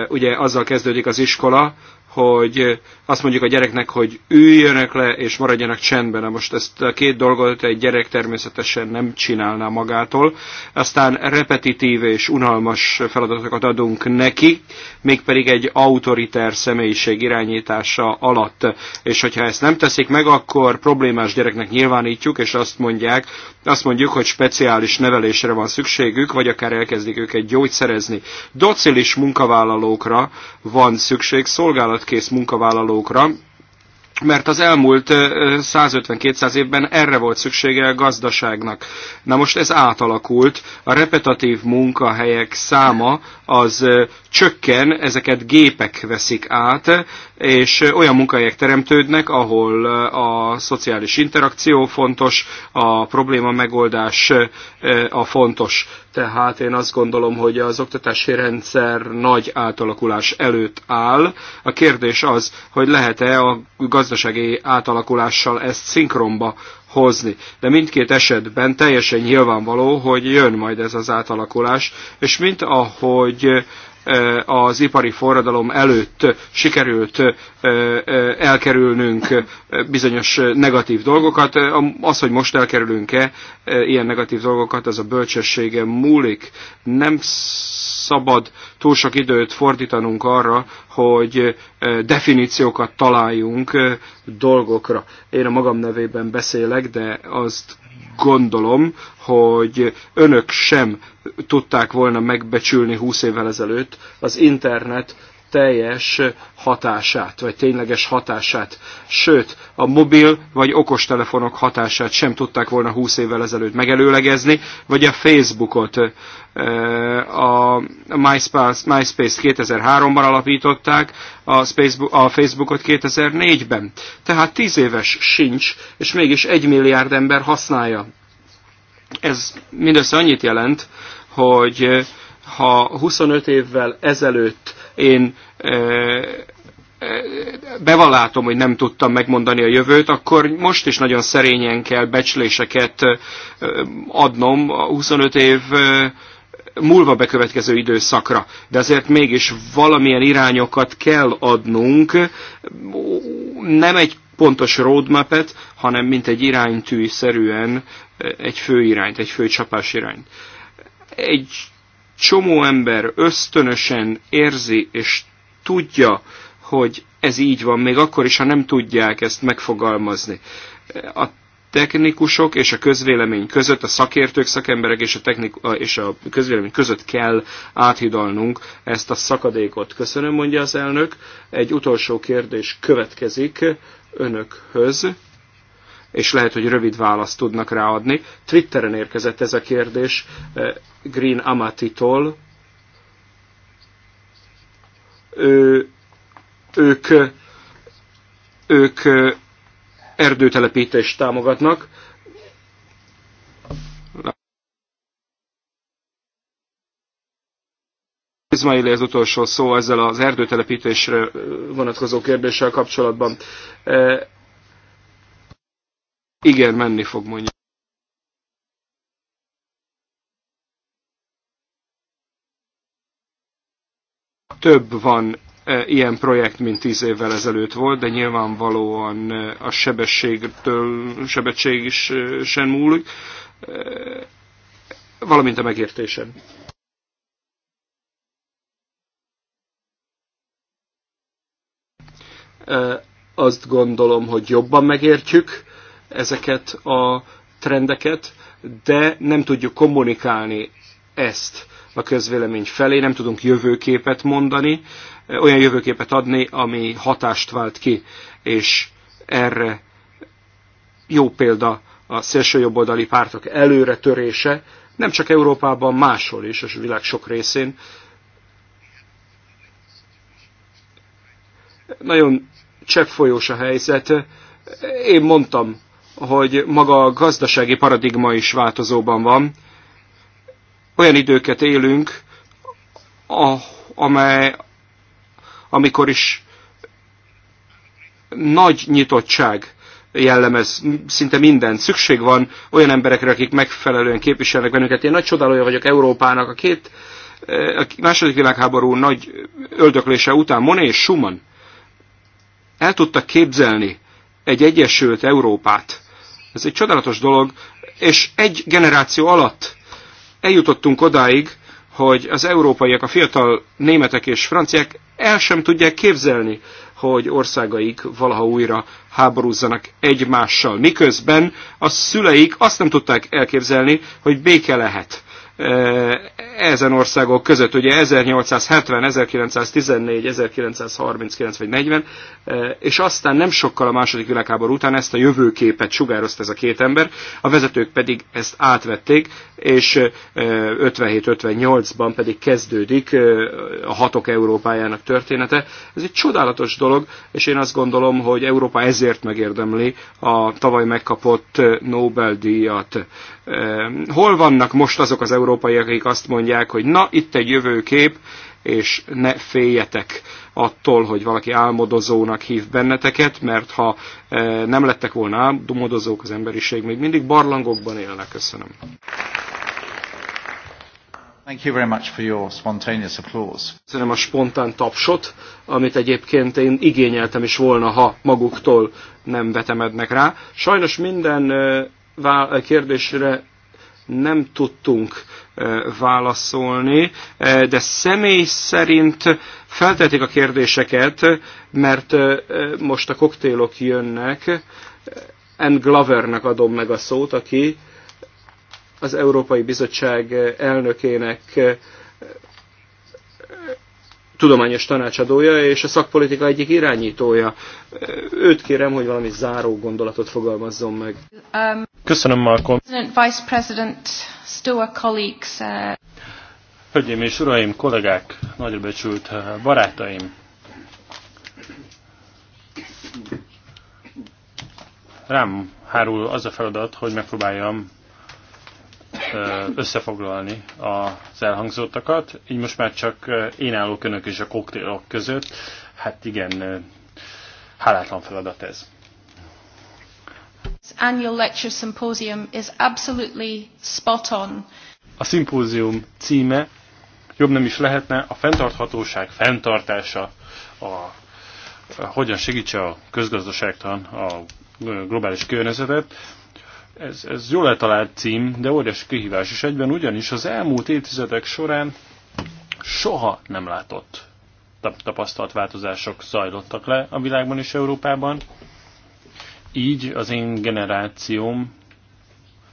Ugye azzal kezdődik az iskola, hogy azt mondjuk a gyereknek, hogy üljönek le és maradjanak csendben. Na most ezt a két dolgot egy gyerek természetesen nem csinálná magától. Aztán repetitív és unalmas feladatokat adunk neki, mégpedig egy autoriter személyiség irányítása alatt. És hogyha ezt nem teszik meg, akkor problémás gyereknek nyilvánítjuk, és azt mondják, azt mondjuk, hogy speciális nevelésre van szükségük, vagy akár elkezdik őket gyógyszerezni. Docilis munkavállalókra van szükség szolgálat kész munkavállalókra, mert az elmúlt 150-200 évben erre volt szüksége a gazdaságnak. Na most ez átalakult, a repetatív munkahelyek száma az csökken, ezeket gépek veszik át, és olyan munkahelyek teremtődnek, ahol a szociális interakció fontos, a probléma megoldás a fontos. Tehát én azt gondolom, hogy az oktatási rendszer nagy átalakulás előtt áll. A kérdés az, hogy lehet-e a gazdasági átalakulással ezt szinkronba hozni. De mindkét esetben teljesen nyilvánvaló, hogy jön majd ez az átalakulás, és mint ahogy Eh, az ipari forradalom előtt sikerült eh, eh, elkerülnünk bizonyos negatív dolgokat. Az, hogy most elkerülünk-e ilyen negatív dolgokat, az a bölcsessége múlik. Nem szabad túl sok időt fordítanunk arra, hogy definíciókat találjunk dolgokra. Én a magam nevében beszélek, de azt gondolom, hogy önök sem tudták volna megbecsülni 20 évvel ezelőtt az internet teljes hatását, vagy tényleges hatását. Sőt, a mobil vagy okostelefonok hatását sem tudták volna 20 évvel ezelőtt megelőlegezni, vagy a Facebookot. A MySpace-t 2003-ban alapították, a Facebookot 2004-ben. Tehát 10 éves sincs, és mégis 1 milliárd ember használja. Ez mindössze annyit jelent, hogy ha 25 évvel ezelőtt én bevallátom, hogy nem tudtam megmondani a jövőt, akkor most is nagyon szerényen kell becsléseket adnom a 25 év múlva bekövetkező időszakra. De azért mégis valamilyen irányokat kell adnunk, nem egy pontos roadmapet, hanem mint egy iránytű szerűen egy fő irányt, egy fő csapás irányt. Egy csomó ember ösztönösen érzi és tudja, hogy ez így van, még akkor is, ha nem tudják ezt megfogalmazni. A technikusok és a közvélemény között, a szakértők, szakemberek és a, technik, és a közvélemény között kell áthidalnunk ezt a szakadékot. Köszönöm, mondja az elnök. Egy utolsó kérdés következik önökhöz és lehet, hogy rövid választ tudnak ráadni. Twitteren érkezett ez a kérdés eh, Green Amatitól. Ő, ők, ők eh, erdőtelepítést támogatnak. Izmaili az utolsó szó ezzel az erdőtelepítésre eh, vonatkozó kérdéssel kapcsolatban. Igen, menni fog, mondjuk. Több van e, ilyen projekt, mint tíz évvel ezelőtt volt, de nyilvánvalóan e, a sebességtől, sebesség is e, sem múlik, valamint a megértésen. Azt gondolom, hogy jobban megértjük, ezeket a trendeket, de nem tudjuk kommunikálni ezt a közvélemény felé, nem tudunk jövőképet mondani, olyan jövőképet adni, ami hatást vált ki, és erre jó példa a szélsőjobboldali pártok törése, nem csak Európában, máshol is, és a világ sok részén. Nagyon cseppfolyós a helyzet. Én mondtam hogy maga a gazdasági paradigma is változóban van. Olyan időket élünk, a, amely, amikor is nagy nyitottság jellemez szinte minden. Szükség van olyan emberekre, akik megfelelően képviselnek bennünket. Én nagy csodálója vagyok Európának. A két eh, a második világháború nagy öldöklése után Moné és Schumann el tudtak képzelni egy egyesült Európát, ez egy csodálatos dolog, és egy generáció alatt eljutottunk odáig, hogy az európaiak, a fiatal németek és franciák el sem tudják képzelni, hogy országaik valaha újra háborúzzanak egymással. Miközben a szüleik azt nem tudták elképzelni, hogy béke lehet ezen országok között, ugye 1870, 1914, 1939 vagy 40, e, és aztán nem sokkal a második világháború után ezt a jövőképet sugározta ez a két ember, a vezetők pedig ezt átvették, és 57-58-ban e, pedig kezdődik e, a hatok Európájának története. Ez egy csodálatos dolog, és én azt gondolom, hogy Európa ezért megérdemli a tavaly megkapott Nobel-díjat. Hol vannak most azok az európaiak, akik azt mondják, mondják, hogy na, itt egy jövőkép, és ne féljetek attól, hogy valaki álmodozónak hív benneteket, mert ha e, nem lettek volna álmodozók, az emberiség még mindig barlangokban élne. Köszönöm. Thank you very much for your spontaneous applause. Köszönöm a spontán tapsot, amit egyébként én igényeltem is volna, ha maguktól nem vetemednek rá. Sajnos minden e, kérdésre nem tudtunk válaszolni, de személy szerint feltetik a kérdéseket, mert most a koktélok jönnek. En Glovernek adom meg a szót, aki az Európai Bizottság elnökének tudományos tanácsadója és a szakpolitika egyik irányítója. Őt kérem, hogy valami záró gondolatot fogalmazzon meg. Um, Köszönöm, Marko. Uh, Hölgyeim és uraim, kollégák, nagyra becsült uh, barátaim. Rám hárul az a feladat, hogy megpróbáljam uh, összefoglalni az elhangzottakat. Így most már csak én állok önök és a koktélok között. Hát igen, hálátlan feladat ez annual lecture symposium is absolutely spot on. A szimpózium címe jobb nem is lehetne a fenntarthatóság fenntartása, a, a hogyan segítse a közgazdaságtan a globális környezetet. Ez, ez jól eltalált cím, de óriási kihívás is egyben, ugyanis az elmúlt évtizedek során soha nem látott tapasztalt változások zajlottak le a világban és Európában így az én generációm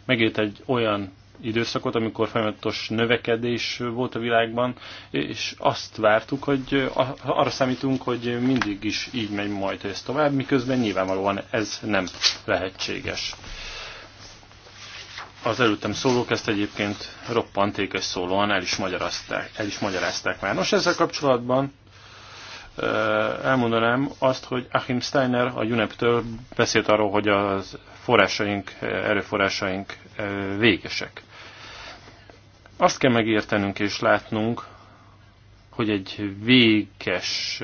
megélt egy olyan időszakot, amikor folyamatos növekedés volt a világban, és azt vártuk, hogy arra számítunk, hogy mindig is így megy majd ez tovább, miközben nyilvánvalóan ez nem lehetséges. Az előttem szólók ezt egyébként roppantékes szólóan el is magyarázták, el is magyarázták már. Nos, ezzel kapcsolatban elmondanám azt, hogy Achim Steiner a UNEP-től beszélt arról, hogy a forrásaink, erőforrásaink végesek. Azt kell megértenünk és látnunk, hogy egy véges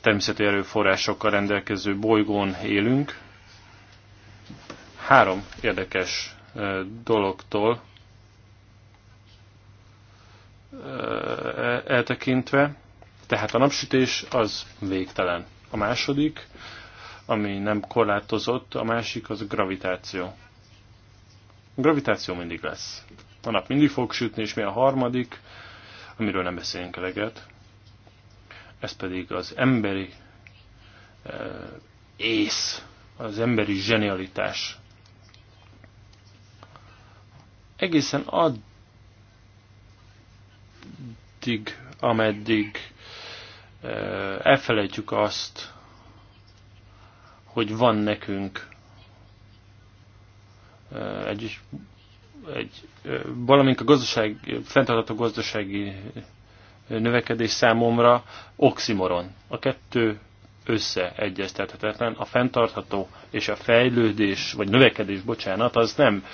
természeti erőforrásokkal rendelkező bolygón élünk. Három érdekes dologtól eltekintve tehát a napsütés az végtelen. A második, ami nem korlátozott, a másik az a gravitáció. A gravitáció mindig lesz. A nap mindig fog sütni, és mi a harmadik, amiről nem beszélünk eleget. Ez pedig az emberi eh, ész, az emberi zsenialitás. Egészen addig, ameddig elfelejtjük azt, hogy van nekünk egy, egy valamink a gazdaság, fenntartható gazdasági növekedés számomra oximoron. A kettő összeegyeztethetetlen. A fenntartható és a fejlődés, vagy növekedés, bocsánat, az nem,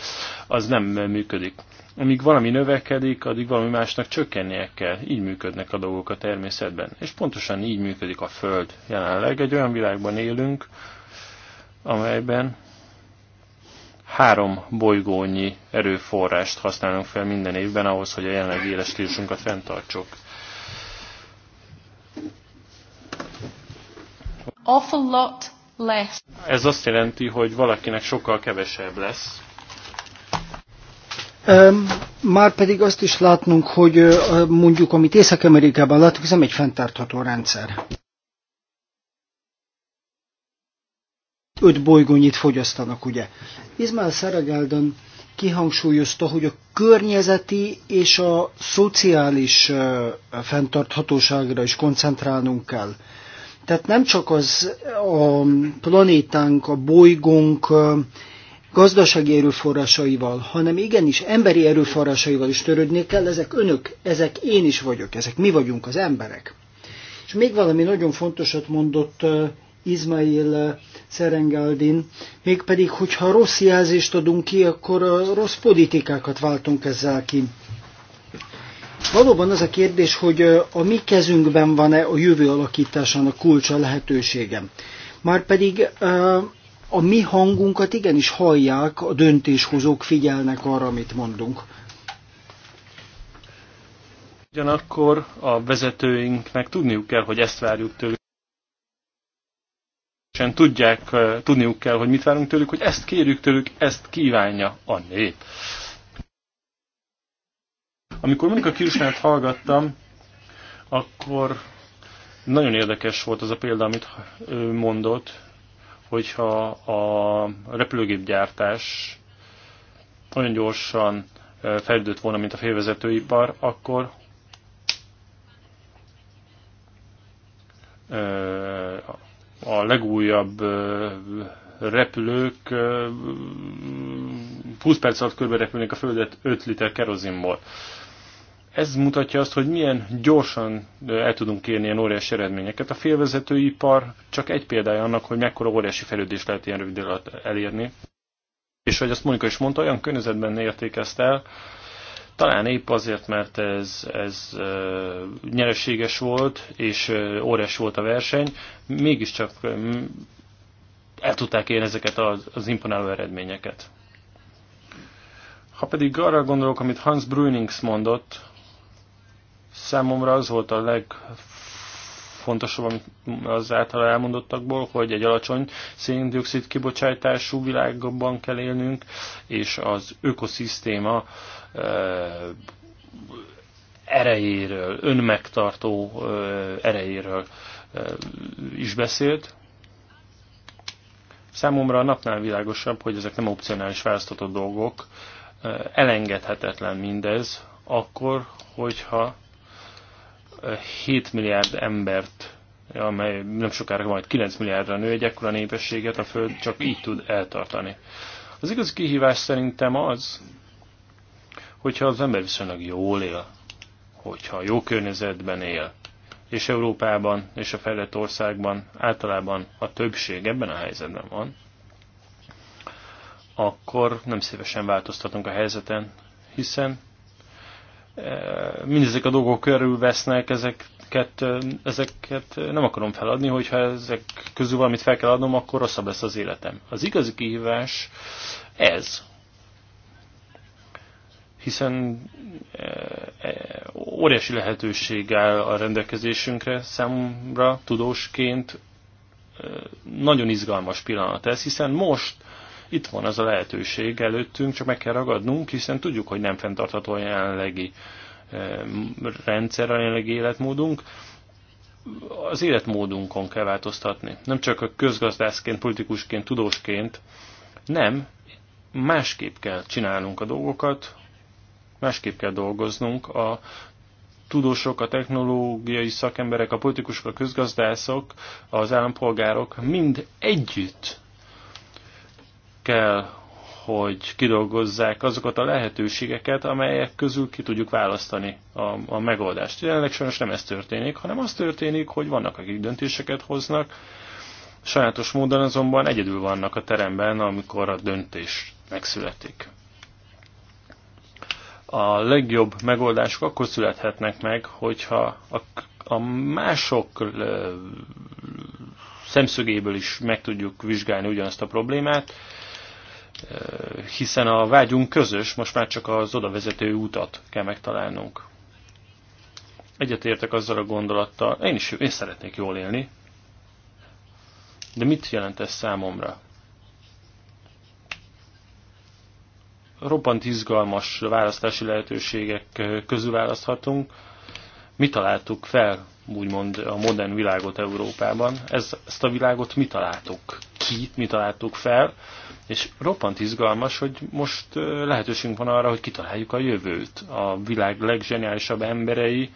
az nem működik. Amíg valami növekedik, addig valami másnak csökkennie kell. Így működnek a dolgok a természetben. És pontosan így működik a Föld. Jelenleg egy olyan világban élünk, amelyben három bolygónyi erőforrást használunk fel minden évben ahhoz, hogy a jelenleg éles fenntartsuk. awful lot less. Ez azt jelenti, hogy valakinek sokkal kevesebb lesz. Már pedig azt is látnunk, hogy mondjuk, amit Észak-Amerikában látunk, ez nem egy fenntartható rendszer. Öt bolygónyit fogyasztanak, ugye? Izmael Szeregeldon kihangsúlyozta, hogy a környezeti és a szociális fenntarthatóságra is koncentrálnunk kell. Tehát nem csak az a planétánk, a bolygónk gazdasági erőforrásaival, hanem igenis emberi erőforrásaival is törődni kell, ezek önök, ezek én is vagyok, ezek mi vagyunk, az emberek. És még valami nagyon fontosat mondott Izmail Szerengeldin, mégpedig, hogyha rossz jelzést adunk ki, akkor rossz politikákat váltunk ezzel ki. Valóban az a kérdés, hogy a mi kezünkben van-e a jövő alakításának kulcsa lehetőségem. Márpedig a mi hangunkat igenis hallják, a döntéshozók figyelnek arra, amit mondunk. Ugyanakkor a vezetőinknek tudniuk kell, hogy ezt várjuk tőlük. Sem tudják, tudniuk kell, hogy mit várunk tőlük, hogy ezt kérjük tőlük, ezt kívánja a nép. Amikor a Kirsnert hallgattam, akkor nagyon érdekes volt az a példa, amit ő mondott, hogyha a repülőgépgyártás olyan gyorsan fejlődött volna, mint a félvezetőipar, akkor a legújabb repülők 20 perc alatt körbe repülnek a földet 5 liter kerozinból. Ez mutatja azt, hogy milyen gyorsan el tudunk érni ilyen óriási eredményeket. A félvezetőipar csak egy példája annak, hogy mekkora óriási fejlődést lehet ilyen rövid alatt elérni. És hogy azt Monika is mondta, olyan környezetben érték ezt el, talán épp azért, mert ez, ez nyereséges volt, és óriás volt a verseny, mégiscsak el tudták érni ezeket az, az imponáló eredményeket. Ha pedig arra gondolok, amit Hans Brünings mondott, Számomra az volt a legfontosabb az által elmondottakból, hogy egy alacsony széndiokszid kibocsátású világban kell élnünk, és az ökoszisztéma erejéről, önmegtartó erejéről is beszélt. Számomra a napnál világosabb, hogy ezek nem opcionális választatott dolgok, elengedhetetlen mindez, akkor, hogyha 7 milliárd embert, amely nem sokára majd 9 milliárdra nő, egy ekkora népességet a Föld csak így tud eltartani. Az igazi kihívás szerintem az, hogyha az ember viszonylag jól él, hogyha jó környezetben él, és Európában és a fejlett országban általában a többség ebben a helyzetben van, akkor nem szívesen változtatunk a helyzeten, hiszen mindezek a dolgok körülvesznek, ezeket, ezeket nem akarom feladni, hogyha ezek közül valamit fel kell adnom, akkor rosszabb lesz az életem. Az igazi kihívás ez, hiszen eh, eh, óriási lehetőség áll a rendelkezésünkre számomra tudósként, eh, nagyon izgalmas pillanat ez, hiszen most itt van az a lehetőség előttünk, csak meg kell ragadnunk, hiszen tudjuk, hogy nem fenntartható a jelenlegi eh, rendszer, a jelenlegi életmódunk. Az életmódunkon kell változtatni. Nem csak a közgazdászként, politikusként, tudósként, nem, másképp kell csinálnunk a dolgokat, másképp kell dolgoznunk. A tudósok, a technológiai szakemberek, a politikusok, a közgazdászok, az állampolgárok mind együtt kell, hogy kidolgozzák azokat a lehetőségeket, amelyek közül ki tudjuk választani a, a megoldást. Jelenleg sajnos nem ez történik, hanem az történik, hogy vannak, akik döntéseket hoznak, sajátos módon azonban egyedül vannak a teremben, amikor a döntés megszületik. A legjobb megoldások akkor születhetnek meg, hogyha a, a mások szemszögéből is meg tudjuk vizsgálni ugyanazt a problémát, hiszen a vágyunk közös, most már csak az oda vezető útat kell megtalálnunk. Egyetértek azzal a gondolattal, én is én szeretnék jól élni, de mit jelent ez számomra? Roppant izgalmas választási lehetőségek közül választhatunk. Mi találtuk fel, úgymond a modern világot Európában? Ez, ezt a világot mi találtuk ki, mi találtuk fel? És roppant izgalmas, hogy most lehetőségünk van arra, hogy kitaláljuk a jövőt. A világ legzseniálisabb emberei,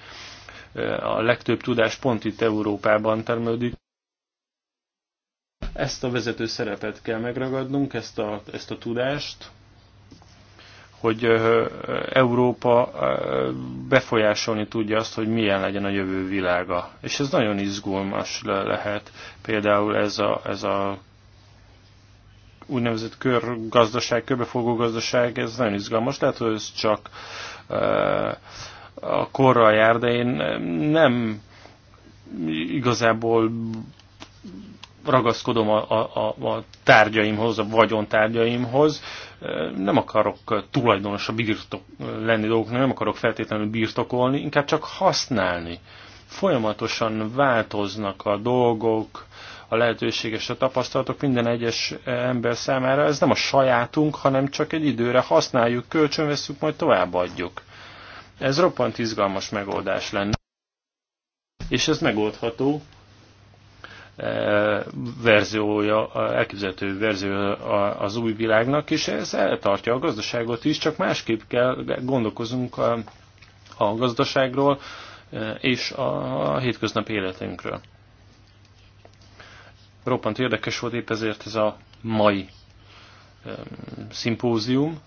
a legtöbb tudás pont itt Európában termelődik. Ezt a vezető szerepet kell megragadnunk, ezt a, ezt a tudást, hogy Európa befolyásolni tudja azt, hogy milyen legyen a jövő világa. És ez nagyon izgulmas lehet. Például ez a, ez a úgynevezett körgazdaság, körbefogó gazdaság, ez nagyon izgalmas, lehet, hogy ez csak e, a korral jár, de én nem igazából ragaszkodom a, a, a tárgyaimhoz, a vagyontárgyaimhoz. E, nem akarok tulajdonos a birtok lenni dolgoknak, nem akarok feltétlenül birtokolni, inkább csak használni. Folyamatosan változnak a dolgok, a lehetőség és a tapasztalatok minden egyes ember számára. Ez nem a sajátunk, hanem csak egy időre használjuk, kölcsönveszünk, majd továbbadjuk. Ez roppant izgalmas megoldás lenne. És ez megoldható e, verziója, elképzelhető verziója az új világnak, és ez eltartja a gazdaságot is, csak másképp kell gondolkozunk a, gazdaságról e, és a, a hétköznapi életünkről roppant érdekes volt épp ezért ez a mai szimpózium.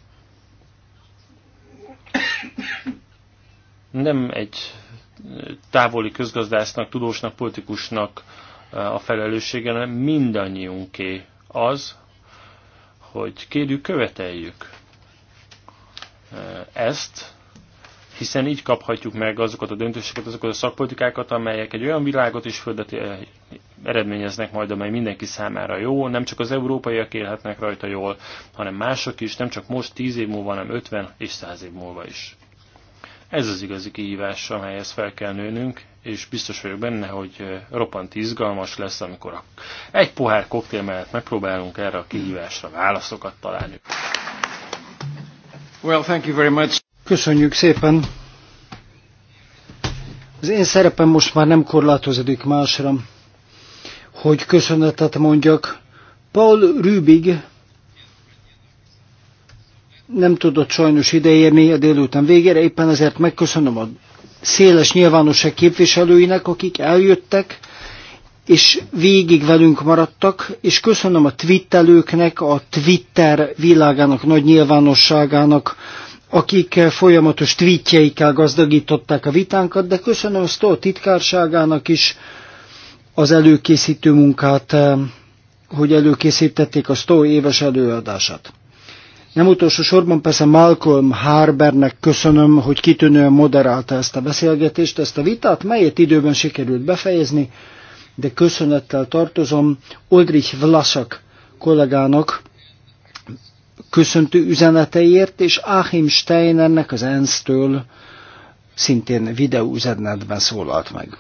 Nem egy eh, távoli közgazdásznak, tudósnak, politikusnak eh, a felelőssége, hanem mindannyiunké az, hogy kérjük, követeljük eh, ezt, hiszen így kaphatjuk meg azokat a döntéseket, azokat a szakpolitikákat, amelyek egy olyan világot és földet eh, eredményeznek majd, amely mindenki számára jó, nem csak az európaiak élhetnek rajta jól, hanem mások is, nem csak most 10 év múlva, hanem 50 és 100 év múlva is. Ez az igazi kihívás, amelyhez fel kell nőnünk, és biztos vagyok benne, hogy eh, roppant izgalmas lesz, amikor egy pohár koktél mellett megpróbálunk erre a kihívásra válaszokat találni. Well, thank you very much. Köszönjük szépen! Az én szerepem most már nem korlátozódik másra, hogy köszönetet mondjak. Paul Rübig nem tudott sajnos idejérni a délután végére, éppen ezért megköszönöm a széles nyilvánosság képviselőinek, akik eljöttek, és végig velünk maradtak, és köszönöm a twittelőknek, a Twitter világának nagy nyilvánosságának, akik eh, folyamatos tweetjeikkel gazdagították a vitánkat, de köszönöm a a titkárságának is az előkészítő munkát, eh, hogy előkészítették a STO éves előadását. Nem utolsó sorban persze Malcolm Harbernek köszönöm, hogy kitűnően moderálta ezt a beszélgetést, ezt a vitát, melyet időben sikerült befejezni, de köszönettel tartozom Oldrich Vlasak kollégának, köszöntő üzeneteért, és Achim Steinernek az ENSZ-től szintén videóüzenetben szólalt meg.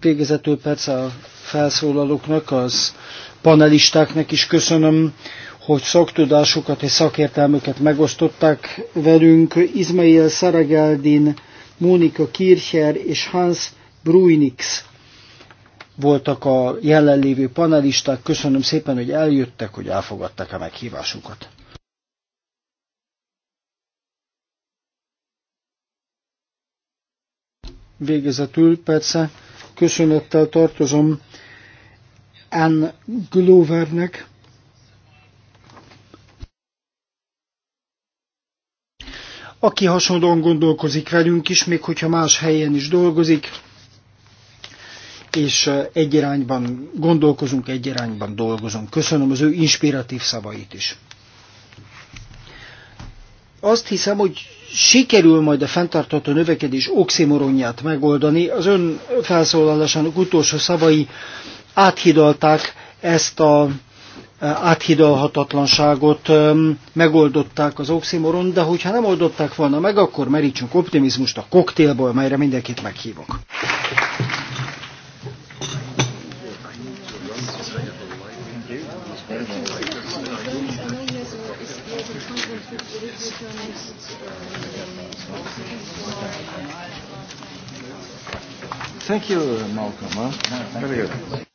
Végezetül persze a felszólalóknak, az panelistáknak is köszönöm, hogy szaktudásukat és szakértelmüket megosztották velünk. Izmail Szarageldin, Mónika Kircher és Hans Bruinix voltak a jelenlévő panelisták. Köszönöm szépen, hogy eljöttek, hogy elfogadták a meghívásunkat. Végezetül persze köszönettel tartozom Ann Glovernek, aki hasonlóan gondolkozik velünk is, még hogyha más helyen is dolgozik, és eh, egy irányban gondolkozunk, egy irányban dolgozunk. Köszönöm az ő inspiratív szavait is. Azt hiszem, hogy sikerül majd a fenntartható növekedés oximoronját megoldani. Az ön felszólalásának utolsó szavai áthidalták ezt a eh, áthidalhatatlanságot, megoldották az oximoron, de hogyha nem oldották volna meg, akkor merítsünk optimizmust a koktélból, melyre mindenkit meghívok. Thank you, Malcolm. Huh? Very good.